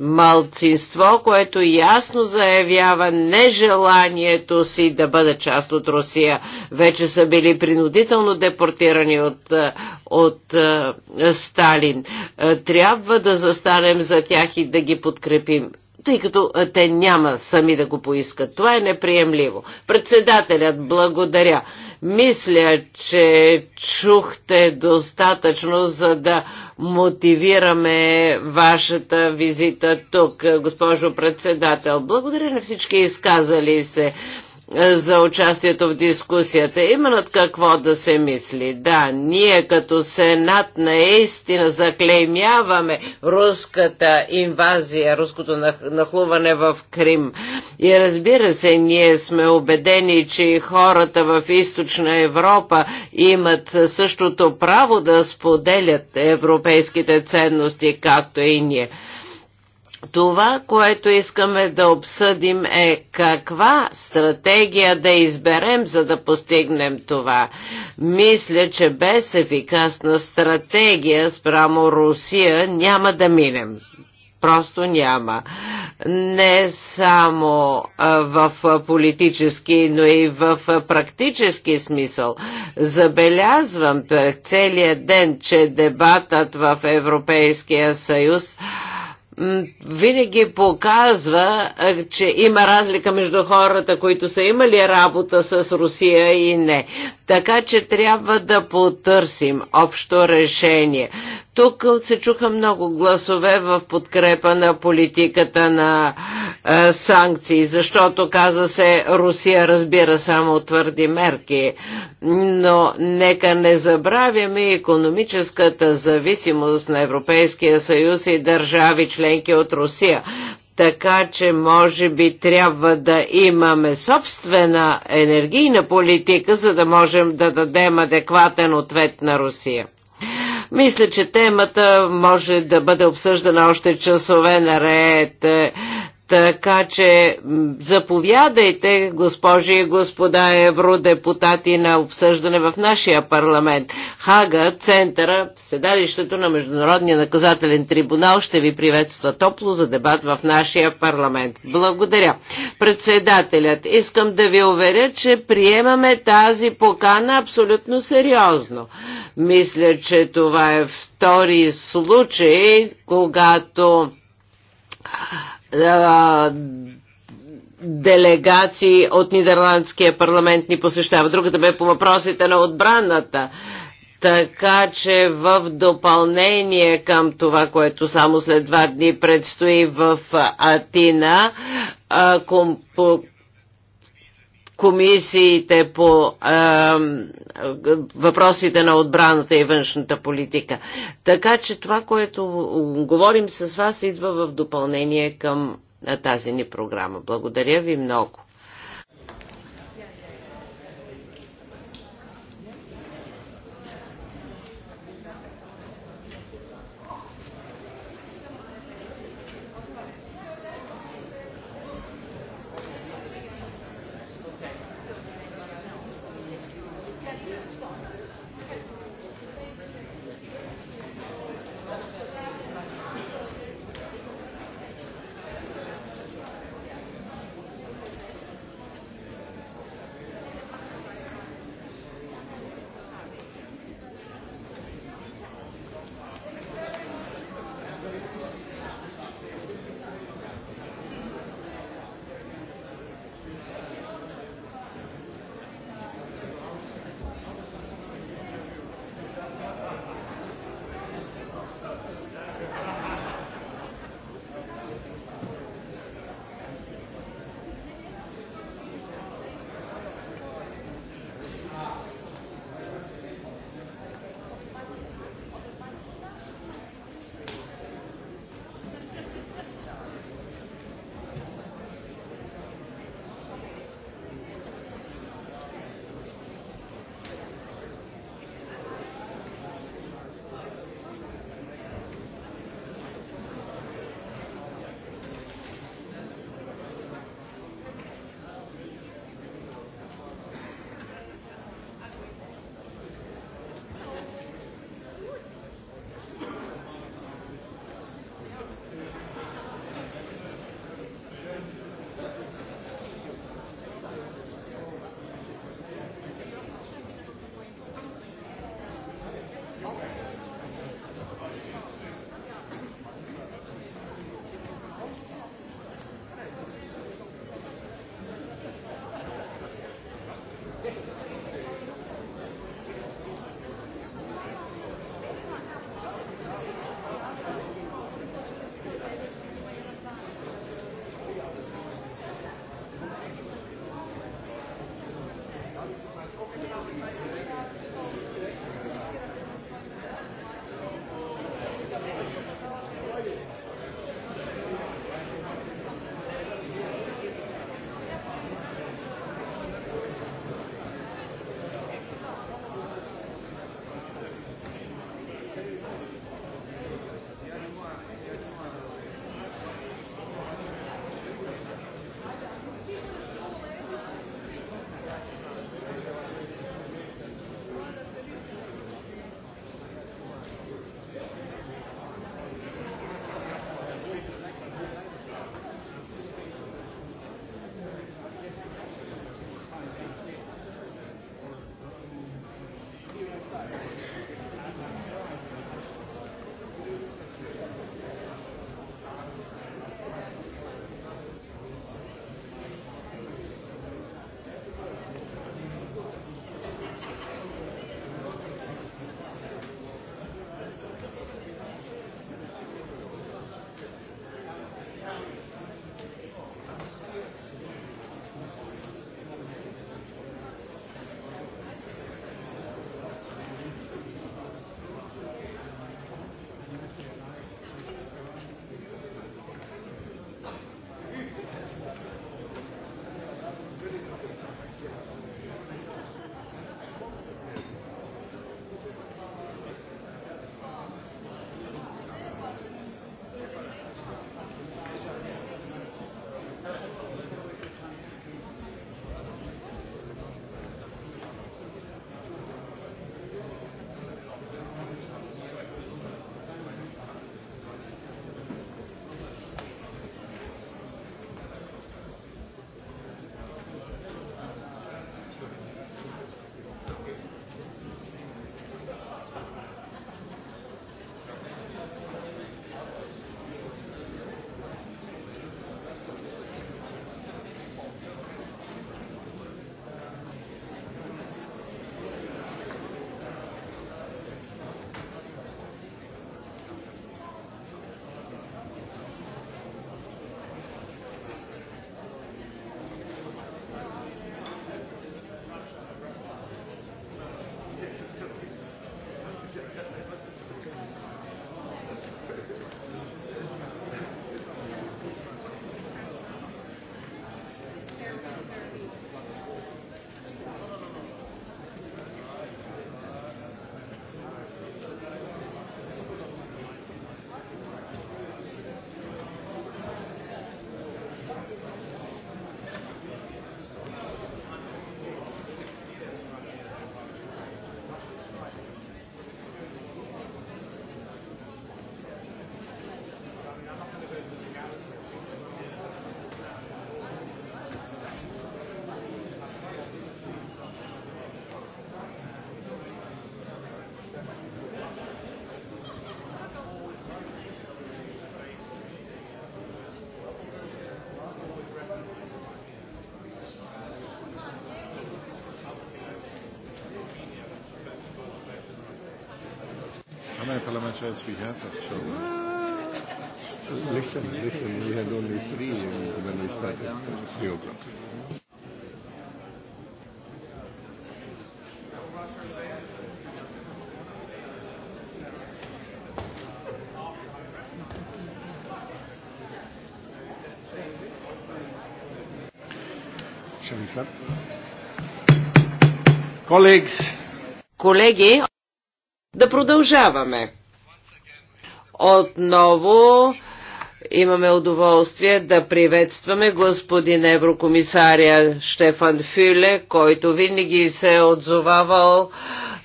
малцинство, което ясно заявява нежеланието си да бъде част от Русия. Вече са били принудително депортирани от, е, от е, Сталин. Е, трябва да застанем за тях и да ги подкрепим тъй като те няма сами да го поискат. Това е неприемливо. Председателят, благодаря. Мисля, че чухте достатъчно, за да мотивираме вашата визита тук, госпожо председател. Благодаря на всички изказали се. Е, за участието в дискусията. над какво да се мисли. Да, ние като Сенат наистина заклеймяваме руската инвазия, руското нахлуване в Крим. И разбира се, ние сме убедени, че хората в източна Европа имат същото право да споделят европейските ценности, както и ние. Това, което искаме да обсъдим е каква стратегия да изберем, за да постигнем това. Мисля, че без ефикасна стратегия спрямо Русия няма да минем. Просто няма. Не само в политически, но и в практически смисъл. Забелязвам през целият ден, че дебатът в Европейския съюз винаги показва, че има разлика между хората, които са имали работа с Русия и не. Така че трябва да потърсим общо решение. Тук се чуха много гласове в подкрепа на политиката на е, санкции, защото каза се Русия разбира само твърди мерки. Но нека не забравяме економическата зависимост на Европейския съюз и държави членки от Русия. Така че може би трябва да имаме собствена енергийна политика, за да можем да дадем адекватен ответ на Русия. Мисля, че темата може да бъде обсъждана още часове наред. Така че заповядайте, госпожи и господа евродепутати на обсъждане в нашия парламент. Хага, центъра, седалището на Международния наказателен трибунал ще ви приветства топло за дебат в нашия парламент. Благодаря. Председателят, искам да ви уверя, че приемаме тази покана абсолютно сериозно. Мисля, че това е втори случай, когато делегации от Нидерландския парламент ни посещава. Другата бе по въпросите на отбраната. Така че в допълнение към това, което само след два дни предстои в Атина, комисиите по е, въпросите на отбраната и външната политика. Така че това, което говорим с вас, идва в допълнение към тази ни програма. Благодаря ви много. parliamentary wie we have, zo? Listen, listen, we had only three when we started at 3 Колеги, да продължаваме. Отново имаме удоволствие да приветстваме господин еврокомисаря Штефан Фюле, който винаги се е отзовавал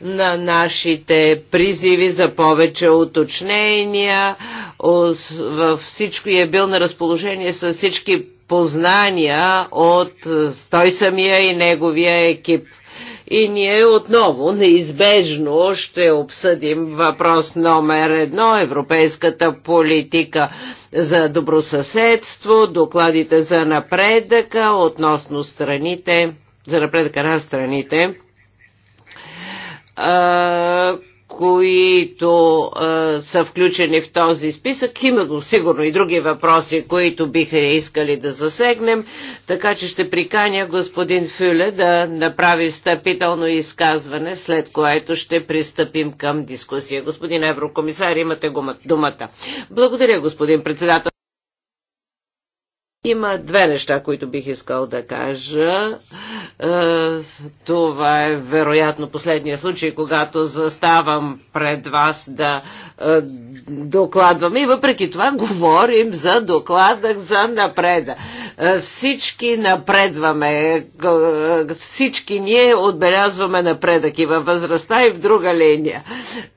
на нашите призиви за повече уточнения. Във всичко е бил на разположение с всички познания от той самия и неговия екип. И ние отново неизбежно ще обсъдим въпрос номер едно, европейската политика за добросъседство, докладите за напредъка относно страните, за напредъка на страните. А които а, са включени в този списък. Има сигурно и други въпроси, които биха искали да засегнем, така че ще приканя господин Фюле да направи встъпително изказване, след което ще пристъпим към дискусия. Господин Еврокомисар, имате думата. Благодаря, господин председател. Има две неща, които бих искал да кажа. Е, това е вероятно последния случай, когато заставам пред вас да е, докладвам. и въпреки това говорим за докладък за напреда. Е, всички напредваме, е, всички ние отбелязваме напредък и във възрастта и в друга линия.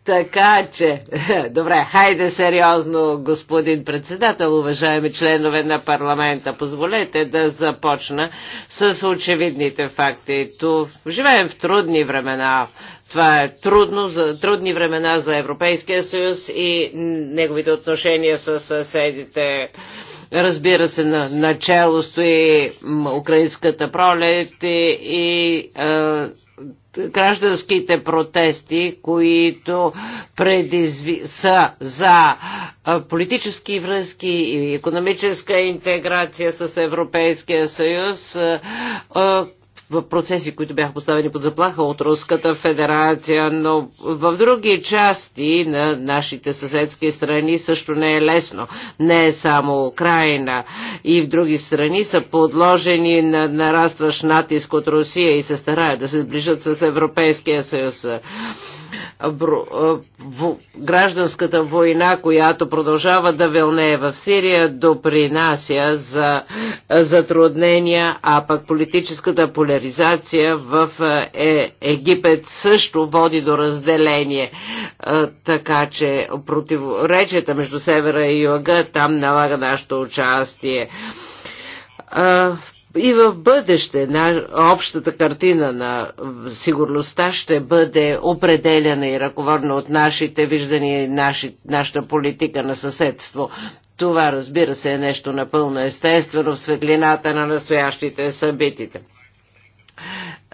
Така че, е, добре, хайде сериозно, господин председател, уважаеми членове на парламента, позволете да започна с очевидните факти. Ту, живеем в трудни времена, това е трудно, за, трудни времена за Европейския съюз и неговите отношения с съседите. Разбира се, на начало стои украинската пролет и, и гражданските протести, които предизви... са за политически връзки и економическа интеграция с Европейския съюз, процеси, които бяха поставени под заплаха от Руската федерация, но в други части на нашите съседски страни също не е лесно. Не е само Украина. И в други страни са подложени на нарастващ натиск от Русия и се стараят да се сближат с Европейския съюз гражданската война, която продължава да вълнее в Сирия, допринася за затруднения, а пък политическата поляризация в е, Египет също води до разделение. Така че противоречията между севера и юга там налага нашето участие и в бъдеще на общата картина на сигурността ще бъде определена и ръководна от нашите виждания и наши, нашата политика на съседство. Това, разбира се, е нещо напълно естествено в светлината на настоящите събитите.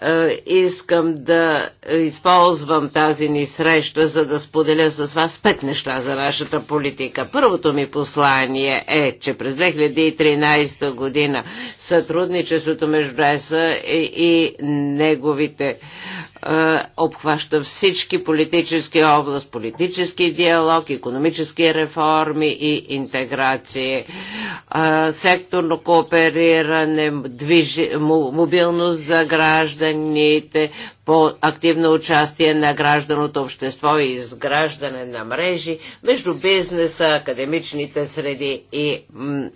Е, искам да използвам тази ни среща, за да споделя с вас пет неща за нашата политика. Първото ми послание е, че през 2013 година сътрудничеството между ЕСА и неговите е, обхваща всички политически област, политически диалог, економически реформи и интеграции, е, секторно коопериране, движи, мобилност за гражданите, по-активно участие на гражданото общество и изграждане на мрежи между бизнеса, академичните среди и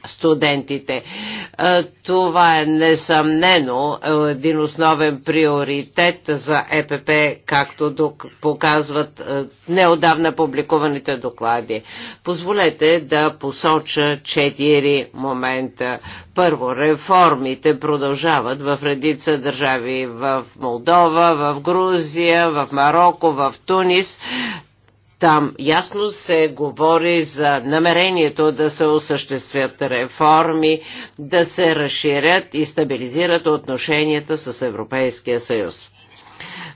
студентите. Това е несъмнено е, един основен приоритет за ЕПП, както показват е, неодавна публикуваните доклади. Позволете да посоча четири момента. Първо, реформите продължават в редица държави в Молдова, в Грузия, в Марокко, в Тунис. Там ясно се говори за намерението да се осъществят реформи, да се разширят и стабилизират отношенията с Европейския съюз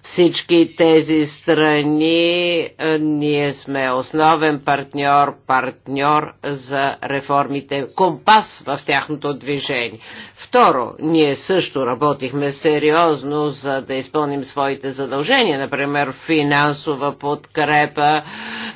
всички тези страни. Е, ние сме основен партньор, партньор за реформите, компас в тяхното движение. Второ, ние също работихме сериозно за да изпълним своите задължения, например финансова подкрепа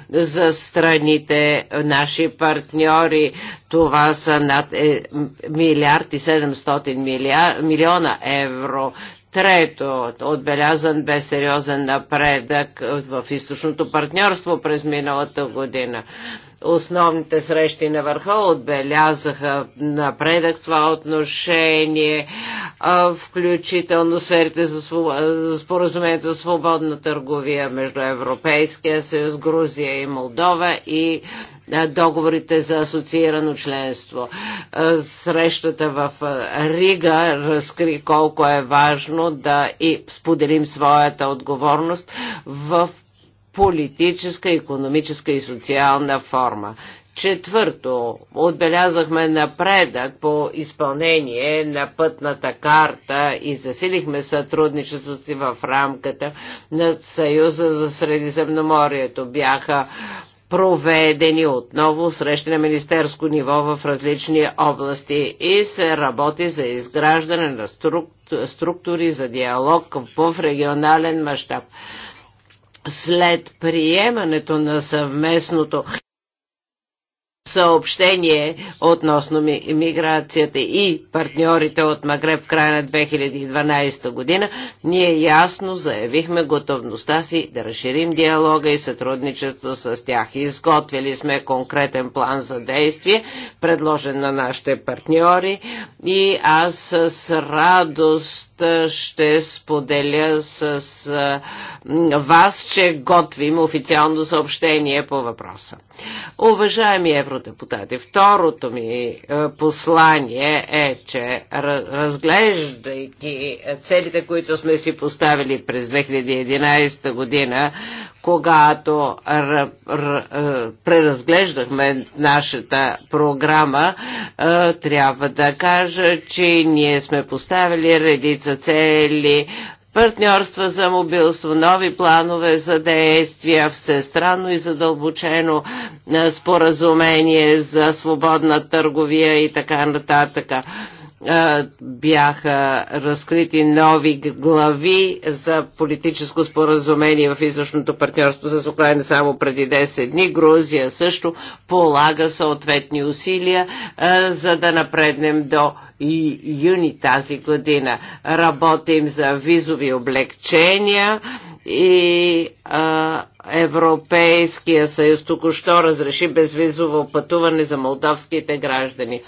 за страните, наши партньори. Това са над е, милиард и 700 милиона евро. Трето, отбелязан бе сериозен напредък в източното партньорство през миналата година. Основните срещи на върха отбелязаха напредък това отношение, включително сферите за споразумението за свободна търговия между Европейския съюз, Грузия и Молдова и е, договорите за асоциирано членство. Е, срещата в е, Рига разкри колко е важно да и споделим своята отговорност в политическа, економическа и социална форма. Четвърто, отбелязахме напредък по изпълнение на пътната карта и засилихме сътрудничеството си в рамката на Съюза за Средиземноморието. Бяха проведени отново срещи на министерско ниво в различни области и се работи за изграждане на структури за диалог в регионален мащаб. След приемането на съвместното съобщение относно миграцията и партньорите от Магреб в края на 2012 година, ние ясно заявихме готовността си да разширим диалога и сътрудничество с тях. Изготвили сме конкретен план за действие, предложен на нашите партньори и аз с радост ще споделя с вас, че готвим официално съобщение по въпроса. Уважаеми евро евродепутати. Второто ми е, послание е, че разглеждайки целите, които сме си поставили през 2011 година, когато е, преразглеждахме нашата програма, е, трябва да кажа, че ние сме поставили редица цели, партньорства за мобилство, нови планове за действия, всестранно и задълбочено споразумение за свободна търговия и така нататък бяха разкрити нови глави за политическо споразумение в източното партньорство с Украина само преди 10 дни. Грузия също полага съответни усилия, за да напреднем до и юни тази година. Работим за визови облегчения и а, Европейския съюз току-що разреши безвизово пътуване за молдавските граждани.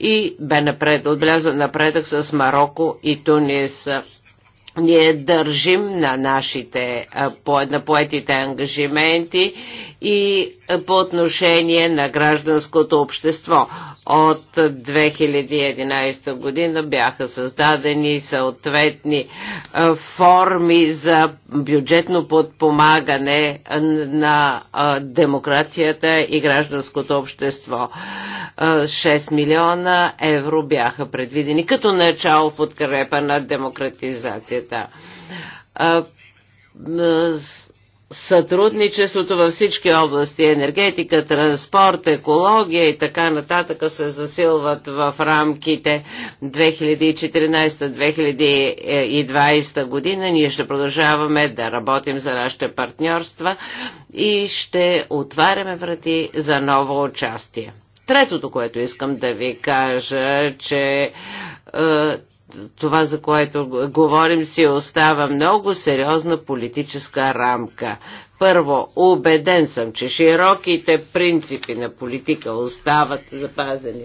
И бе напред, отбелязан напредък с Марокко и Тунис. Ние държим на нашите на поетите ангажименти и по отношение на гражданското общество. От 2011 година бяха създадени съответни е, форми за бюджетно подпомагане на е, демокрацията и гражданското общество. 6 е, милиона евро бяха предвидени като начало в подкрепа на демократизацията сътрудничеството във всички области, енергетика, транспорт, екология и така нататък се засилват в рамките 2014-2020 година. Ние ще продължаваме да работим за нашите партньорства и ще отваряме врати за ново участие. Третото, което искам да ви кажа, че е, това, за което говорим, си остава много сериозна политическа рамка. Първо, убеден съм, че широките принципи на политика остават запазени.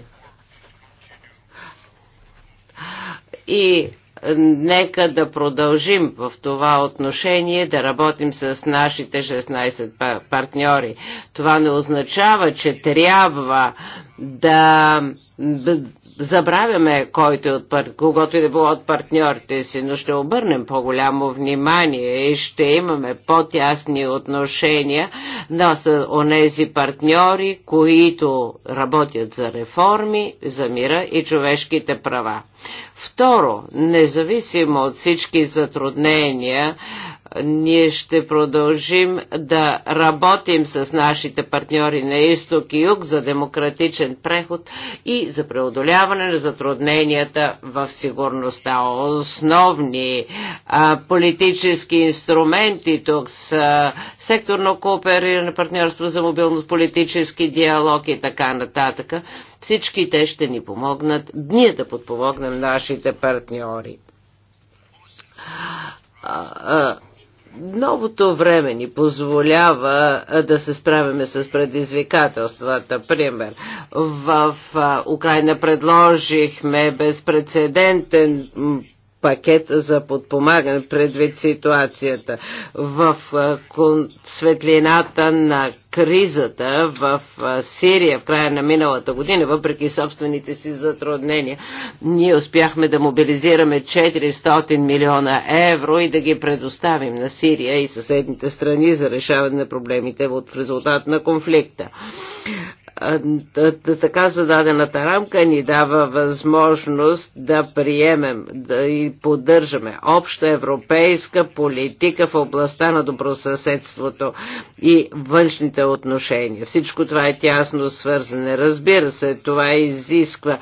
И нека да продължим в това отношение да работим с нашите 16 партньори. Това не означава, че трябва да забравяме който е от пар... когато и да било от партньорите си, но ще обърнем по-голямо внимание и ще имаме по-тясни отношения на онези партньори, които работят за реформи, за мира и човешките права. Второ, независимо от всички затруднения, ние ще продължим да работим с нашите партньори на изток и юг за демократичен преход и за преодоляване на затрудненията в сигурността. Основни а, политически инструменти тук са секторно коопериране, партньорство за мобилност, политически диалог и така нататък. Всички те ще ни помогнат ние да подпомогнем нашите партньори новото време ни позволява да се справяме с предизвикателствата. Пример, в Украина предложихме безпредседентен пакет за подпомагане предвид ситуацията. В светлината на кризата в Сирия в края на миналата година, въпреки собствените си затруднения, ние успяхме да мобилизираме 400 милиона евро и да ги предоставим на Сирия и съседните страни за решаване на проблемите в резултат на конфликта така зададената рамка ни дава възможност да приемем да и поддържаме обща европейска политика в областта на добросъседството и външните отношения. Всичко това е тясно свързане. Разбира се, това изисква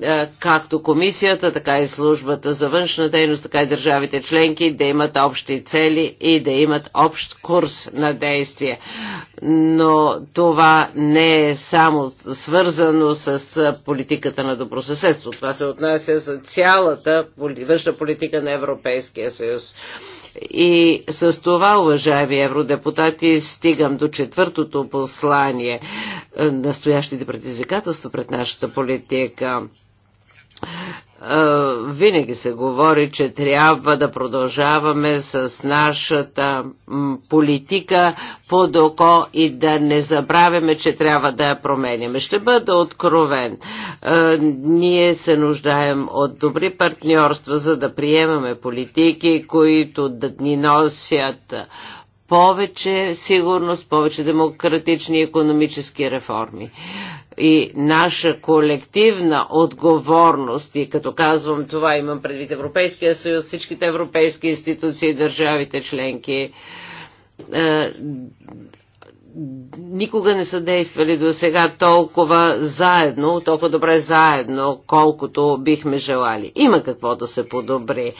е, както комисията, така и службата за външна дейност, така и държавите членки да имат общи цели и да имат общ курс на действие. Но това не е само свързано с политиката на добросъседство. Това се отнася за цялата външна политика на Европейския съюз. И с това, уважаеми евродепутати, стигам до четвъртото послание е, настоящите предизвикателства пред нашата политика винаги се говори, че трябва да продължаваме с нашата политика по доко и да не забравяме, че трябва да я променяме. Ще бъда откровен. Ние се нуждаем от добри партньорства, за да приемаме политики, които да ни носят повече сигурност, повече демократични и економически реформи и наша колективна отговорност, и като казвам това имам предвид Европейския съюз, всичките европейски институции, държавите членки, е, никога не са действали до сега толкова заедно, толкова добре заедно, колкото бихме желали. Има какво да се подобри.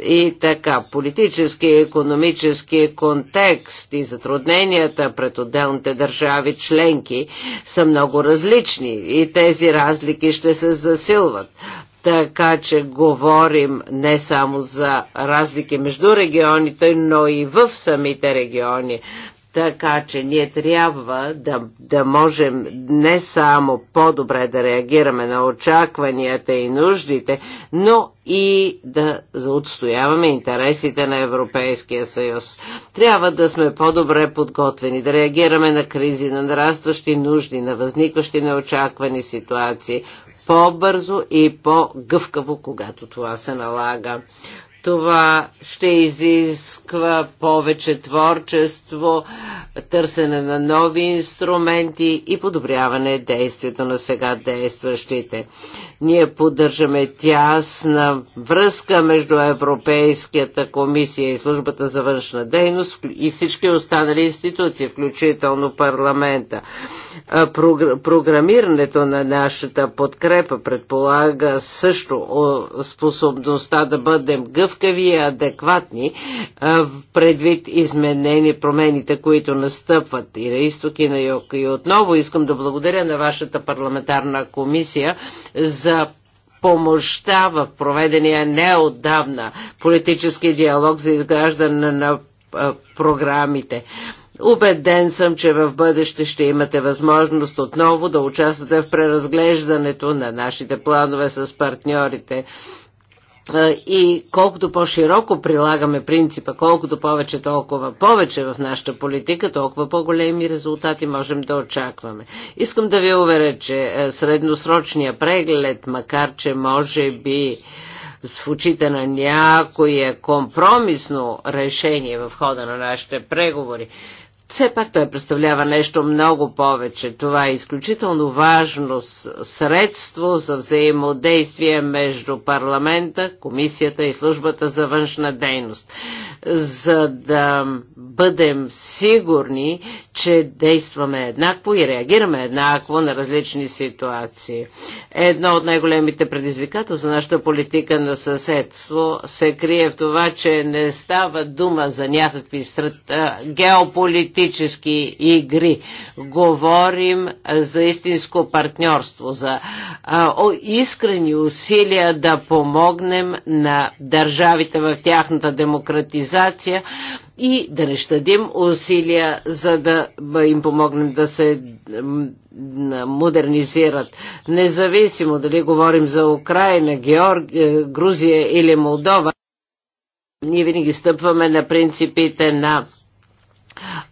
И така, политически и економически контекст и затрудненията пред отделните държави членки са много различни и тези разлики ще се засилват. Така че говорим не само за разлики между регионите, но и в самите региони. Така че ние трябва да, да можем не само по-добре да реагираме на очакванията и нуждите, но и да отстояваме интересите на Европейския съюз. Трябва да сме по-добре подготвени, да реагираме на кризи, на нарастващи нужди, на възникващи неочаквани ситуации, по-бързо и по-гъвкаво, когато това се налага. Това ще изисква повече творчество, търсене на нови инструменти и подобряване действието на сега действащите. Ние поддържаме тясна връзка между Европейската комисия и Службата за външна дейност и всички останали институции, включително парламента. Програмирането на нашата подкрепа предполага също способността да бъдем гъвки гъвкави и е адекватни предвид изменени промените, които настъпват и на изток и на юг. И отново искам да благодаря на вашата парламентарна комисия за помощта в проведения неотдавна политически диалог за изграждане на програмите. Убеден съм, че в бъдеще ще имате възможност отново да участвате в преразглеждането на нашите планове с партньорите. Е, и колкото по-широко прилагаме принципа, колкото повече, толкова повече в нашата политика, толкова по-големи резултати можем да очакваме. Искам да ви уверя, че е, средносрочния преглед, макар че може би с очите на някое компромисно решение в хода на нашите преговори, все пак той представлява нещо много повече. Това е изключително важно средство за взаимодействие между парламента, комисията и службата за външна дейност, за да бъдем сигурни, че действаме еднакво и реагираме еднакво на различни ситуации. Едно от най-големите предизвикателства за нашата политика на съседство се крие в това, че не става дума за някакви геополитики, политически игри. Говорим за истинско партньорство, за а, искрени усилия да помогнем на държавите в тяхната демократизация и да не щадим усилия, за да им помогнем да се модернизират. Независимо дали говорим за Украина, Георгия, е, Грузия или Молдова, ние винаги стъпваме на принципите на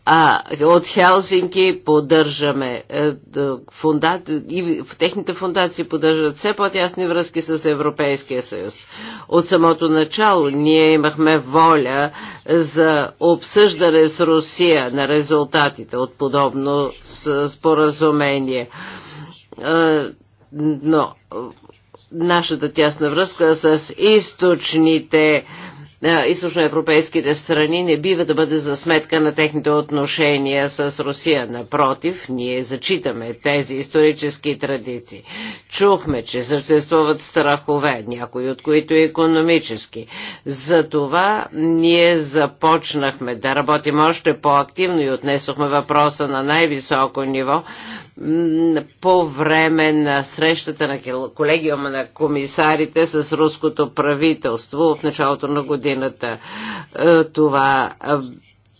а, от Хелзинки поддържаме е, и в техните фундации поддържат все по-тясни връзки с Европейския съюз. От самото начало ние имахме воля за обсъждане с Русия на резултатите от подобно споразумение. Е, но нашата тясна връзка с източните на източноевропейските страни не бива да бъде за сметка на техните отношения с Русия. Напротив, ние зачитаме тези исторически традиции. Чухме, че съществуват страхове, някои от които и економически. Затова ние започнахме да работим още по-активно и отнесохме въпроса на най-високо ниво по време на срещата на колегиума на комисарите с руското правителство в началото на година годината. Е, това е,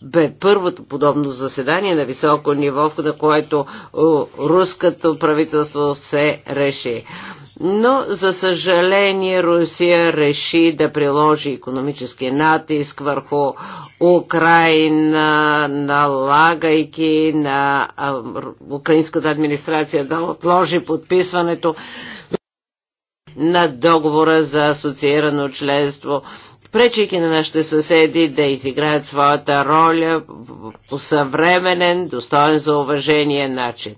бе първото подобно заседание на високо ниво, на което е, руското правителство се реши. Но, за съжаление, Русия реши да приложи економически натиск върху Украина, налагайки на украинската администрация да отложи подписването на договора за асоциирано членство пречейки на нашите съседи да изиграят своята роля по съвременен, достоен за уважение начин.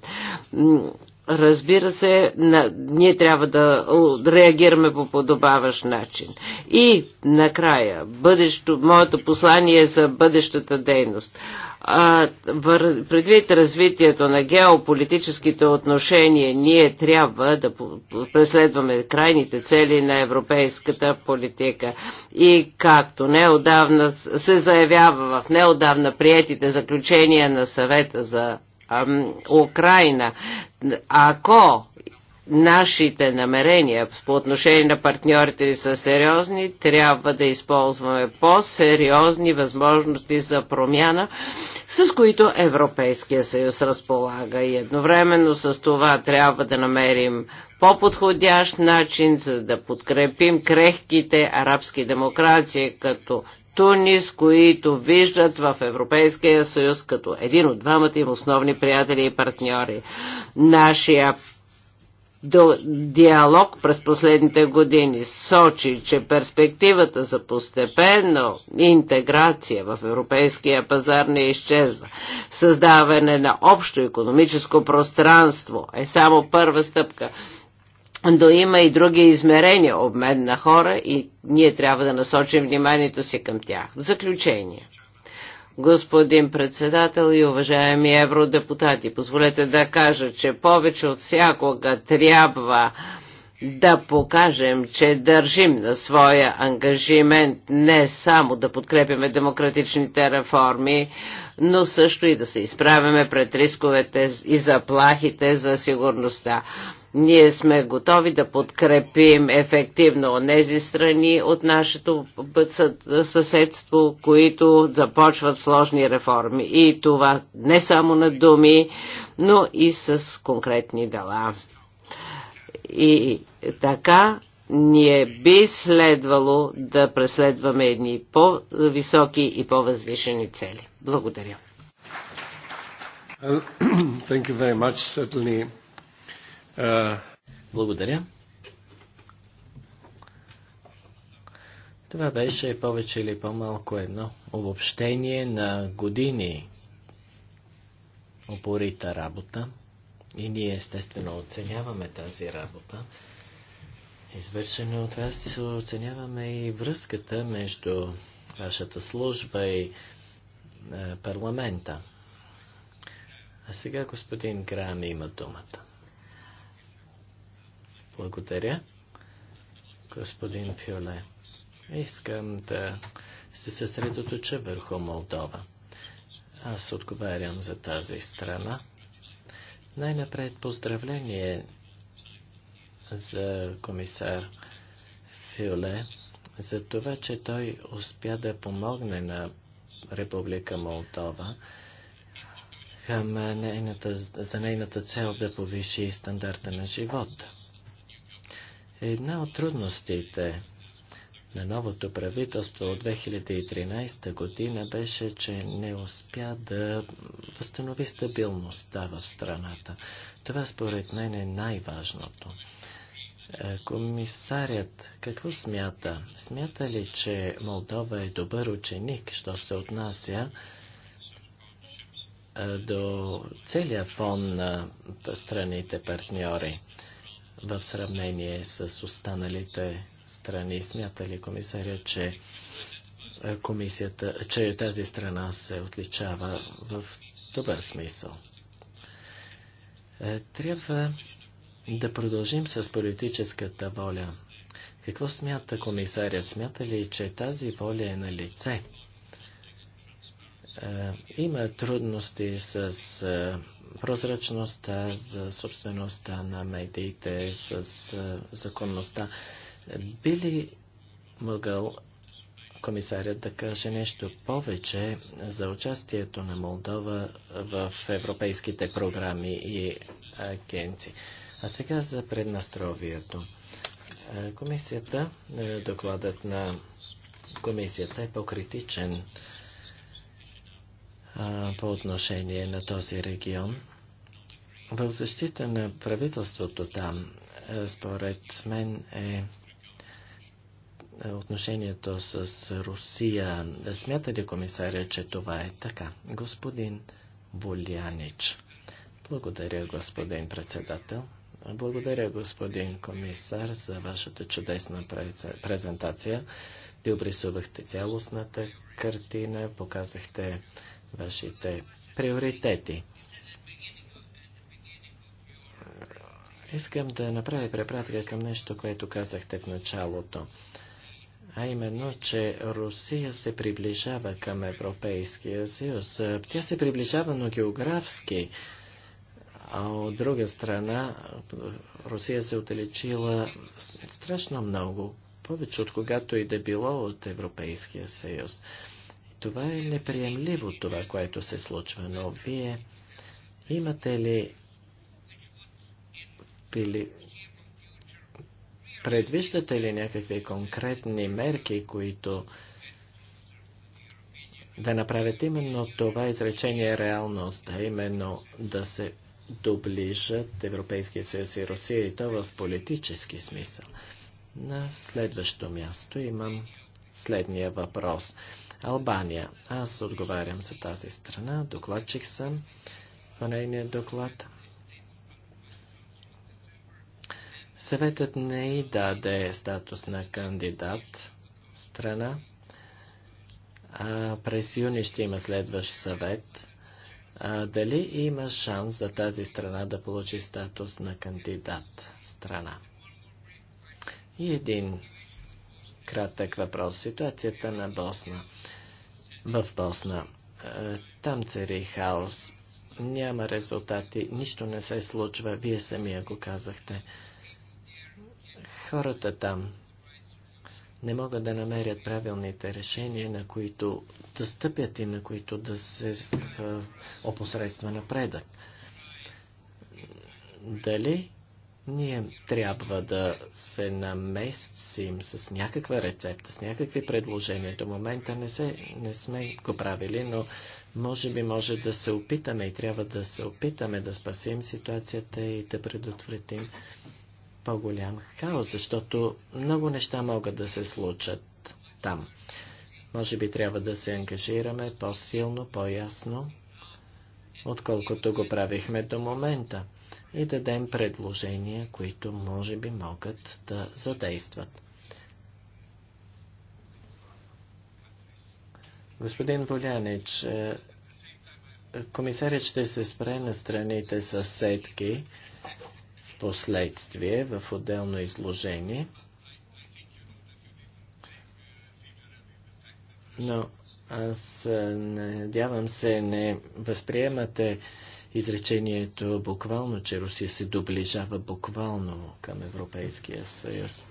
Разбира се, на, ние трябва да реагираме по подобаващ начин. И накрая, бъдещо, моето послание е за бъдещата дейност предвид развитието на геополитическите отношения, ние трябва да преследваме крайните цели на европейската политика. И както неодавна се заявява в неодавна приетите заключения на съвета за Украина. Ако нашите намерения по отношение на партньорите ни са сериозни, трябва да използваме по-сериозни възможности за промяна, с които Европейския съюз разполага. И едновременно с това трябва да намерим по-подходящ начин, за да подкрепим крехките арабски демокрации, като Тунис, които виждат в Европейския съюз като един от двамата им основни приятели и партньори. Нашия диалог през последните години сочи, че перспективата за постепенно интеграция в европейския пазар не изчезва. Създаване на общо економическо пространство е само първа стъпка. Но има и други измерения, обмен на хора и ние трябва да насочим вниманието си към тях. В заключение – господин председател и уважаеми евродепутати. Позволете да кажа, че повече от всякога трябва да покажем, че държим на своя ангажимент не само да подкрепяме демократичните реформи, но също и да се изправяме пред рисковете и заплахите за сигурността. Ние сме готови да подкрепим ефективно тези страни от нашето съседство, които започват сложни реформи. И това не само на думи, но и с конкретни дела. И така ние би следвало да преследваме едни по-високи и по-възвишени цели. Благодаря. *clears throat* Thank you very much. Certainly благодаря. Това беше повече или по-малко едно обобщение на години опорита работа. И ние естествено оценяваме тази работа. Извършено от вас оценяваме и връзката между вашата служба и парламента. А сега господин Грам има думата. Благодаря, господин Фюле. Искам да се съсредоточа върху Молдова. Аз отговарям за тази страна. Най-напред поздравление за комисар Фюле за това, че той успя да помогне на Република Молдова към нейната, за нейната цел да повиши стандарта на живота. Една от трудностите на новото правителство от 2013 година беше, че не успя да възстанови стабилността в страната. Това според мен е най-важното. Е, комисарят какво смята? Смята ли, че Молдова е добър ученик, що се отнася е, до целия фон на страните партньори? в сравнение с останалите страни. Смята ли комисаря, че е, комисията, че тази страна се отличава в добър смисъл? Е, трябва да продължим с политическата воля. Какво смята комисарят? Смята ли, че тази воля е на лице? Е, има трудности с прозрачността, за собствеността на медиите, с законността. Би ли могъл комисарят да каже нещо повече за участието на Молдова в европейските програми и агенции? А сега за преднастровието. Комисията, е, докладът на комисията е по-критичен а, по отношение на този регион. В защита на правителството там, според мен е, е отношението с Русия. Смята ли комисаря, че това е така? Господин Болянич. Благодаря, господин председател. Благодаря, господин комисар, за вашата чудесна презентация. Ви обрисувахте цялостната картина, показахте вашите приоритети. Искам да направя препратка към нещо, което казахте в началото, а именно, че Русия се приближава към Европейския съюз. Тя се приближава, но географски. А от друга страна, Русия се е отдалечила страшно много, повече от когато и да било от Европейския съюз. Това е неприемливо, това, което се случва, но вие имате ли били... Предвиждате ли някакви конкретни мерки, които да направят именно това изречение реалност, а именно да се доближат Европейския съюз и Русия и то в политически смисъл. На следващо място имам следния въпрос. Албания. Аз отговарям за тази страна, докладчик съм в нейния доклад. Съветът не й даде статус на кандидат страна. А през юни ще има следващ съвет. А, дали има шанс за тази страна да получи статус на кандидат страна? И един кратък въпрос. Ситуацията на Босна в Босна. Е, там цари хаос, няма резултати, нищо не се случва, вие самия го казахте. Хората там не могат да намерят правилните решения, на които да стъпят и на които да се е, опосредства напредък. Дали ние трябва да се наместим с някаква рецепта, с някакви предложения. До момента не, се, не сме го правили, но може би може да се опитаме и трябва да се опитаме да спасим ситуацията и да предотвратим по-голям хаос, защото много неща могат да се случат там. Може би трябва да се ангажираме по-силно, по-ясно, отколкото го правихме до момента и дадем предложения, които може би могат да задействат. Господин Волянич, е, комисарят ще се спре на страните съседки в последствие в отделно изложение. Но аз е, надявам се не възприемате изречението буквално, че Русия се доближава буквално към Европейския съюз.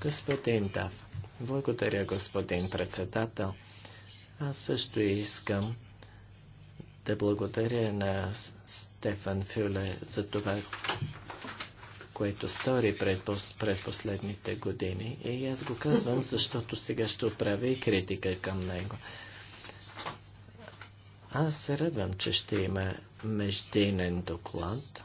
Господин Дав, благодаря, господин председател. Аз също искам да благодаря на Стефан Фюле за това, което стори през последните години. И аз го казвам, защото сега ще отправя и критика към него. Аз се радвам, че ще има междинен доклад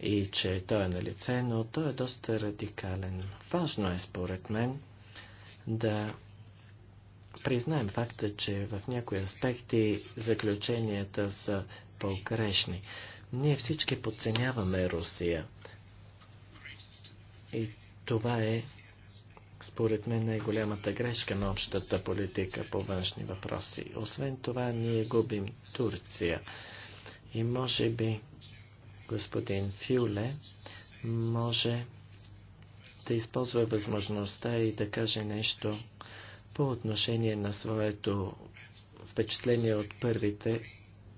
и че той е на лице, но той е доста радикален. Важно е, според мен, да признаем факта, че в някои аспекти заключенията са по-грешни. Ние всички подценяваме Русия. И това е според мен е голямата грешка на общата политика по външни въпроси. Освен това, ние губим Турция. И може би господин Фюле може да използва възможността и да каже нещо по отношение на своето впечатление от първите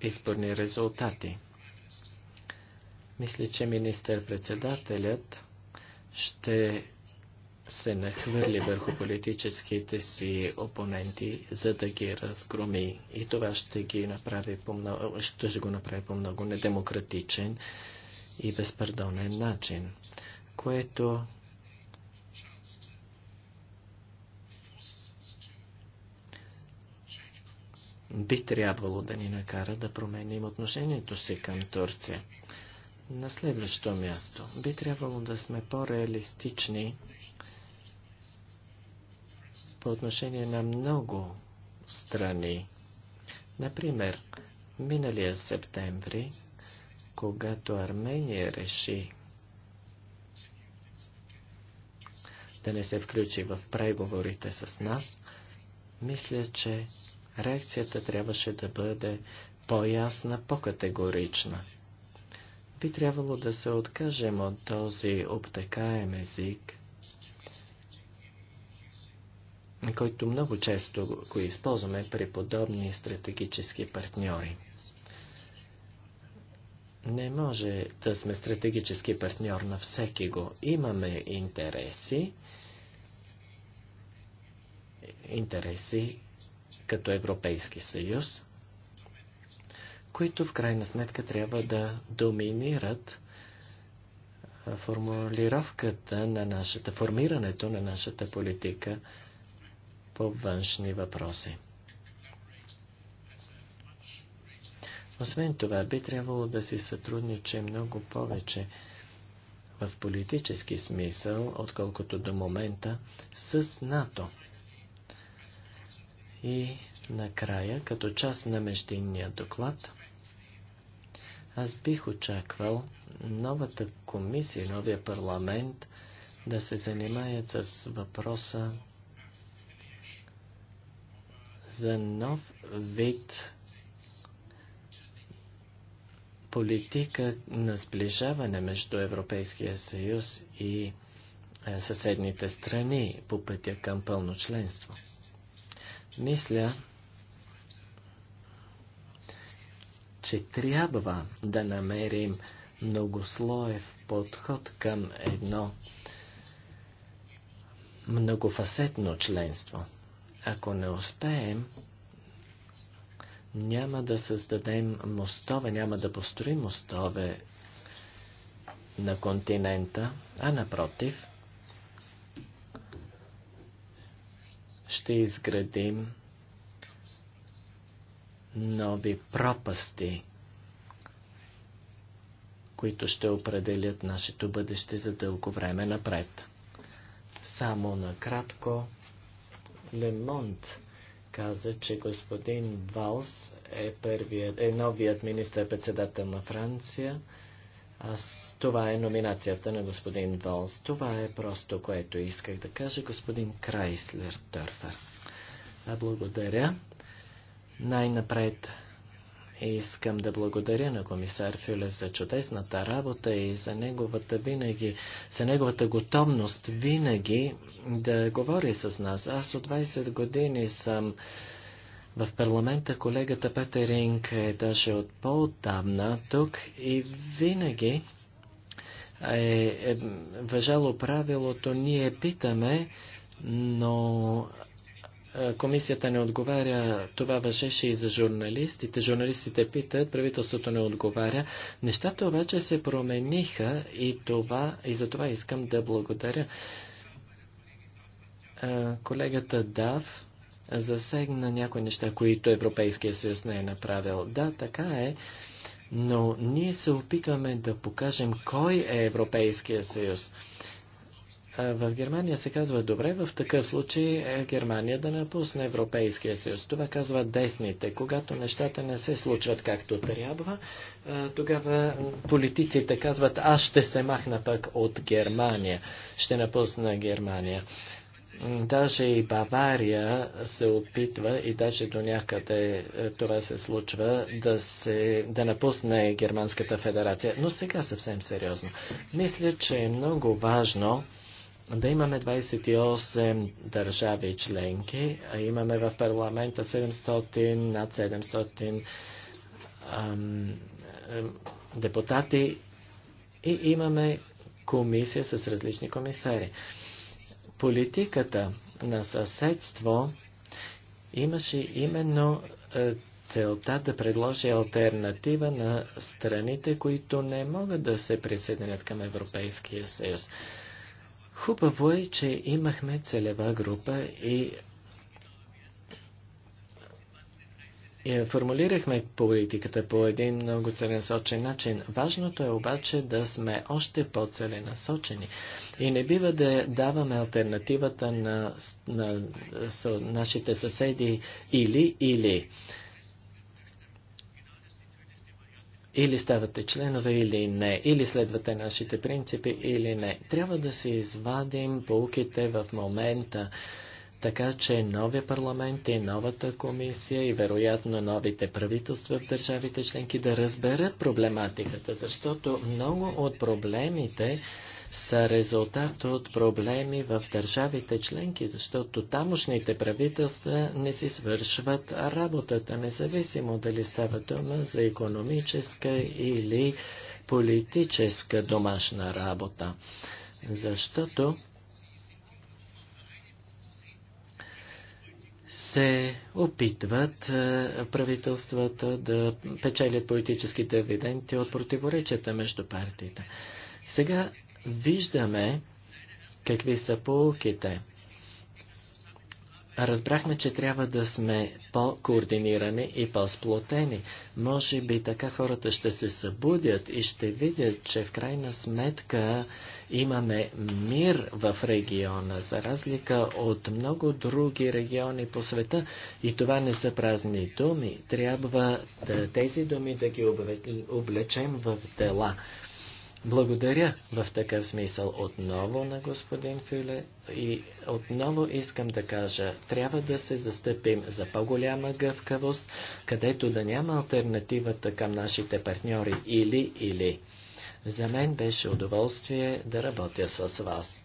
изборни резултати. Мисля, че министър-председателят ще се нахвърли върху политическите си опоненти, за да ги разгроми. И това ще, ги направи по много, ще го направи по много недемократичен и безпардонен начин, което би трябвало да ни накара да променим отношението си към Турция. На следващо място би трябвало да сме по-реалистични по отношение на много страни. Например, миналия септември, когато Армения реши да не се включи в преговорите с нас, мисля, че реакцията трябваше да бъде по-ясна, по-категорична. Би трябвало да се откажем от този обтекаем език, който много често го използваме при подобни стратегически партньори. Не може да сме стратегически партньор на всеки го. Имаме интереси, интереси като Европейски съюз, които в крайна сметка трябва да доминират формулировката на нашата, формирането на нашата политика – по външни въпроси. Освен това, би трябвало да си сътрудничи много повече в политически смисъл, отколкото до момента, с НАТО. И накрая, като част на междинния доклад, аз бих очаквал новата комисия, новия парламент да се занимаят с въпроса за нов вид политика на сближаване между Европейския съюз и е, съседните страни по пътя към пълно членство. Мисля, че трябва да намерим многослоев подход към едно многофасетно членство – ако не успеем, няма да създадем мостове, няма да построим мостове на континента, а напротив, ще изградим нови пропасти, които ще определят нашето бъдеще за дълго време напред. Само накратко Лемонт каза, че господин Валс е, първият, е новият министър-председател на Франция. Аз, това е номинацията на господин Валс. Това е просто, което исках да кажа господин Крайслер Дърфър. Благодаря. Най-напред Искам да благодаря на комисар Фюле за чудесната работа и за неговата, винаги, за неговата готовност винаги да говори с нас. Аз от 20 години съм в парламента колегата Петеринг е даже от по-отдавна тук и винаги е, е въжало правилото ние питаме, но комисията не отговаря, това въжеше и за журналистите. Журналистите питат, правителството не отговаря. Нещата обаче се промениха и, това, и за това искам да благодаря. Колегата Дав засегна някои неща, които Европейския съюз не е направил. Да, така е, но ние се опитваме да покажем кой е Европейския съюз в Германия се казва добре, в такъв случай е Германия да напусне Европейския съюз. Това казват десните. Когато нещата не се случват както трябва, тогава политиците казват аз ще се махна пък от Германия. Ще напусна Германия. Даже и Бавария се опитва и даже до някъде е, това се случва да, се, да напусне Германската федерация. Но сега съвсем сериозно. Мисля, че е много важно да имаме 28 държави членки, а имаме в парламента 700, над 700 депутати и имаме комисия с различни комисари. Политиката на съседство имаше именно е, целта да предложи альтернатива на страните, които не могат да се присъединят към Европейския съюз. Хубаво е, че имахме целева група и формулирахме политиката по един много целенасочен начин. Важното е обаче да сме още по-целенасочени и не бива да даваме альтернативата на, на, на нашите съседи или или. Или ставате членове, или не. Или следвате нашите принципи, или не. Трябва да се извадим полуките в момента, така че новия парламент и новата комисия и вероятно новите правителства в държавите членки да разберат проблематиката, защото много от проблемите са резултат от проблеми в държавите членки, защото тамошните правителства не си свършват работата, независимо дали става дума за економическа или политическа домашна работа. Защото се опитват е, правителствата да печелят политически дивиденти от противоречията между партиите. Сега виждаме какви са полуките. Разбрахме, че трябва да сме по-координирани и по-сплотени. Може би така хората ще се събудят и ще видят, че в крайна сметка имаме мир в региона, за разлика от много други региони по света. И това не са празни думи. Трябва да, тези думи да ги облечем в дела. Благодаря в такъв смисъл отново на господин Фюле и отново искам да кажа, трябва да се застъпим за по-голяма гъвкавост, където да няма альтернативата към нашите партньори или или. За мен беше удоволствие да работя с вас,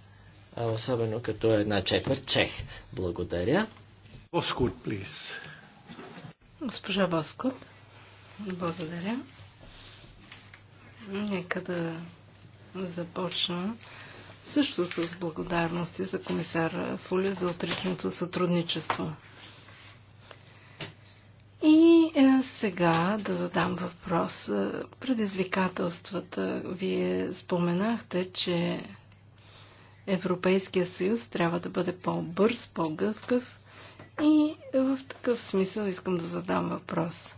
особено като една четвърт чех. Благодаря. плиз. Госпожа Боскот, благодаря. Нека да започна също с благодарности за комисар Фуля за отричното сътрудничество. И е, сега да задам въпрос. Предизвикателствата. Вие споменахте, че Европейския съюз трябва да бъде по-бърз, по-гъвкав. И в такъв смисъл искам да задам въпрос.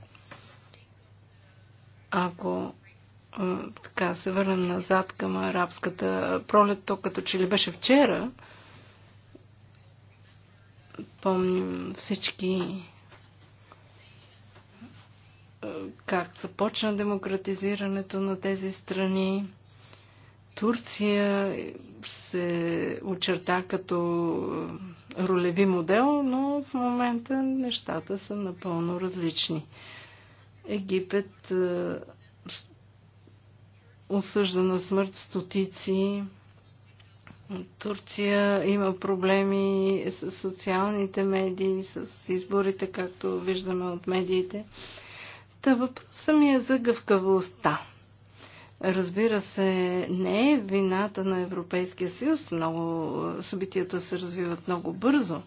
Ако така се върнем назад към арабската пролет, то като че ли беше вчера, помним всички как започна демократизирането на тези страни. Турция се очерта като ролеви модел, но в момента нещата са напълно различни. Египет осъждана смърт стотици. Турция има проблеми с социалните медии, с изборите, както виждаме от медиите. Та въпросът ми е за гъвкавостта. Разбира се, не е вината на Европейския съюз. Много събитията се развиват много бързо.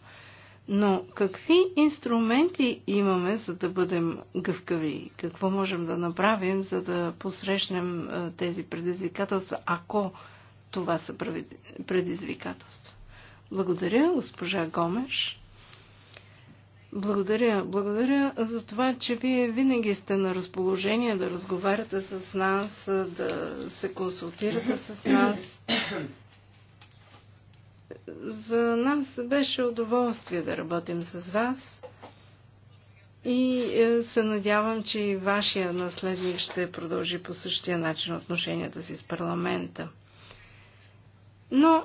Но какви инструменти имаме, за да бъдем гъвкави? Какво можем да направим, за да посрещнем е, тези предизвикателства, ако това са предизвикателства? Благодаря, госпожа Гомеш. Благодаря. Благодаря за това, че вие винаги сте на разположение да разговаряте с нас, да се консултирате с нас. За нас беше удоволствие да работим с вас и е, се надявам, че и вашия наследник ще продължи по същия начин отношенията си с парламента. Но, е,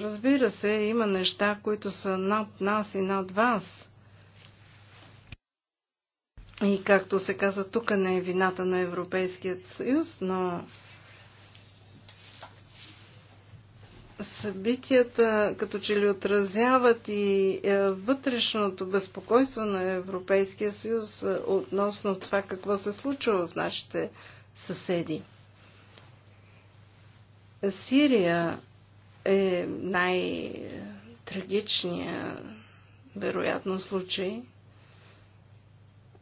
разбира се, има неща, които са над нас и над вас. И както се каза, тук не е вината на Европейският съюз, но събитията като че ли отразяват и е, вътрешното безпокойство на Европейския съюз е, относно това какво се случва в нашите съседи. Сирия е най-трагичният, вероятно, случай,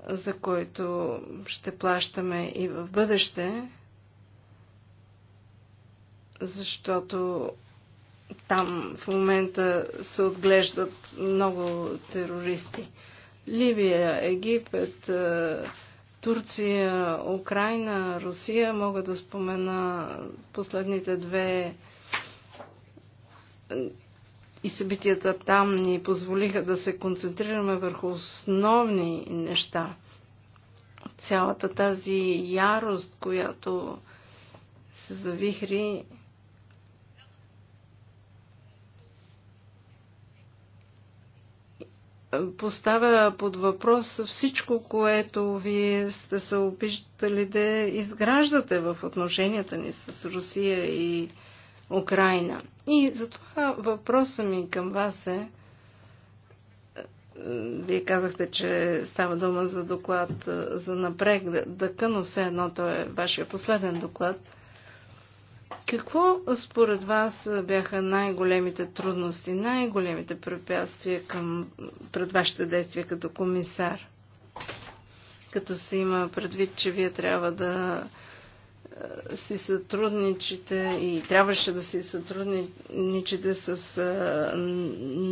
за който ще плащаме и в бъдеще, защото там в момента се отглеждат много терористи. Ливия, Египет, е, Турция, Украина, Русия, мога да спомена последните две е, и събитията там ни позволиха да се концентрираме върху основни неща. Цялата тази ярост, която се завихри, поставя под въпрос всичко, което вие сте се опитали да изграждате в отношенията ни с Русия и Украина. И затова въпросът ми към вас е, вие казахте, че става дума за доклад за напрег, дъка, но все едно той е вашия последен доклад – какво според вас бяха най-големите трудности, най-големите препятствия към, пред вашите действия като комисар? Като се има предвид, че вие трябва да е, си сътрудничите и трябваше да си сътрудничите с е,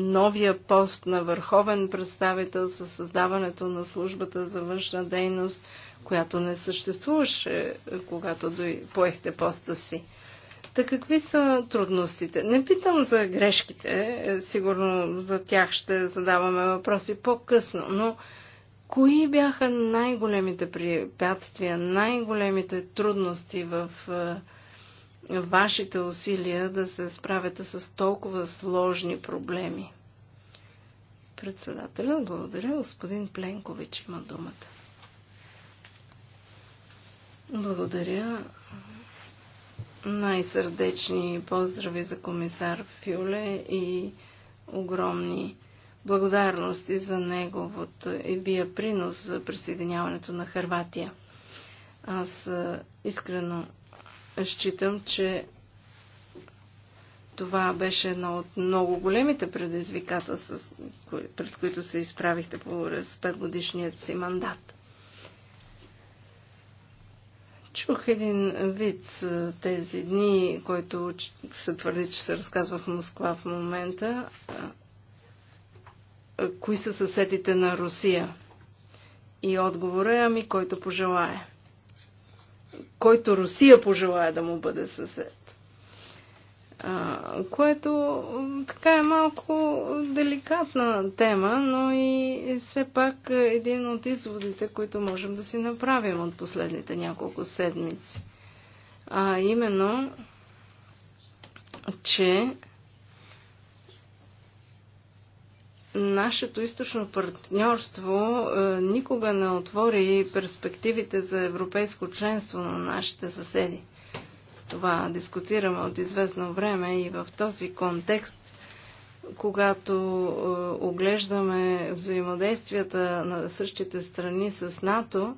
новия пост на върховен представител, с създаването на службата за външна дейност, която не съществуваше, е, когато поехте поста си. Та какви са трудностите? Не питам за грешките, е, сигурно за тях ще задаваме въпроси по-късно, но кои бяха най-големите препятствия, най-големите трудности в е, вашите усилия да се справяте с толкова сложни проблеми? Председателя, благодаря. Господин Пленкович има думата. Благодаря най-сърдечни поздрави за комисар Фюле и огромни благодарности за неговото и бия принос за присъединяването на Харватия. Аз искрено считам, че това беше едно от много големите предизвикателства, пред които се изправихте по 5 годишният си мандат. Чух един вид тези дни, който се твърди, че се разказва в Москва в момента. Кои са съседите на Русия? И отговора е, ами който пожелае. Който Русия пожелая да му бъде съсед което така е малко деликатна тема, но и все пак един от изводите, които можем да си направим от последните няколко седмици. А именно, че нашето източно партньорство е, никога не отвори перспективите за европейско членство на нашите съседи. Това дискутираме от известно време и в този контекст, когато е, оглеждаме взаимодействията на същите страни с НАТО,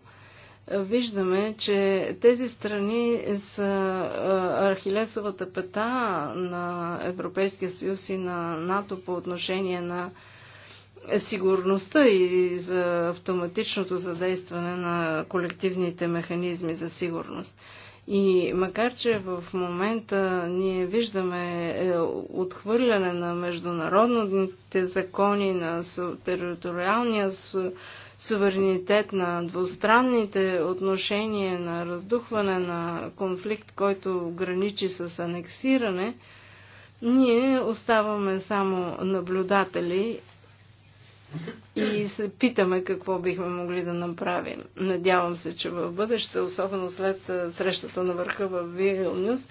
е, виждаме, че тези страни са е, архилесовата пета на Европейския съюз и на НАТО по отношение на сигурността и за автоматичното задействане на колективните механизми за сигурност. И макар, че в момента ние виждаме е, отхвърляне на международните закони, на териториалния суверенитет, на двустранните отношения, на раздухване на конфликт, който граничи с анексиране, ние оставаме само наблюдатели и се питаме какво бихме могли да направим. Надявам се, че в бъдеще, особено след срещата на върха в Вилнюс,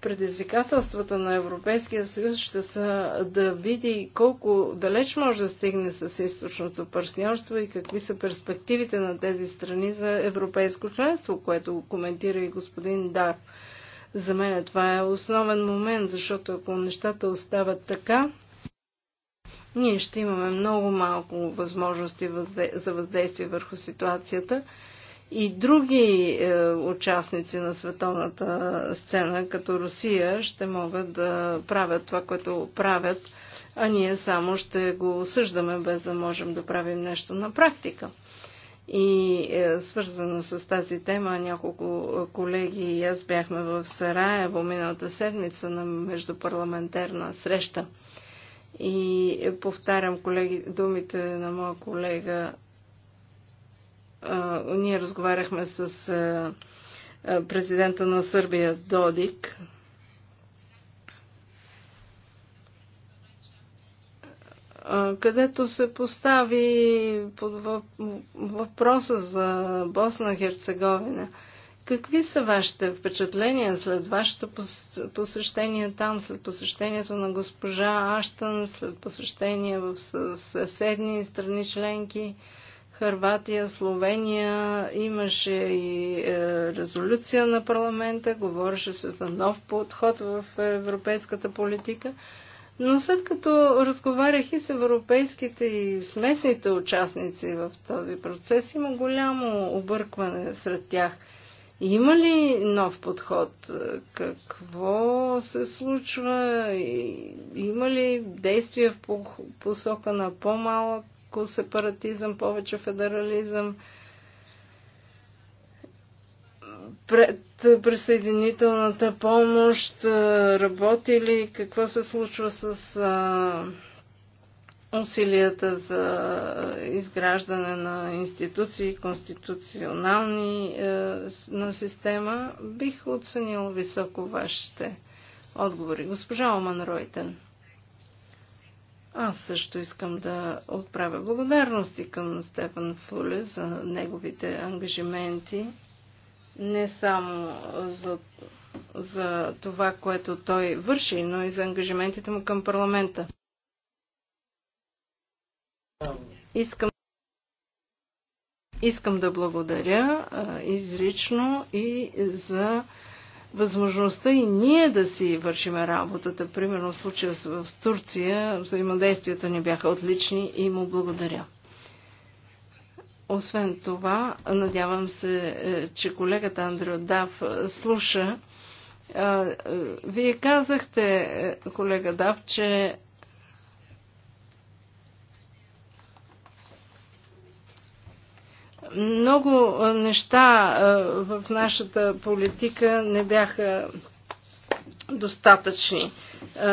предизвикателствата на Европейския съюз ще са да види колко далеч може да стигне с източното партньорство и какви са перспективите на тези страни за европейско членство, което коментира и господин Дар. За мен това е основен момент, защото ако нещата остават така, ние ще имаме много малко възможности за въздействие върху ситуацията и други е, участници на световната сцена, като Русия, ще могат да правят това, което правят, а ние само ще го осъждаме, без да можем да правим нещо на практика. И е, свързано с тази тема, няколко колеги и аз бяхме в Сараево миналата седмица на междупарламентарна среща. И повтарям колеги, думите на моя колега. А, ние разговаряхме с а, президента на Сърбия Додик. където се постави под въпроса за Босна Херцеговина – Какви са вашите впечатления след вашето посещение там, след посещението на госпожа Аштън, след посещение в съседни страни членки, Харватия, Словения, имаше и е, резолюция на парламента, говореше се за нов подход в европейската политика. Но след като разговарях и с европейските и с местните участници в този процес, има голямо объркване сред тях – има ли нов подход? Какво се случва? Има ли действия в посока на по-малко сепаратизъм, повече федерализъм? Пред присъединителната помощ работи ли? Какво се случва с усилията за изграждане на институции, конституционални е, на система, бих оценил високо вашите отговори. Госпожа Оман Ройтен. Аз също искам да отправя благодарности към Стефан Фуле за неговите ангажименти. Не само за, за това, което той върши, но и за ангажиментите му към парламента. Искам, искам да благодаря изрично и за възможността и ние да си вършим работата. Примерно в случая с Турция взаимодействията ни бяха отлични и му благодаря. Освен това, надявам се, е, че колегата Андрео Дав е, слуша. Е, вие казахте, колега Дав, че Много неща в нашата политика не бяха достатъчни.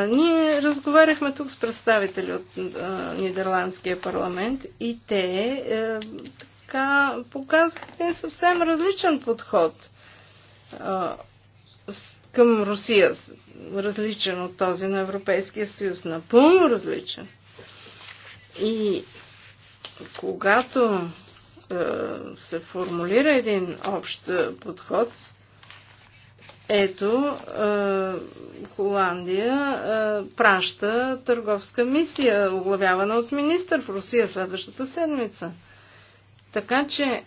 Ние разговаряхме тук с представители от Нидерландския парламент и те така показаха един съвсем различен подход към Русия, различен от този на Европейския съюз, напълно различен. И когато е, се формулира един общ е, подход, ето е, Холандия праща търговска мисия, оглавявана от министър в Русия следващата седмица. Така че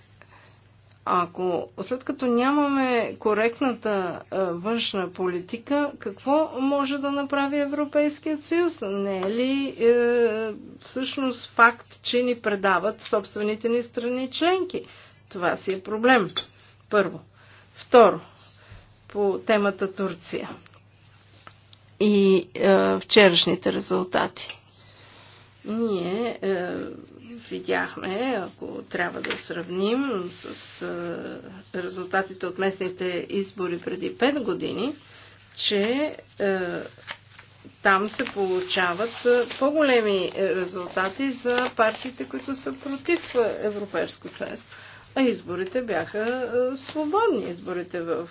ако след като нямаме коректната а, е, външна политика, какво може да направи Европейският съюз? Не е ли е, всъщност факт, че ни предават собствените ни страни членки? Това си е проблем. Първо. Второ. По темата Турция и е, вчерашните резултати. Ние е, видяхме, ако трябва да сравним с резултатите от местните избори преди 5 години, че е, там се получават по-големи резултати за партиите, които са против европейско членство. А изборите бяха свободни, изборите в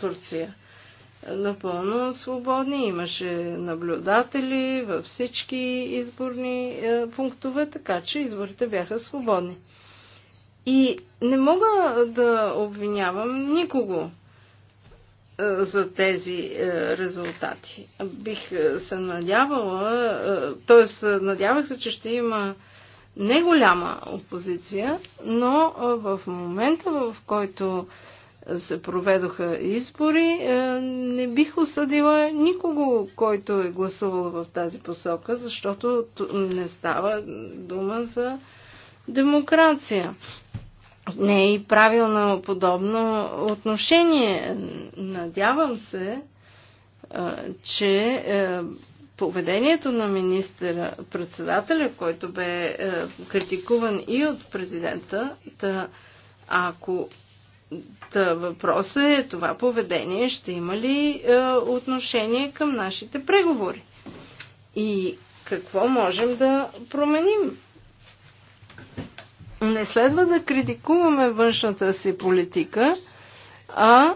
Турция напълно свободни. Имаше наблюдатели във всички изборни е, пунктове, така че изборите бяха свободни. И не мога да обвинявам никого е, за тези е, резултати. Бих се надявала, т.е. надявах се, че ще има не голяма опозиция, но в момента, в който се проведоха избори. Е, не бих осъдила никого, който е гласувал в тази посока, защото не става дума за демокрация. Не е и правилно подобно отношение. Надявам се, е, че е, поведението на министъра, председателя, който бе критикуван и от президента, да ако Та въпрос е, това поведение ще има ли е, отношение към нашите преговори? И какво можем да променим? Не следва да критикуваме външната си политика, а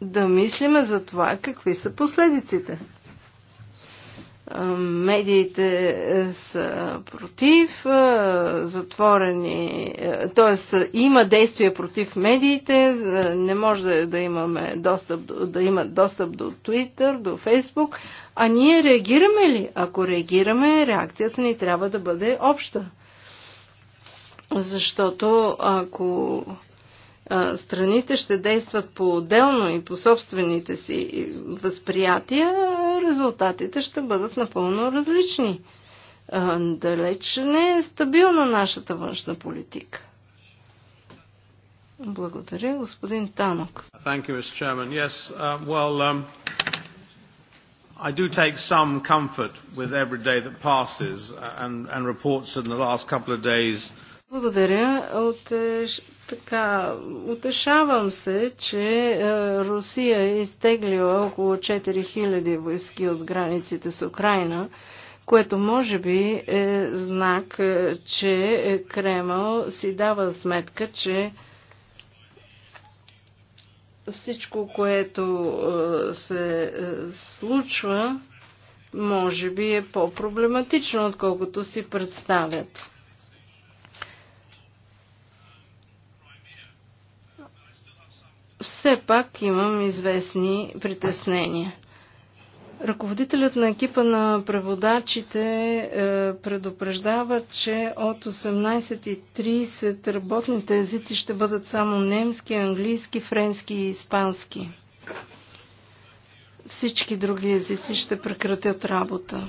да мислиме за това какви са последиците. Е, медиите е, са против, е, затворени, т.е. има действия против медиите, не може да, имаме достъп, да имат достъп до Twitter, до Facebook, а ние реагираме ли? Ако реагираме, реакцията ни трябва да бъде обща. Защото ако страните ще действат по-отделно и по собствените си възприятия, резултатите ще бъдат напълно различни. Далеч не е стабилна нашата външна политика. Благодаря, господин Танок. Thank you, Mr. Chairman. Yes, uh, well, um, I do take some comfort with every day that passes and, and reports in the last couple of days uh, благодаря. От, е, така, утешавам се, че е, Русия е изтеглила около 4000 войски от границите с Украина, което може би е знак, е, че Кремъл си дава сметка, че всичко, което се случва, може би е по-проблематично, отколкото си представят. все пак имам известни притеснения. Ръководителят на екипа на преводачите е, предупреждава, че от 18.30 работните езици ще бъдат само немски, английски, френски и испански. Всички други езици ще прекратят работа.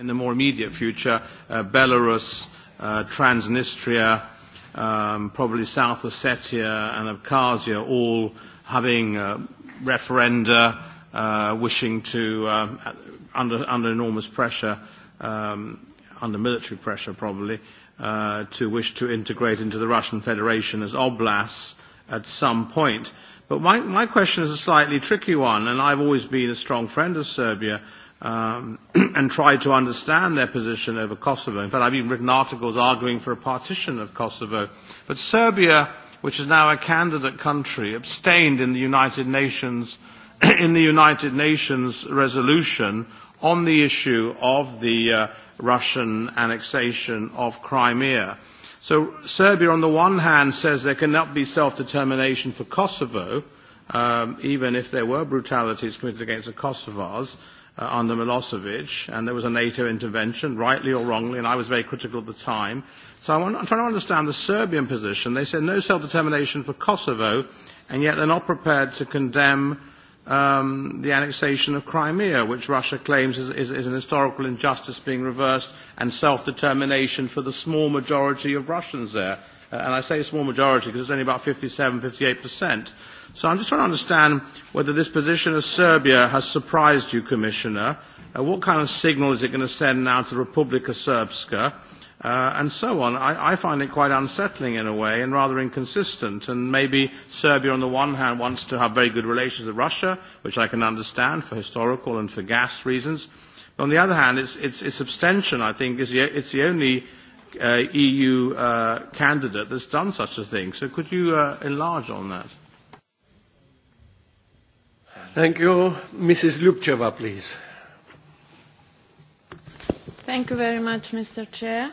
In the more immediate future, uh, Belarus, uh, Transnistria, um, probably South Ossetia and Abkhazia all having a referenda, uh, wishing to, uh, under, under enormous pressure, um, under military pressure probably, uh, to wish to integrate into the Russian Federation as oblasts at some point. But my, my question is a slightly tricky one, and I've always been a strong friend of Serbia um, and tried to understand their position over Kosovo. In fact, I've even written articles arguing for a partition of Kosovo. But Serbia, which is now a candidate country, abstained in the United Nations in the United Nations resolution on the issue of the uh, Russian annexation of Crimea. So Serbia, on the one hand, says there cannot be self-determination for Kosovo, um, even if there were brutalities committed against the Kosovars, uh, under Milosevic, and there was a NATO intervention, rightly or wrongly, and I was very critical at the time. So I'm, I'm trying to understand the Serbian position. They said no self-determination for Kosovo, and yet they're not prepared to condemn um, the annexation of Crimea, which Russia claims is, is, is an historical injustice being reversed, and self-determination for the small majority of Russians there. Uh, and I say small majority because it's only about 57, 58 percent So I'm just trying to understand whether this position of Serbia has surprised you, Commissioner. Uh, what kind of signal is it going to send now to Republika Srpska? uh, and so on. I, I find it quite unsettling in a way and rather inconsistent. And maybe Serbia, on the one hand, wants to have very good relations with Russia, which I can understand for historical and for gas reasons. But on the other hand, its, its, its abstention, I think, is the, it's the only uh, EU uh, candidate that's done such a thing. So could you uh, enlarge on that? Thank you. Mrs. Lubcheva, please. Thank you very much, Mr. Chair.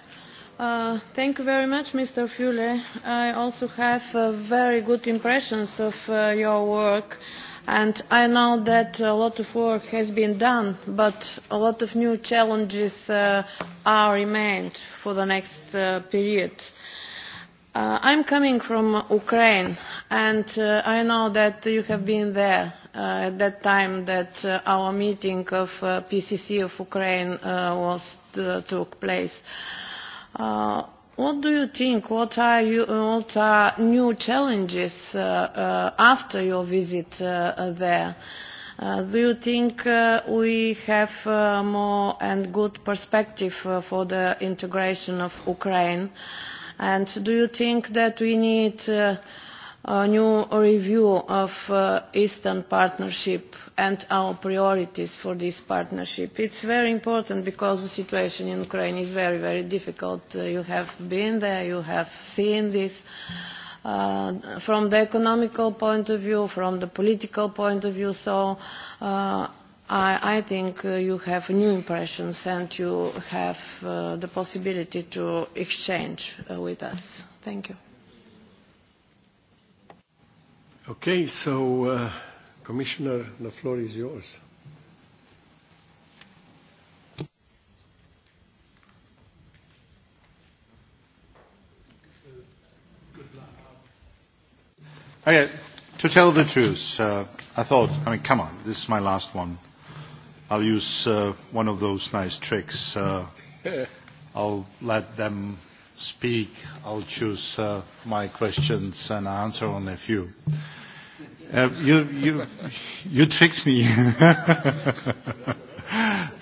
Uh, thank you very much, Mr. Fule. I also have uh, very good impressions of uh, your work, and I know that a lot of work has been done, but a lot of new challenges uh, are remained for the next uh, period. Uh, I'm coming from Ukraine, and uh, I know that you have been there uh, at that time that uh, our meeting of uh, PCC of Ukraine uh, was uh, took place. Uh, what do you think? What are, you, what are new challenges uh, uh, after your visit uh, there? Uh, do you think uh, we have uh, more and good perspective uh, for the integration of Ukraine? And do you think that we need uh, a new review of the Eastern Partnership and our priorities for this partnership. It's very important because the situation in Ukraine is very, very difficult. You have been there, you have seen this. Uh, from the economical point of view, from the political point of view, so uh, I, I think uh, you have new impressions and you have uh, the possibility to exchange uh, with us. Thank you. Okay, so, uh, Commissioner, the floor is yours. Okay, to tell the truth, uh, I thought, I mean, come on, this is my last one. I'll use uh, one of those nice tricks. Uh, I'll let them speak, I'll choose uh, my questions and answer on a few. Uh, you, you, you tricked me.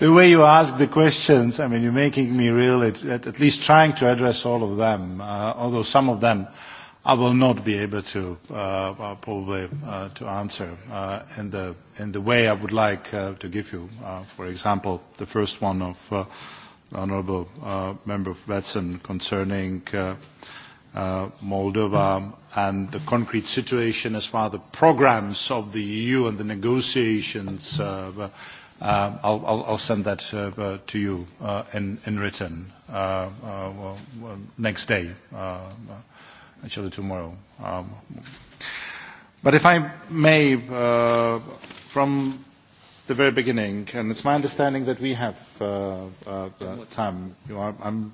the way you ask the questions, I mean, you're making me really, at, at least trying to address all of them, uh, although some of them I will not be able to uh, probably uh, to answer uh, in, the, in the way I would like uh, to give you. Uh, for example, the first one of uh, honourable uh, member Vetsen concerning uh, uh, Moldova and the concrete situation as far as the programmes of the EU and the negotiations. Uh, uh, I'll, I'll, I'll send that uh, to you uh, in, in written uh, uh, well, next day, uh, actually tomorrow. Um, but if I may, uh, from the very beginning, and it's my understanding that we have uh, uh, time. You are, I'm,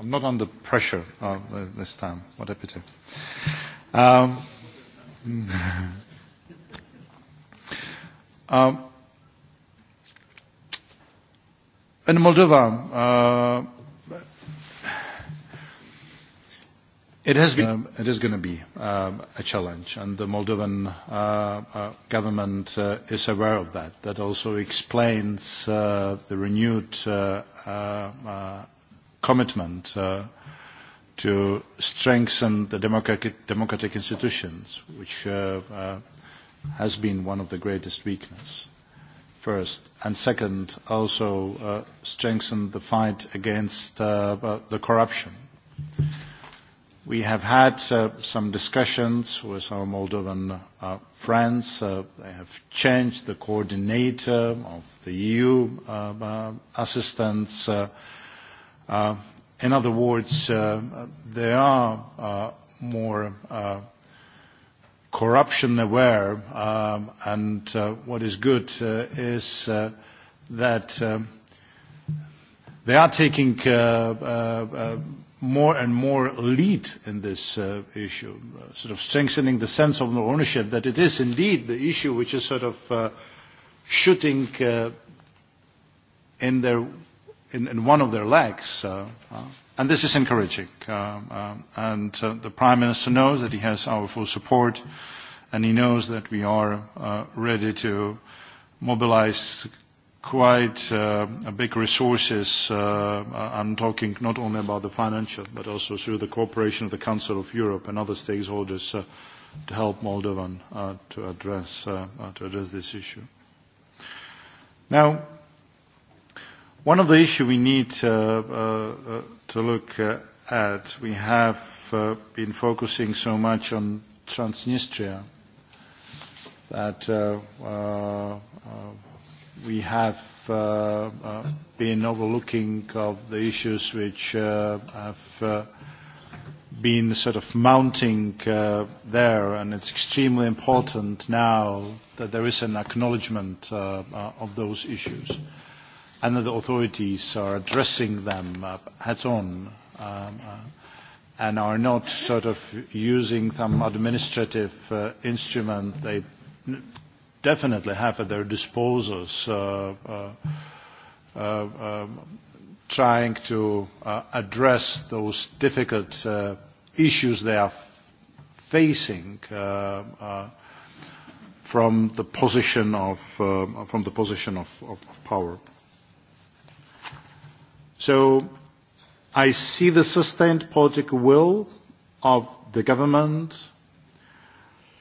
I'm not under pressure uh, this time. What a pity. Um, um, in Moldova, uh, It has been. Um, it is going to be um, a challenge, and the Moldovan uh, uh, government uh, is aware of that. That also explains uh, the renewed uh, uh, commitment uh, to strengthen the democratic, democratic institutions, which uh, uh, has been one of the greatest weaknesses. First, and second, also uh, strengthen the fight against uh, the corruption. Uh, We have had uh, some discussions with our Moldovan uh, friends. Uh, they have changed the coordinator of the EU uh, uh, assistance. Uh, uh, in other words, uh, they are uh, more uh, corruption aware, um, and uh, what is good uh, is uh, that uh, they are taking uh, uh, uh, more and more lead in this uh, issue, uh, sort of strengthening the sense of ownership that it is indeed the issue which is sort of uh, shooting uh, in, their, in, in one of their legs. Uh, uh, and this is encouraging. Uh, uh, and uh, the Prime Minister knows that he has our full support, and he knows that we are uh, ready to mobilize quite uh, big resources. Uh, I'm talking not only about the financial, but also through the cooperation of the Council of Europe and other stakeholders uh, to help Moldovan uh, to address uh, uh, to address this issue. Now, one of the issues we need uh, uh, to look uh, at, we have uh, been focusing so much on Transnistria that uh, uh, we have uh, uh, been overlooking of the issues which uh, have uh, been sort of mounting uh, there, and it's extremely important now that there is an acknowledgement uh, uh, of those issues and that the authorities are addressing them uh, head-on um, uh, and are not sort of using some administrative uh, instrument they definitely have at their disposal uh, uh, uh, trying to uh, address those difficult uh, issues they are facing uh, uh, from the position of uh, from the position of, of power. So I see the sustained political will of the government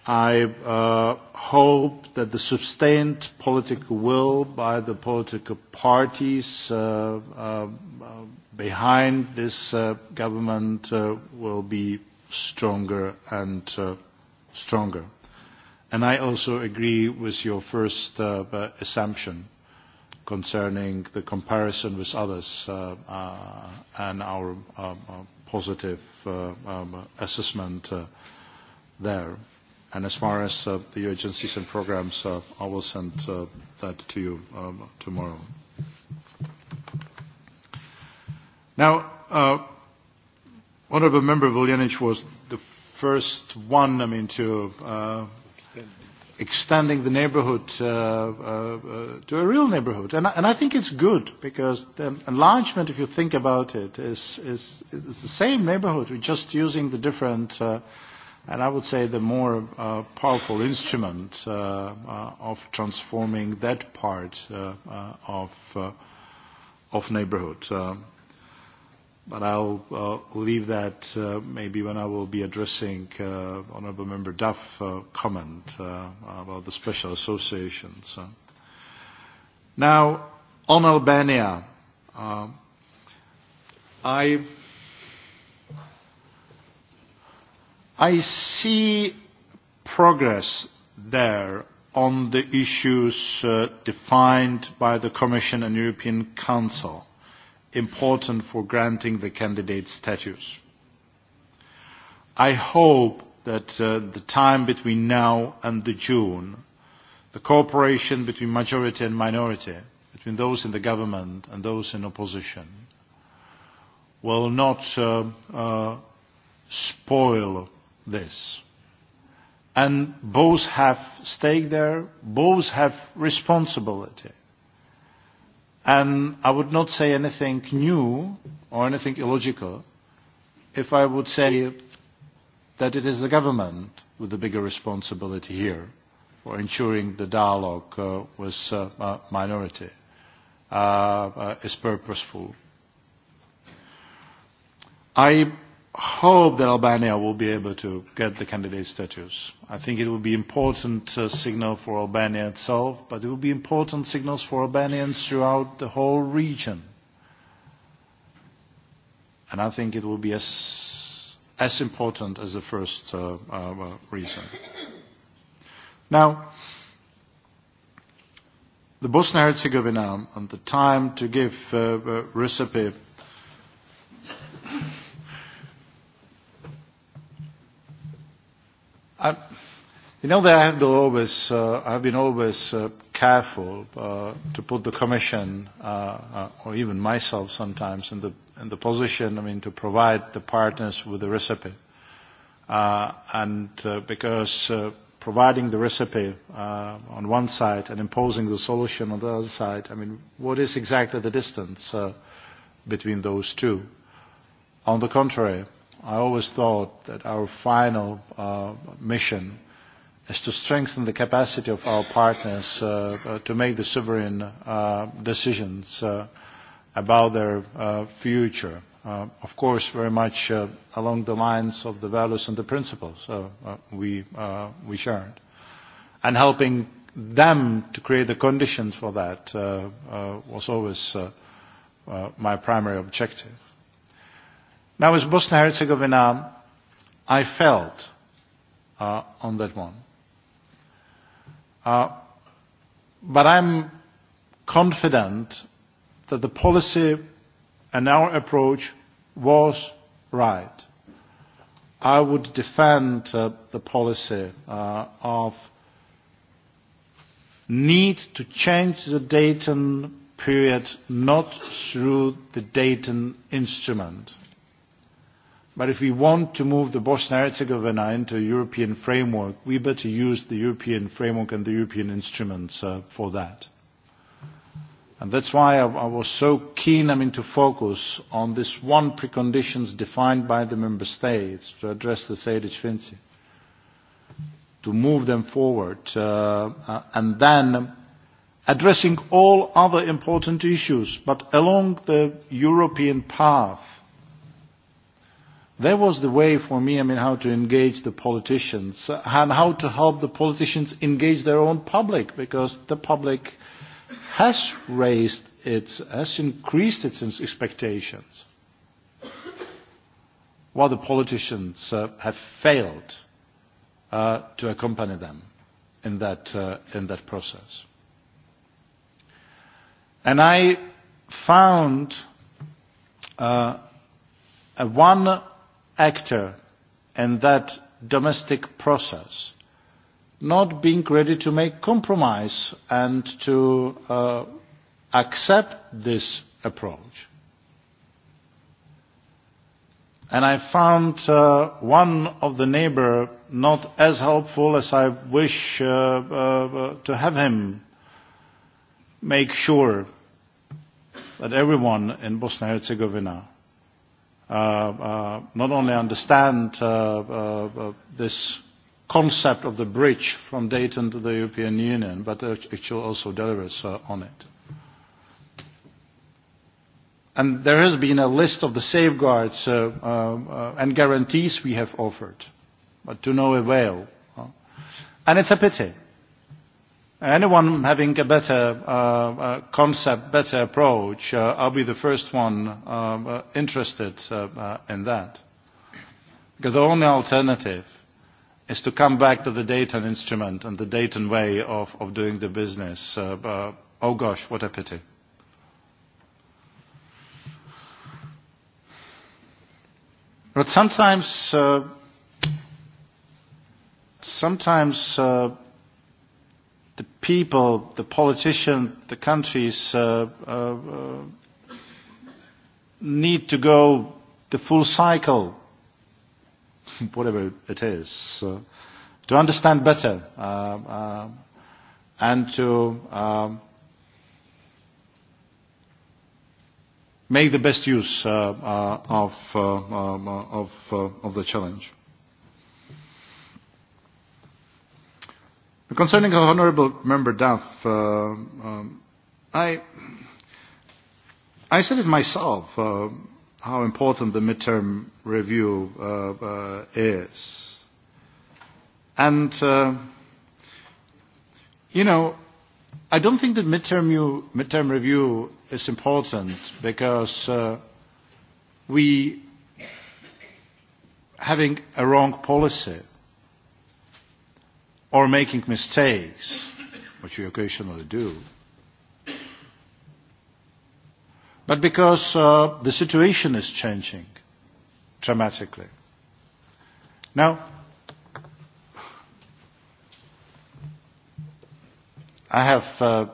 I uh, hope that the sustained political will by the political parties uh, uh, behind this uh, government uh, will be stronger and uh, stronger. And I also agree with your first uh, assumption concerning the comparison with others uh, uh, and our uh, positive uh, um, assessment uh, there. And as far as uh, the agencies and programs, uh, I will send uh, that to you um, tomorrow. Now, uh, Honorable Member Vuljanic was the first one, I mean, to uh, extending the neighborhood uh, uh, uh, to a real neighborhood. And, I and I think it's good because the enlargement, if you think about it, is, is, is the same neighborhood. We're just using the different uh, and I would say the more uh, powerful instrument uh, uh, of transforming that part uh, uh, of, uh, of neighborhood. Uh, but I'll uh, leave that uh, maybe when I will be addressing uh, Honourable Member Duff's uh, comment uh, about the special associations. Now, on Albania, uh, I I see progress there on the issues uh, defined by the Commission and European Council, important for granting the candidate status. I hope that uh, the time between now and the June, the cooperation between majority and minority, between those in the government and those in opposition, will not uh, uh, spoil this. And both have stake there, both have responsibility. And I would not say anything new or anything illogical if I would say that it is the government with the bigger responsibility here for ensuring the dialogue uh, with uh, uh, minority uh, uh, is purposeful. I hope that Albania will be able to get the candidate status. I think it will be important uh, signal for Albania itself, but it will be important signals for Albanians throughout the whole region. And I think it will be as, as important as the first uh, uh, reason. Now, the Bosnia-Herzegovina and the time to give uh, uh, recipe I, you know that I have to always, uh, I've been always uh, careful uh, to put the Commission uh, uh, or even myself sometimes in the in the position, I mean, to provide the partners with the recipe, uh, and uh, because. Uh, providing the recipe uh, on one side and imposing the solution on the other side, I mean, what is exactly the distance uh, between those two? On the contrary, I always thought that our final uh, mission is to strengthen the capacity of our partners uh, uh, to make the sovereign uh, decisions uh, about their uh, future. Uh, of course, very much uh, along the lines of the values and the principles uh, uh, we, uh, we shared. And helping them to create the conditions for that uh, uh, was always uh, uh, my primary objective. Now, as Bosnia Herzegovina, I felt uh, on that one. Uh, but I'm confident that the policy and our approach was right. I would defend uh, the policy uh, of need to change the Dayton period not through the Dayton instrument – But if we want to move the Bosnia-Herzegovina into a European framework, we better use the European framework and the European instruments for that. And that's why I, I was so keen, to focus on this one preconditions defined by the member states to address the Sejdic Finci, to move them forward, uh, and then addressing all other important issues, but along the European path That was the way for me, I mean, how to engage the politicians and how to help the politicians engage their own public because the public has raised its, has increased its expectations while the politicians uh, have failed uh, to accompany them in that, uh, in that process. And I found uh, one actor in that domestic process not being ready to make compromise and to uh, accept this approach. And I found uh, one of the neighbor not as helpful as I wish uh, uh, to have him make sure that everyone in Bosnia-Herzegovina uh, uh, not only understand uh, uh, this concept of the bridge from Dayton to the European Union, but actually also delivers uh, on it. And there has been a list of the safeguards uh, uh, uh, and guarantees we have offered, but to no avail. And it's a pity anyone having a better uh, uh, concept, better approach, uh, I'll be the first one uh, interested uh, uh, in that. Because the only alternative is to come back to the Dayton instrument and the Dayton way of, of doing the business. Uh, uh, oh gosh, what a pity. But sometimes, uh, sometimes uh, the people, the politicians, the countries uh, uh, need to go the full cycle, whatever it is, uh, to understand better uh, uh, and to um, make the best use uh, uh, of, uh, um, of, uh, of the challenge. Concerning the Honourable Member Duff, uh, um, I, I said it myself uh, how important the midterm review uh, uh, is. And, uh, you know, I don't think that midterm, you, midterm review is important because uh, we having a wrong policy or making mistakes, which you occasionally do, but because uh, the situation is changing dramatically. Now, I have a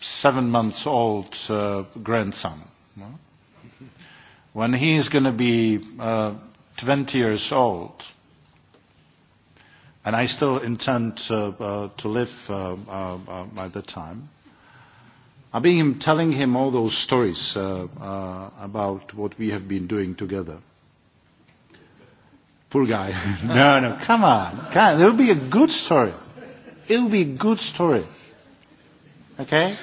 seven months old uh, grandson. When he is going to be uh, 20 years old, and I still intend to, uh, to live uh, uh, by that time. I've been telling him all those stories uh, uh, about what we have been doing together. Poor guy. no, no, come on. Come on. It'll be a good story. It'll be a good story. Okay?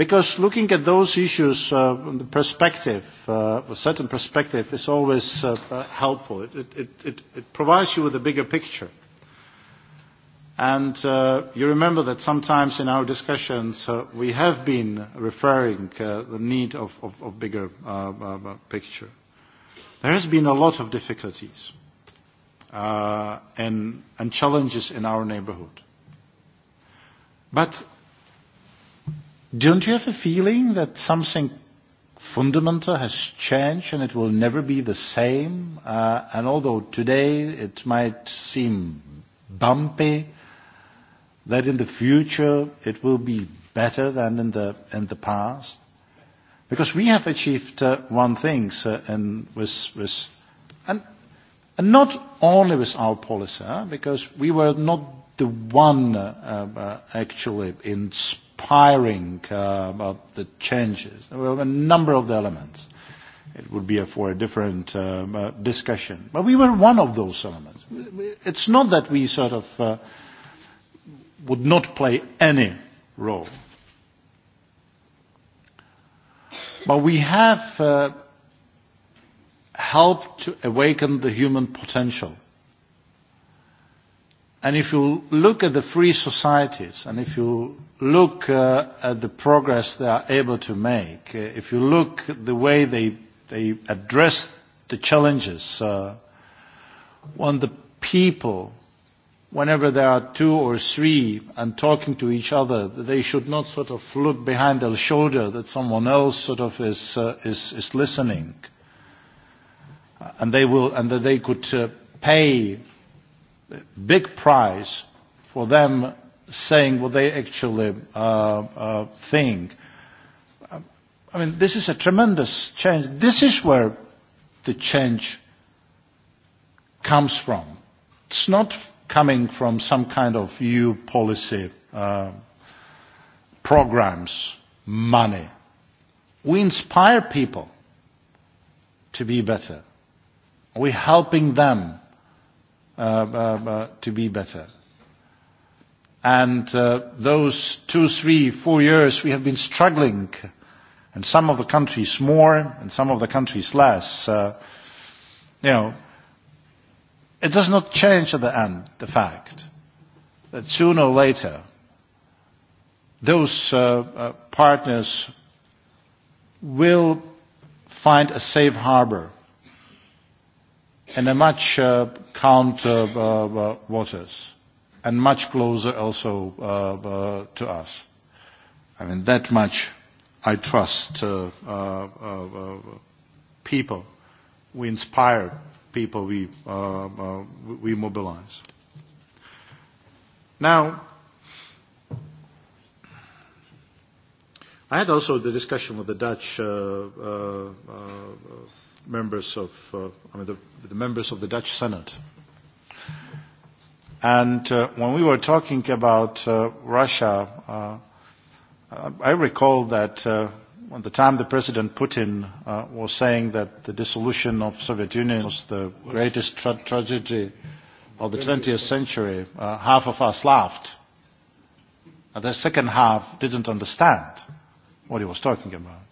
Because looking at those issues, uh, the perspective, uh, a certain perspective, is always uh, helpful. It, it, it, it provides you with a bigger picture. And uh, you remember that sometimes in our discussions uh, we have been referring uh, the need of, of, of bigger uh, uh, picture. There has been a lot of difficulties uh, and, and challenges in our neighborhood. But Don't you have a feeling that something fundamental has changed and it will never be the same? Uh, and although today it might seem bumpy, that in the future it will be better than in the, in the past? Because we have achieved uh, one thing, so, and, with, with, and, and not only with our policy, huh? because we were not the one uh, uh, actually in inspiring uh, about the changes. There were a number of the elements. It would be a, for a different um, uh, discussion. But we were one of those elements. It's not that we sort of uh, would not play any role. But we have uh, helped to awaken the human potential – And if you look at the free societies, and if you look uh, at the progress they are able to make, if you look at the way they, they address the challenges, uh, when the people, whenever there are two or three and talking to each other, they should not sort of look behind their shoulder that someone else sort of is, uh, is, is listening. And they will, and that they could uh, pay big prize for them saying what they actually uh, uh, think. I mean, this is a tremendous change. This is where the change comes from. It's not coming from some kind of EU policy uh, programs, money. We inspire people to be better. We're helping them uh, uh, to be better. And uh, those two, three, four years we have been struggling, and some of the countries more, and some of the countries less. Uh, you know, it does not change at the end the fact that sooner or later those uh, uh, partners will find a safe harbor in a much uh, counter uh, uh waters and much closer also uh, uh, to us. I mean, that much I trust uh, uh, uh, people. We inspire people we, uh, uh, we mobilize. Now, I had also the discussion with the Dutch uh, uh, uh, members of, uh, I mean, the, the members of the Dutch Senate. And uh, when we were talking about uh, Russia, uh, I recall that uh, at the time the President Putin uh, was saying that the dissolution of Soviet Union was the greatest tra- tragedy of the 20th century, uh, half of us laughed. And the second half didn't understand what he was talking about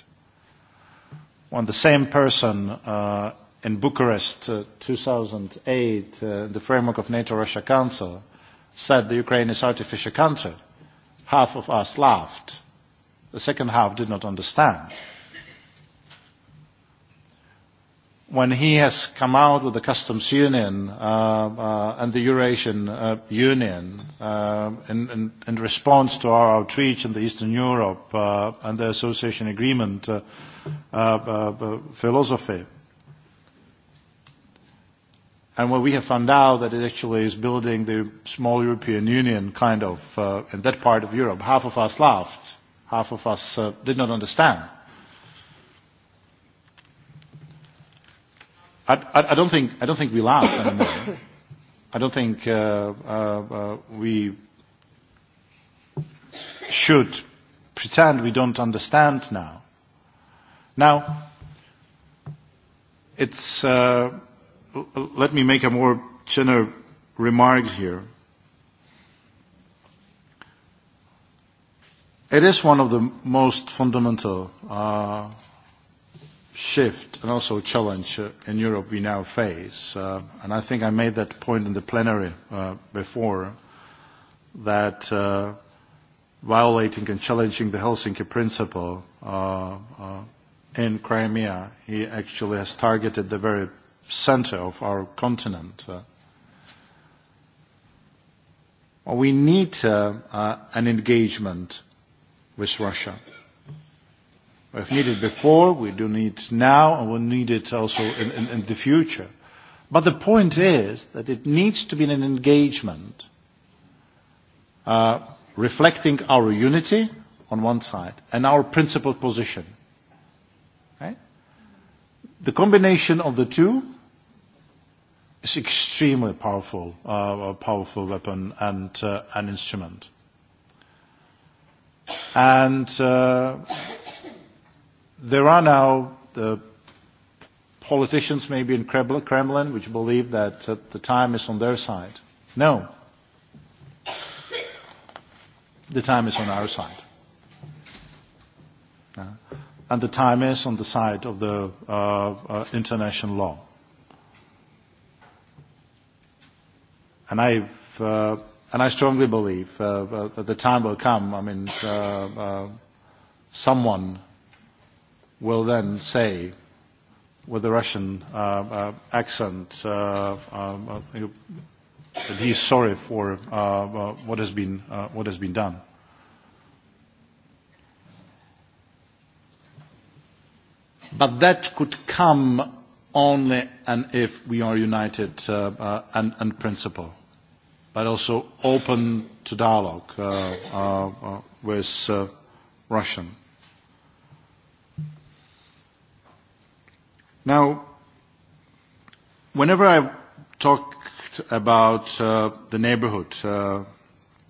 when the same person uh, in Bucharest uh, 2008, uh, the framework of NATO-Russia Council, said the Ukraine is artificial country, half of us laughed. The second half did not understand. When he has come out with the customs union uh, uh, and the Eurasian uh, Union uh, in, in, in response to our outreach in the Eastern Europe uh, and the association agreement uh, uh, philosophy. And what we have found out that it actually is building the small European Union kind of uh, in that part of Europe. Half of us laughed, half of us uh, did not understand. I, I, I don't think I don't think we laughed anymore. I don't think uh, uh, uh, we should pretend we don't understand now. Now, it's, uh, let me make a more general remark here. It is one of the most fundamental uh, shift and also challenge uh, in Europe we now face. Uh, and I think I made that point in the plenary uh, before that uh, violating and challenging the Helsinki principle uh, uh, in Crimea. He actually has targeted the very center of our continent. Uh, we need uh, uh, an engagement with Russia. We've needed before, we do need now, and we'll need it also in, in, in the future. But the point is that it needs to be an engagement uh, reflecting our unity on one side and our principled position The combination of the two is extremely powerful, uh, a powerful weapon and uh, an instrument. And uh, there are now the politicians, maybe in Kremlin, which believe that uh, the time is on their side. No, the time is on our side and the time is on the side of the uh, uh, international law. And I, uh, and I strongly believe uh, uh, that the time will come. I mean, uh, uh, someone will then say, with the Russian uh, uh, accent, uh, uh, that he's sorry for uh, uh, what has been uh, what has been done. But that could come only and if we are united uh, uh, and, and principle, but also open to dialogue uh, uh, uh, with uh, Russian. Now, whenever I talked about uh, the neighborhood, uh,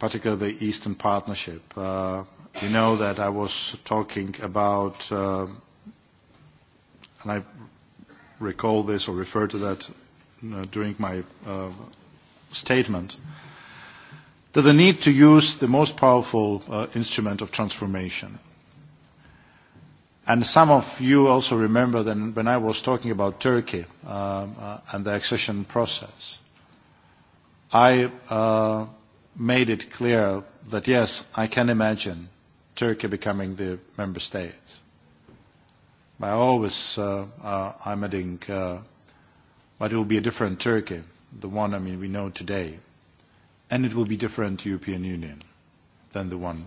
particularly the Eastern Partnership, uh, you know that I was talking about uh, and I recall this or refer to that during my uh, statement, to the need to use the most powerful uh, instrument of transformation. And some of you also remember that when I was talking about Turkey uh, and the accession process, I uh, made it clear that yes, I can imagine Turkey becoming the member state But always uh, uh, I'm adding, uh, but it will be a different Turkey, the one I mean we know today, and it will be different European Union than the one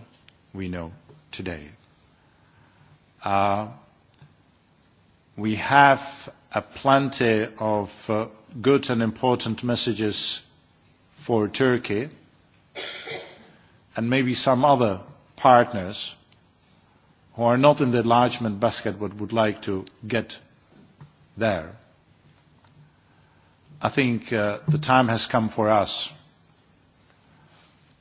we know today. Uh, we have a plenty of uh, good and important messages for Turkey and maybe some other partners who are not in the enlargement basket but would like to get there, I think uh, the time has come for us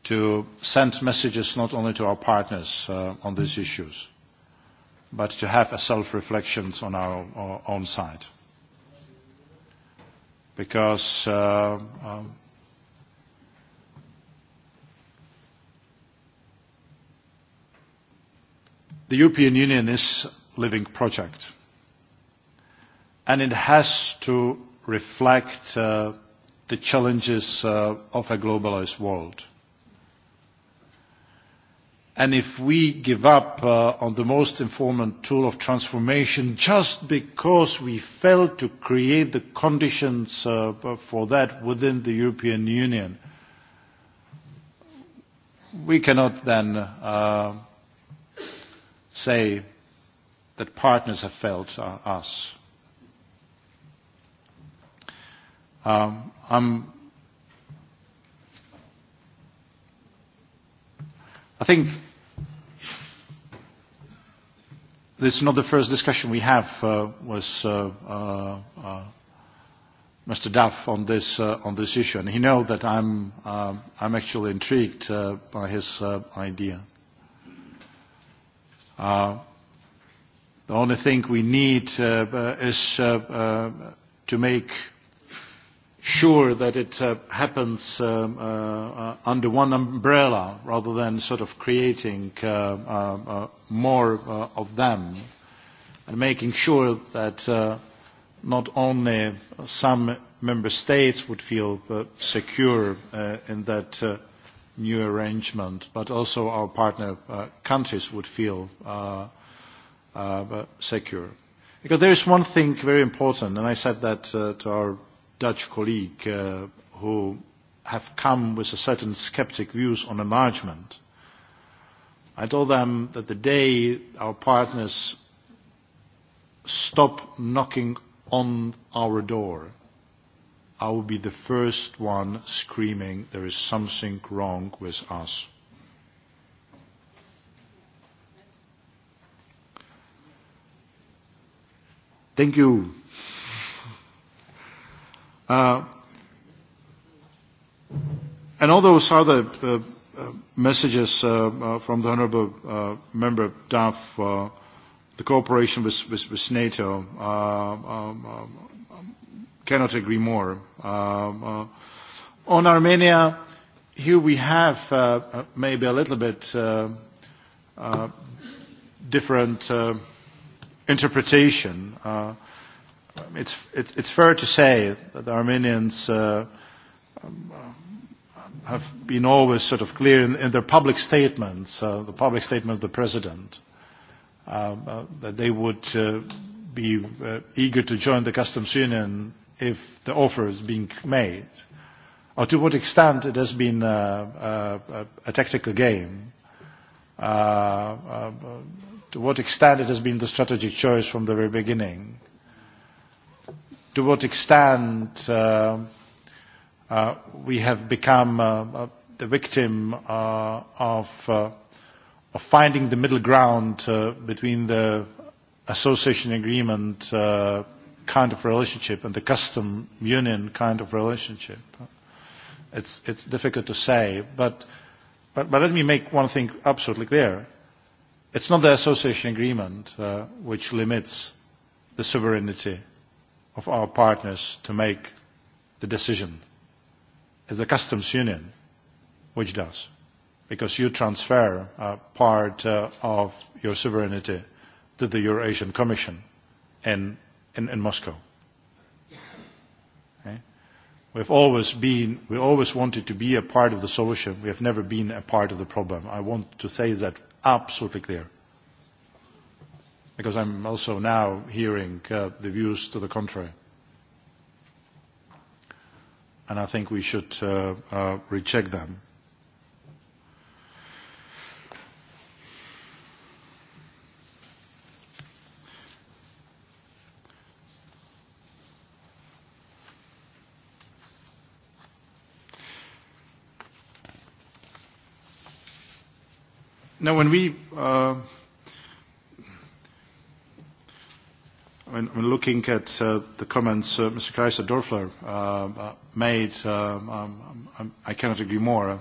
to send messages not only to our partners uh, on these issues, but to have a self-reflection on our, our own side. Because uh, The European Union is a living project, and it has to reflect uh, the challenges uh, of a globalized world. And if we give up uh, on the most important tool of transformation just because we failed to create the conditions uh, for that within the European Union, we cannot then uh, say that partners have failed us. Um, I'm, I think this is not the first discussion we have uh, was uh, uh, Mr. Duff on this uh, on this issue, and he knows that I'm uh, I'm actually intrigued uh, by his uh, idea the only thing we need uh, uh, is uh, uh, to make sure that it uh, happens um, uh, uh, under one umbrella rather than sort of creating uh, uh, uh, more uh, of them and making sure that uh, not only some member states would feel uh, secure uh, in that uh, new arrangement, but also our partner uh, countries would feel uh, uh, secure. Because there is one thing very important, and I said that uh, to our Dutch colleague uh, who have come with a certain skeptic views on enlargement. I told them that the day our partners stop knocking on our door, I will be the first one screaming, there is something wrong with us. Thank you. Uh, and all those other uh, messages uh, uh, from the Honourable uh, Member Duff, uh, the cooperation with, with, with NATO, uh, um, um, cannot agree more. Uh, uh, on Armenia, here we have uh, maybe a little bit uh, uh, different uh, interpretation. Uh, it's, it's, it's fair to say that the Armenians uh, have been always sort of clear in, in their public statements, uh, the public statement of the president, uh, uh, that they would uh, be uh, eager to join the customs union if the offer is being made, or to what extent it has been a, a, a tactical game, uh, uh, to what extent it has been the strategic choice from the very beginning, to what extent uh, uh, we have become uh, the victim uh, of, uh, of finding the middle ground uh, between the association agreement uh, kind of relationship and the custom union kind of relationship. It's, it's difficult to say, but, but, but let me make one thing absolutely clear. It's not the association agreement uh, which limits the sovereignty of our partners to make the decision. It's the customs union which does, because you transfer a part uh, of your sovereignty to the Eurasian Commission in in, in Moscow. Okay? have always been, we always wanted to be a part of the solution. We have never been a part of the problem. I want to say that absolutely clear. Because I'm also now hearing uh, the views to the contrary. And I think we should uh, uh, reject them Now, when we, uh, when, when looking at uh, the comments uh, Mr. Kreiser Dorfler uh, uh, made, uh, um, I cannot agree more.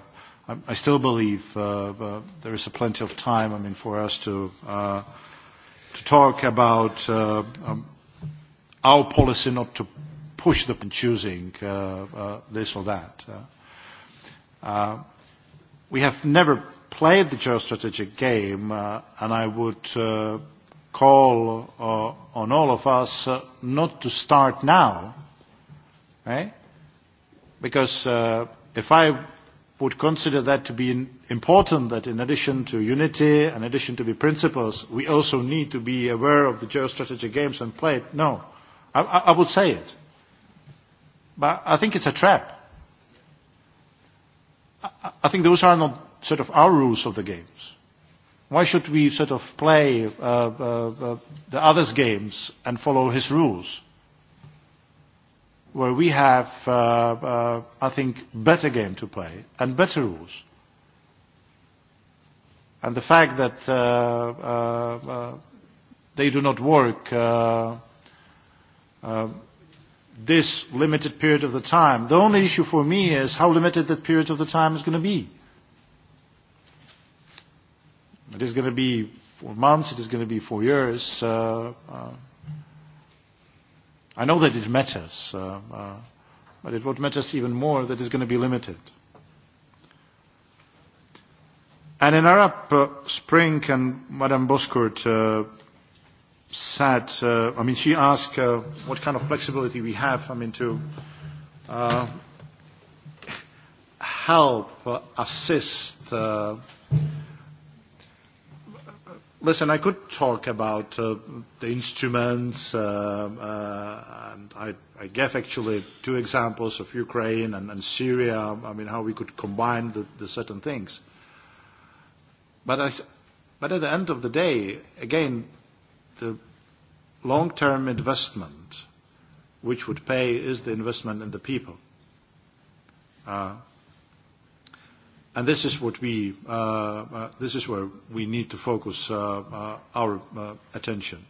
I, I still believe uh, uh, there is a plenty of time. I mean, for us to uh, to talk about uh, um, our policy, not to push them in choosing uh, uh, this or that. Uh, uh, we have never played the geostrategic game, uh, and I would uh, call uh, on all of us uh, not to start now, right? Because uh, if I would consider that to be important, that in addition to unity, in addition to the principles, we also need to be aware of the geostrategic games and play it, no. I, I, I would say it. But I think it's a trap. I, I think those are not sort of our rules of the games? Why should we sort of play uh, uh, uh, the other's games and follow his rules? Where we have, uh, uh, I think, better game to play and better rules. And the fact that uh, uh, uh, they do not work uh, uh, this limited period of the time, the only issue for me is how limited that period of the time is going to be It is going to be for months, it is going to be for years. Uh, uh, I know that it matters, uh, uh, but it what matters even more that is going to be limited. And in Arab uh, Spring, and Madame Boscourt uh, said, uh, I mean, she asked uh, what kind of flexibility we have, I mean, to uh, help, uh, assist, uh, Listen, I could talk about uh, the instruments, uh, uh, and I, I gave actually two examples of Ukraine and, and Syria, I mean, how we could combine the, the certain things. But, I, but at the end of the day, again, the long-term investment which would pay is the investment in the people. Uh, And this is what we, uh, uh, this is where we need to focus uh, uh, our uh, attention.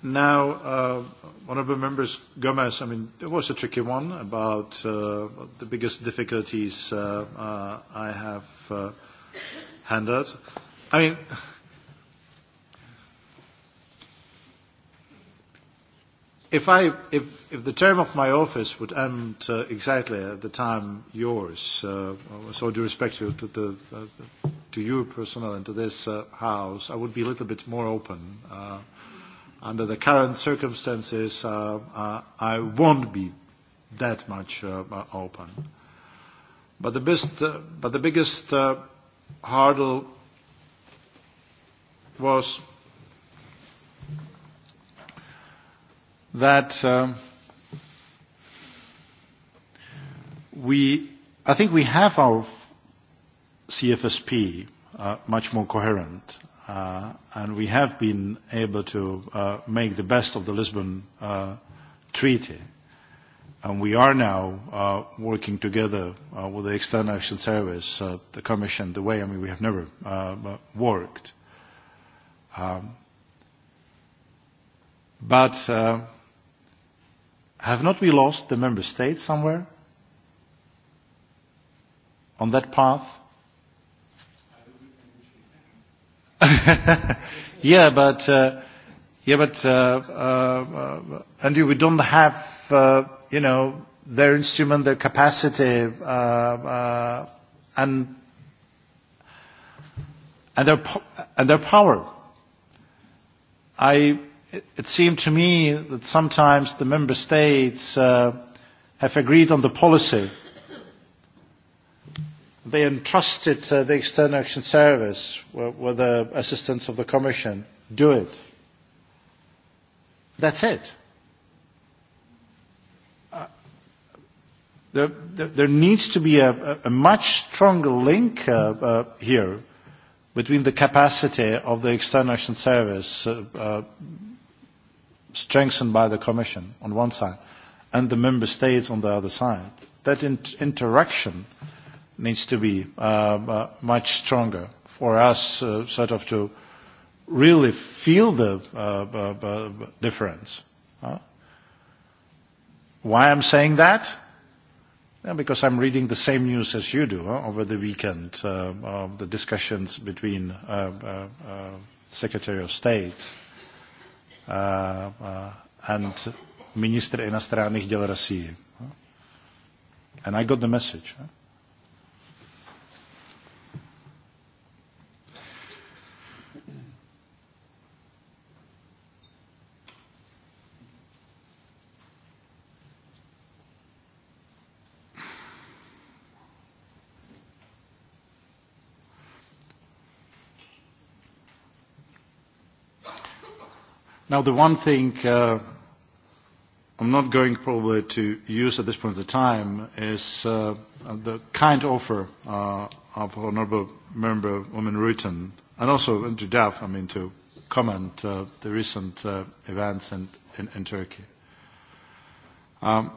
Now, uh, honourable members, Gomez, I mean, it was a tricky one about uh, the biggest difficulties uh, uh, I have uh, handled. I mean. If, I, if, if the term of my office would end uh, exactly at the time yours, uh, with due respect to, to, the, uh, to you personally and to this uh, House, I would be a little bit more open. Uh, under the current circumstances, uh, uh, I won't be that much uh, open. But the, best, uh, but the biggest uh, hurdle was that um, we, I think we have our CFSP uh, much more coherent, uh, and we have been able to uh, make the best of the Lisbon uh, Treaty. And we are now uh, working together uh, with the External Action Service, uh, the Commission, the way I mean we have never uh, worked. Um, but uh, Have not we lost the member states somewhere on that path? yeah, but uh, yeah, but uh, uh, and we don't have uh, you know their instrument, their capacity, uh, uh, and and their po and their power. I it, it seemed to me that sometimes the member states uh, have agreed on the policy. They entrusted uh, the External Action Service with the assistance of the Commission. Do it. That's it. there, there, there needs to be a, a much stronger link uh, uh, here between the capacity of the External Action Service uh, uh, strengthened by the Commission on one side and the Member States on the other side, that in- interaction needs to be uh, uh, much stronger for us uh, sort of to really feel the uh, uh, difference. Uh, Why I'm saying that? Yeah, because I'm reading the same news as you do uh, over the weekend, uh, of the discussions between uh, uh, uh, Secretary of State and Minister иностранных дел России. And I got the message. Huh? Now, the one thing uh, I'm not going probably to use at this point of the time is uh, the kind offer uh, of Honourable Member Woman Rutan, and also to Daf, I mean, to comment uh, the recent uh, events in, in, in Turkey. Um,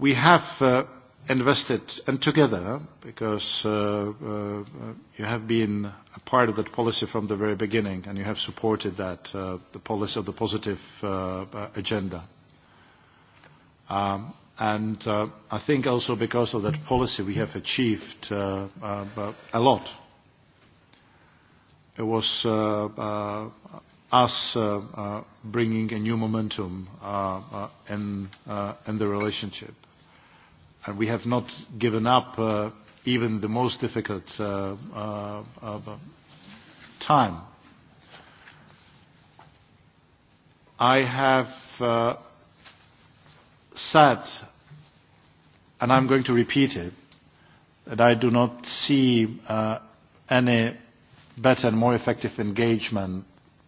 we have uh, invested, and together, because uh, uh, you have been a part of that policy from the very beginning, and you have supported that, uh, the policy of the positive uh, agenda. Um, and uh, I think also because of that policy, we have achieved uh, uh, a lot. It was uh, uh, us uh, uh, bringing a new momentum uh, uh, in, uh, in the relationship and we have not given up uh, even the most difficult uh, uh, uh, time. I have uh, said, and I'm going to repeat it, that I do not see uh, any better and more effective engagement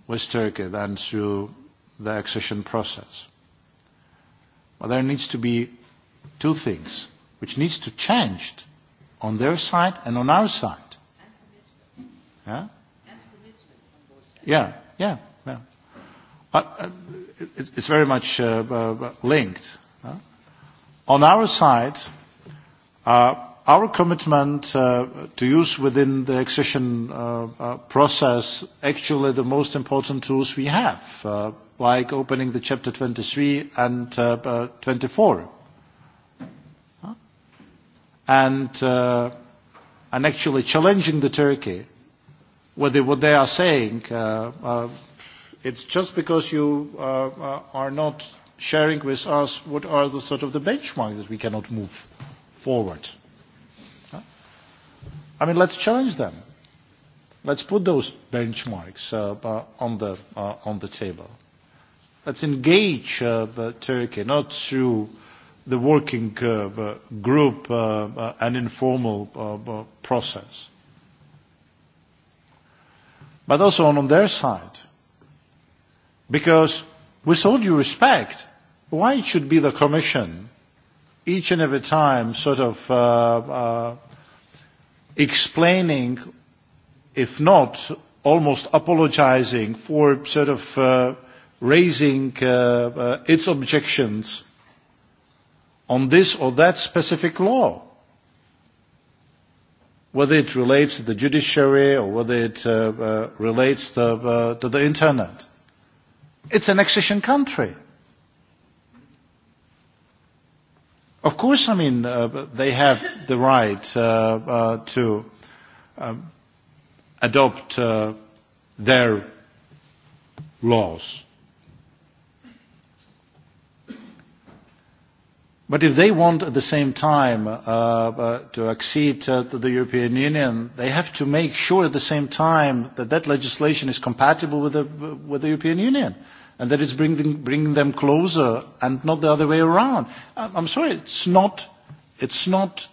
with Turkey than through the accession process. But there needs to be two things which needs to change on their side and on our side. And commitment. Yeah? Yeah, yeah, yeah. But uh, it, it's very much uh, uh, linked. Uh? On our side, uh, our commitment uh, to use within the accession uh, uh, process actually the most important tools we have, uh, like opening the chapter 23 and uh, uh, 24 and, uh, and actually challenging the Turkey, whether what they are saying, uh, uh, it's just because you uh, uh, are not sharing with us what are the sort of the benchmarks that we cannot move forward. I mean, let's challenge them. Let's put those benchmarks uh, uh, on, the, uh, on the table. Let's engage uh, the Turkey, not through the working uh, group uh, uh, an informal uh, process. But also on their side. Because with all due respect, why it should be the Commission each and every time sort of uh, uh, explaining, if not almost apologizing for sort of uh, raising uh, uh, its objections on this or that specific law, whether it relates to the judiciary or whether it uh, uh, relates to, uh, to the internet. It's an accession country. Of course, I mean, uh, they have the right uh, uh, to um, adopt uh, their laws But if they want at the same time uh, uh, to accede uh, to the European Union, they have to make sure at the same time that that legislation is compatible with the, with the European Union and that it's bringing, bringing them closer and not the other way around. I'm sorry, it's not, it's not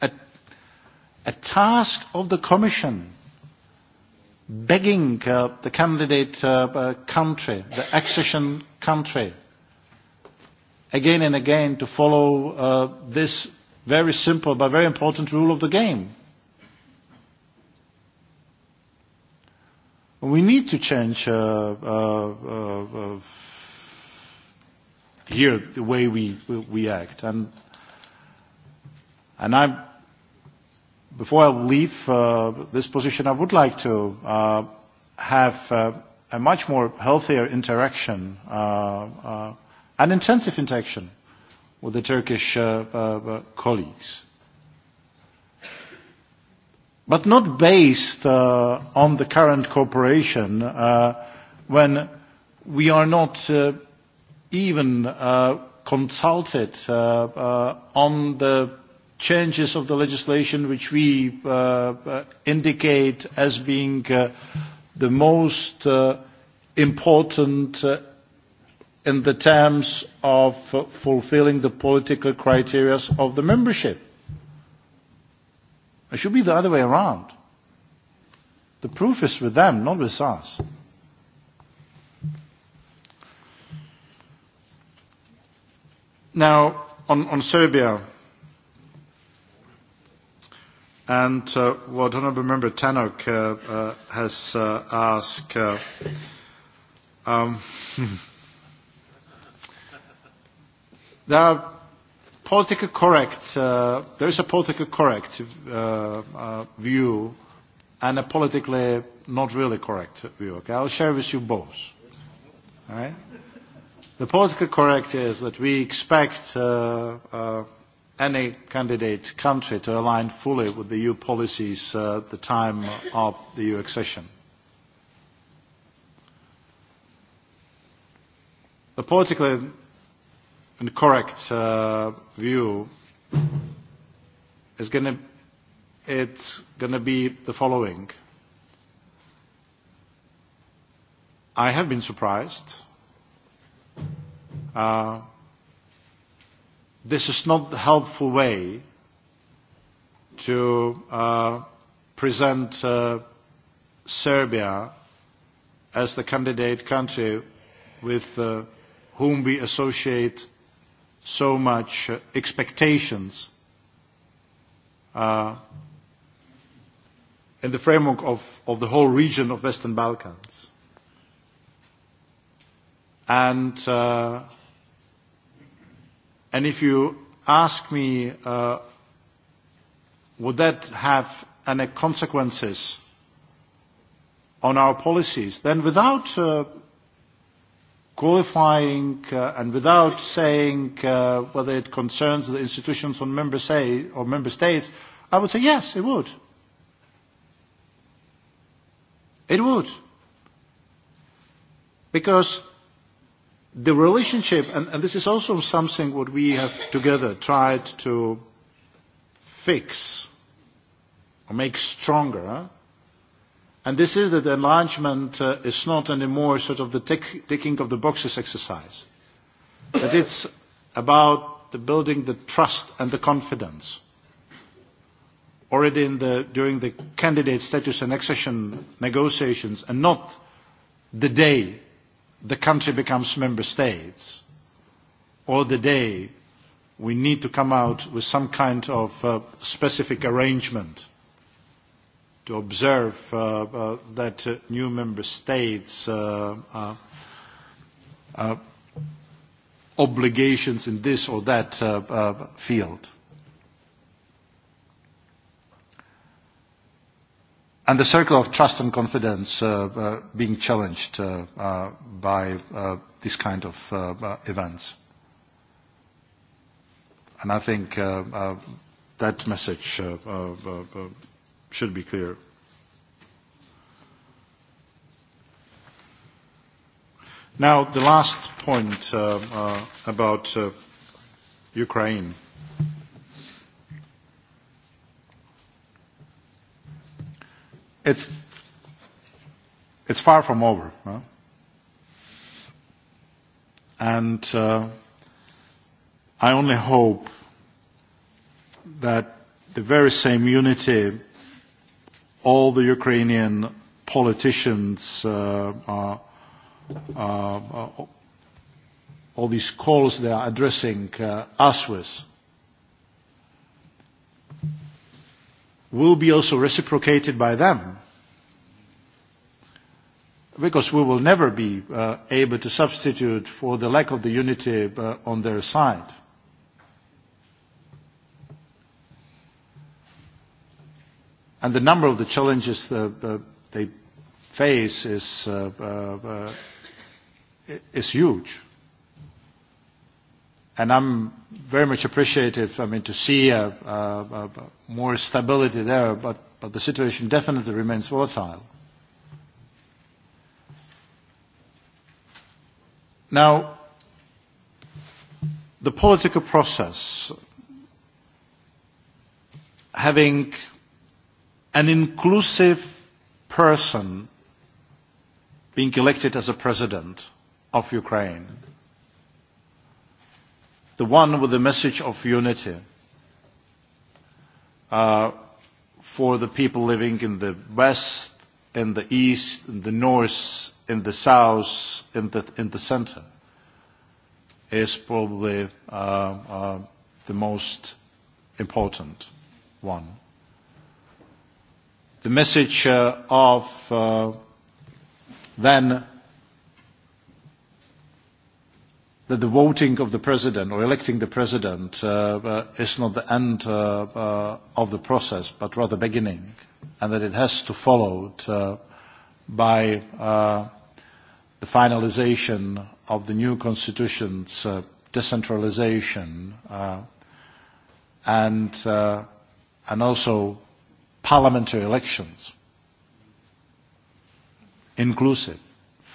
a, a task of the Commission begging uh, the candidate uh, uh, country, the accession country, again and again to follow uh, this very simple but very important rule of the game. We need to change uh, uh, uh, here the way we, we act. And, and I, before I leave uh, this position, I would like to uh, have uh, a much more healthier interaction uh, uh, and intensive interaction with the Turkish uh, uh, colleagues. But not based uh, on the current cooperation uh, when we are not uh, even uh, consulted uh, uh, on the changes of the legislation which we uh, uh, indicate as being uh, the most uh, important uh, in the terms of fulfilling the political criteria of the membership. It should be the other way around. The proof is with them, not with us. Now, on, on Serbia, and uh, what Honourable Member Tanok uh, uh, has uh, asked, uh, um, There are political correct, uh, there is a political correct uh, uh, view and a politically not really correct view. Okay? I'll share with you both. All right? The political correct is that we expect uh, uh, any candidate country to align fully with the EU policies uh, at the time of the EU accession. The politically and correct uh, view is gonna it's gonna be the following. I have been surprised. Uh, this is not the helpful way to uh, present uh, Serbia as the candidate country with uh, whom we associate so much expectations uh, in the framework of, of the whole region of Western Balkans. And, uh, and if you ask me, uh, would that have any consequences on our policies, then without uh, qualifying uh, and without saying uh, whether it concerns the institutions or member, say, or member states, I would say yes, it would. It would. Because the relationship, and, and this is also something what we have together tried to fix or make stronger, huh? And this is that enlargement uh, is not anymore sort of the tick, ticking of the boxes exercise, but it's about the building the trust and the confidence. Already in the, during the candidate status and accession negotiations, and not the day the country becomes member states, or the day we need to come out with some kind of uh, specific arrangement to observe uh, uh, that uh, new member states uh, uh, uh, obligations in this or that uh, uh, field. And the circle of trust and confidence uh, uh, being challenged uh, uh, by uh, this kind of uh, uh, events. And I think uh, uh, that message uh, uh, uh, should be clear. Now, the last point uh, uh, about uh, Ukraine. It's, it's far from over. Huh? And uh, I only hope that the very same unity all the Ukrainian politicians, uh, uh, uh, all these calls they are addressing uh, us with, will be also reciprocated by them. Because we will never be uh, able to substitute for the lack of the unity uh, on their side And the number of the challenges the, the, they face is, uh, uh, is huge. And I'm very much appreciative, I mean, to see uh, uh, uh, more stability there, but, but the situation definitely remains volatile. Now, the political process having an inclusive person being elected as a president of Ukraine. The one with the message of unity uh, for the people living in the west, in the east, in the north, in the south, in the, in the center is probably uh, uh, the most important one the message uh, of uh, then that the voting of the president or electing the president uh, uh, is not the end uh, uh, of the process, but rather beginning, and that it has to follow uh, by uh, the finalization of the new constitution's uh, decentralization uh, and, uh, and also parliamentary elections. Inclusive,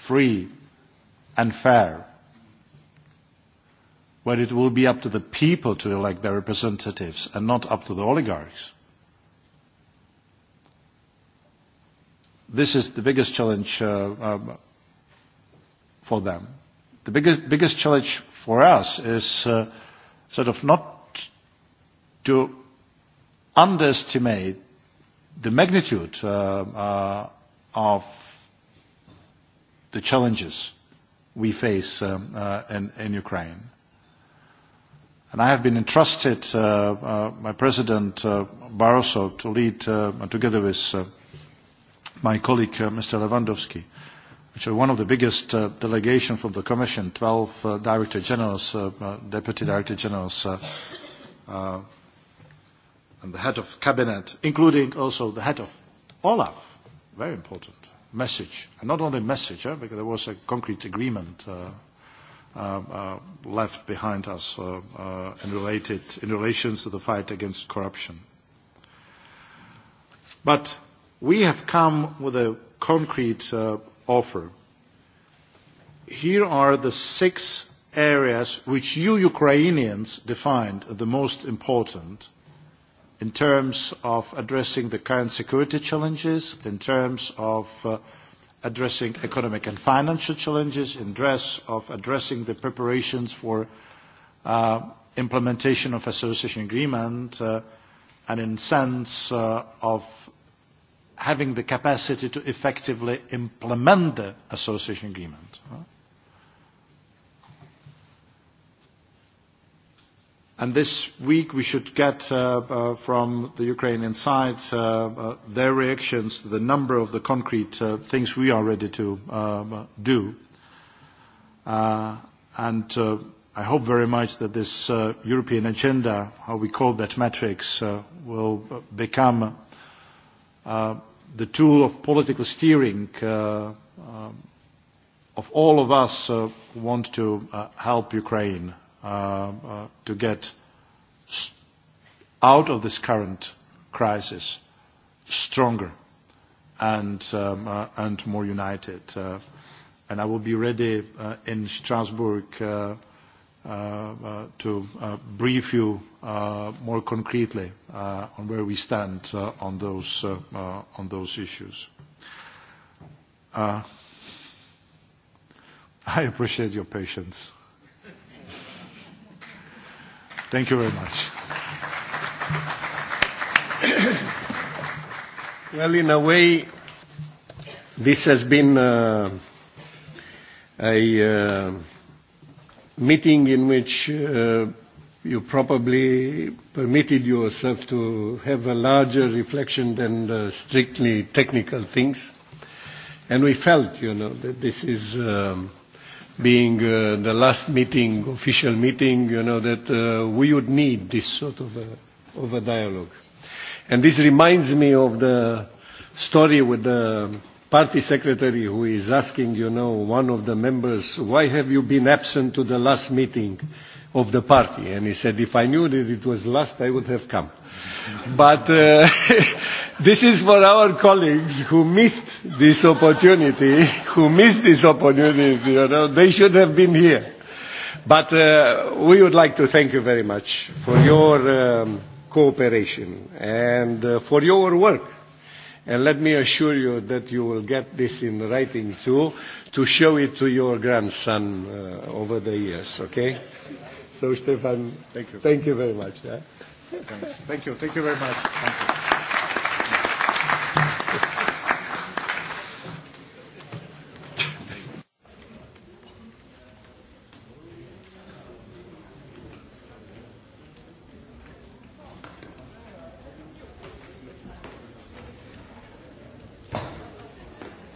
free and fair, where it will be up to the people to elect their representatives and not up to the oligarchs. This is the biggest challenge uh, um, for them. The biggest, biggest challenge for us is uh, sort of not to underestimate the magnitude uh, uh, of the challenges we face um, uh, in, in Ukraine. And I have been entrusted uh, uh, by President uh, Barroso to lead, uh, together with uh, my colleague uh, Mr. Lewandowski, which is one of the biggest uh, delegations from the Commission, 12 uh, Director Generals, uh, uh, Deputy Director Generals uh, uh, and the head of cabinet, including also the head of Olaf, very important message, and not only message, eh, because there was a concrete agreement uh, uh, uh, left behind us uh, uh, in, related, in relation to the fight against corruption. But we have come with a concrete uh, offer. Here are the six areas which you Ukrainians defined the most important in terms of addressing the current security challenges, in terms of uh, addressing economic and financial challenges, in dress of addressing the preparations for uh, implementation of association agreement, uh, and in sense uh, of having the capacity to effectively implement the association agreement. Uh, And this week we should get uh, uh, from the Ukrainian side uh, uh, their reactions to the number of the concrete uh, things we are ready to um, do. Uh, and uh, I hope very much that this uh, European agenda, how we call that matrix, uh, will become uh, the tool of political steering uh, uh, of all of us uh, who want to uh, help Ukraine to get out of this current crisis stronger and, um, uh, and more united. Uh, and I will be ready uh, in Strasbourg uh, uh, to uh, brief you uh, more concretely uh, on where we stand uh, on, those, uh, uh, on those issues. Uh, I appreciate your patience. Thank you very much. Well, in a way, this has been uh, a uh, meeting in which uh, you probably permitted yourself to have a larger reflection than the strictly technical things. And we felt, you know, that this is. Um, being uh, the last meeting, official meeting, you know, that uh, we would need this sort of a, of a dialogue. And this reminds me of the story with the party secretary who is asking, you know, one of the members, why have you been absent to the last meeting? of the party. And he said, if I knew that it was last, I would have come. But uh, this is for our colleagues who missed this opportunity, who missed this opportunity, you know, they should have been here. But uh, we would like to thank you very much for your um, cooperation and uh, for your work. And let me assure you that you will get this in writing too, to show it to your grandson uh, over the years, okay? So, Stefan, thank you, thank you very much. Yeah? Thank you. Thank you very much. Thank you.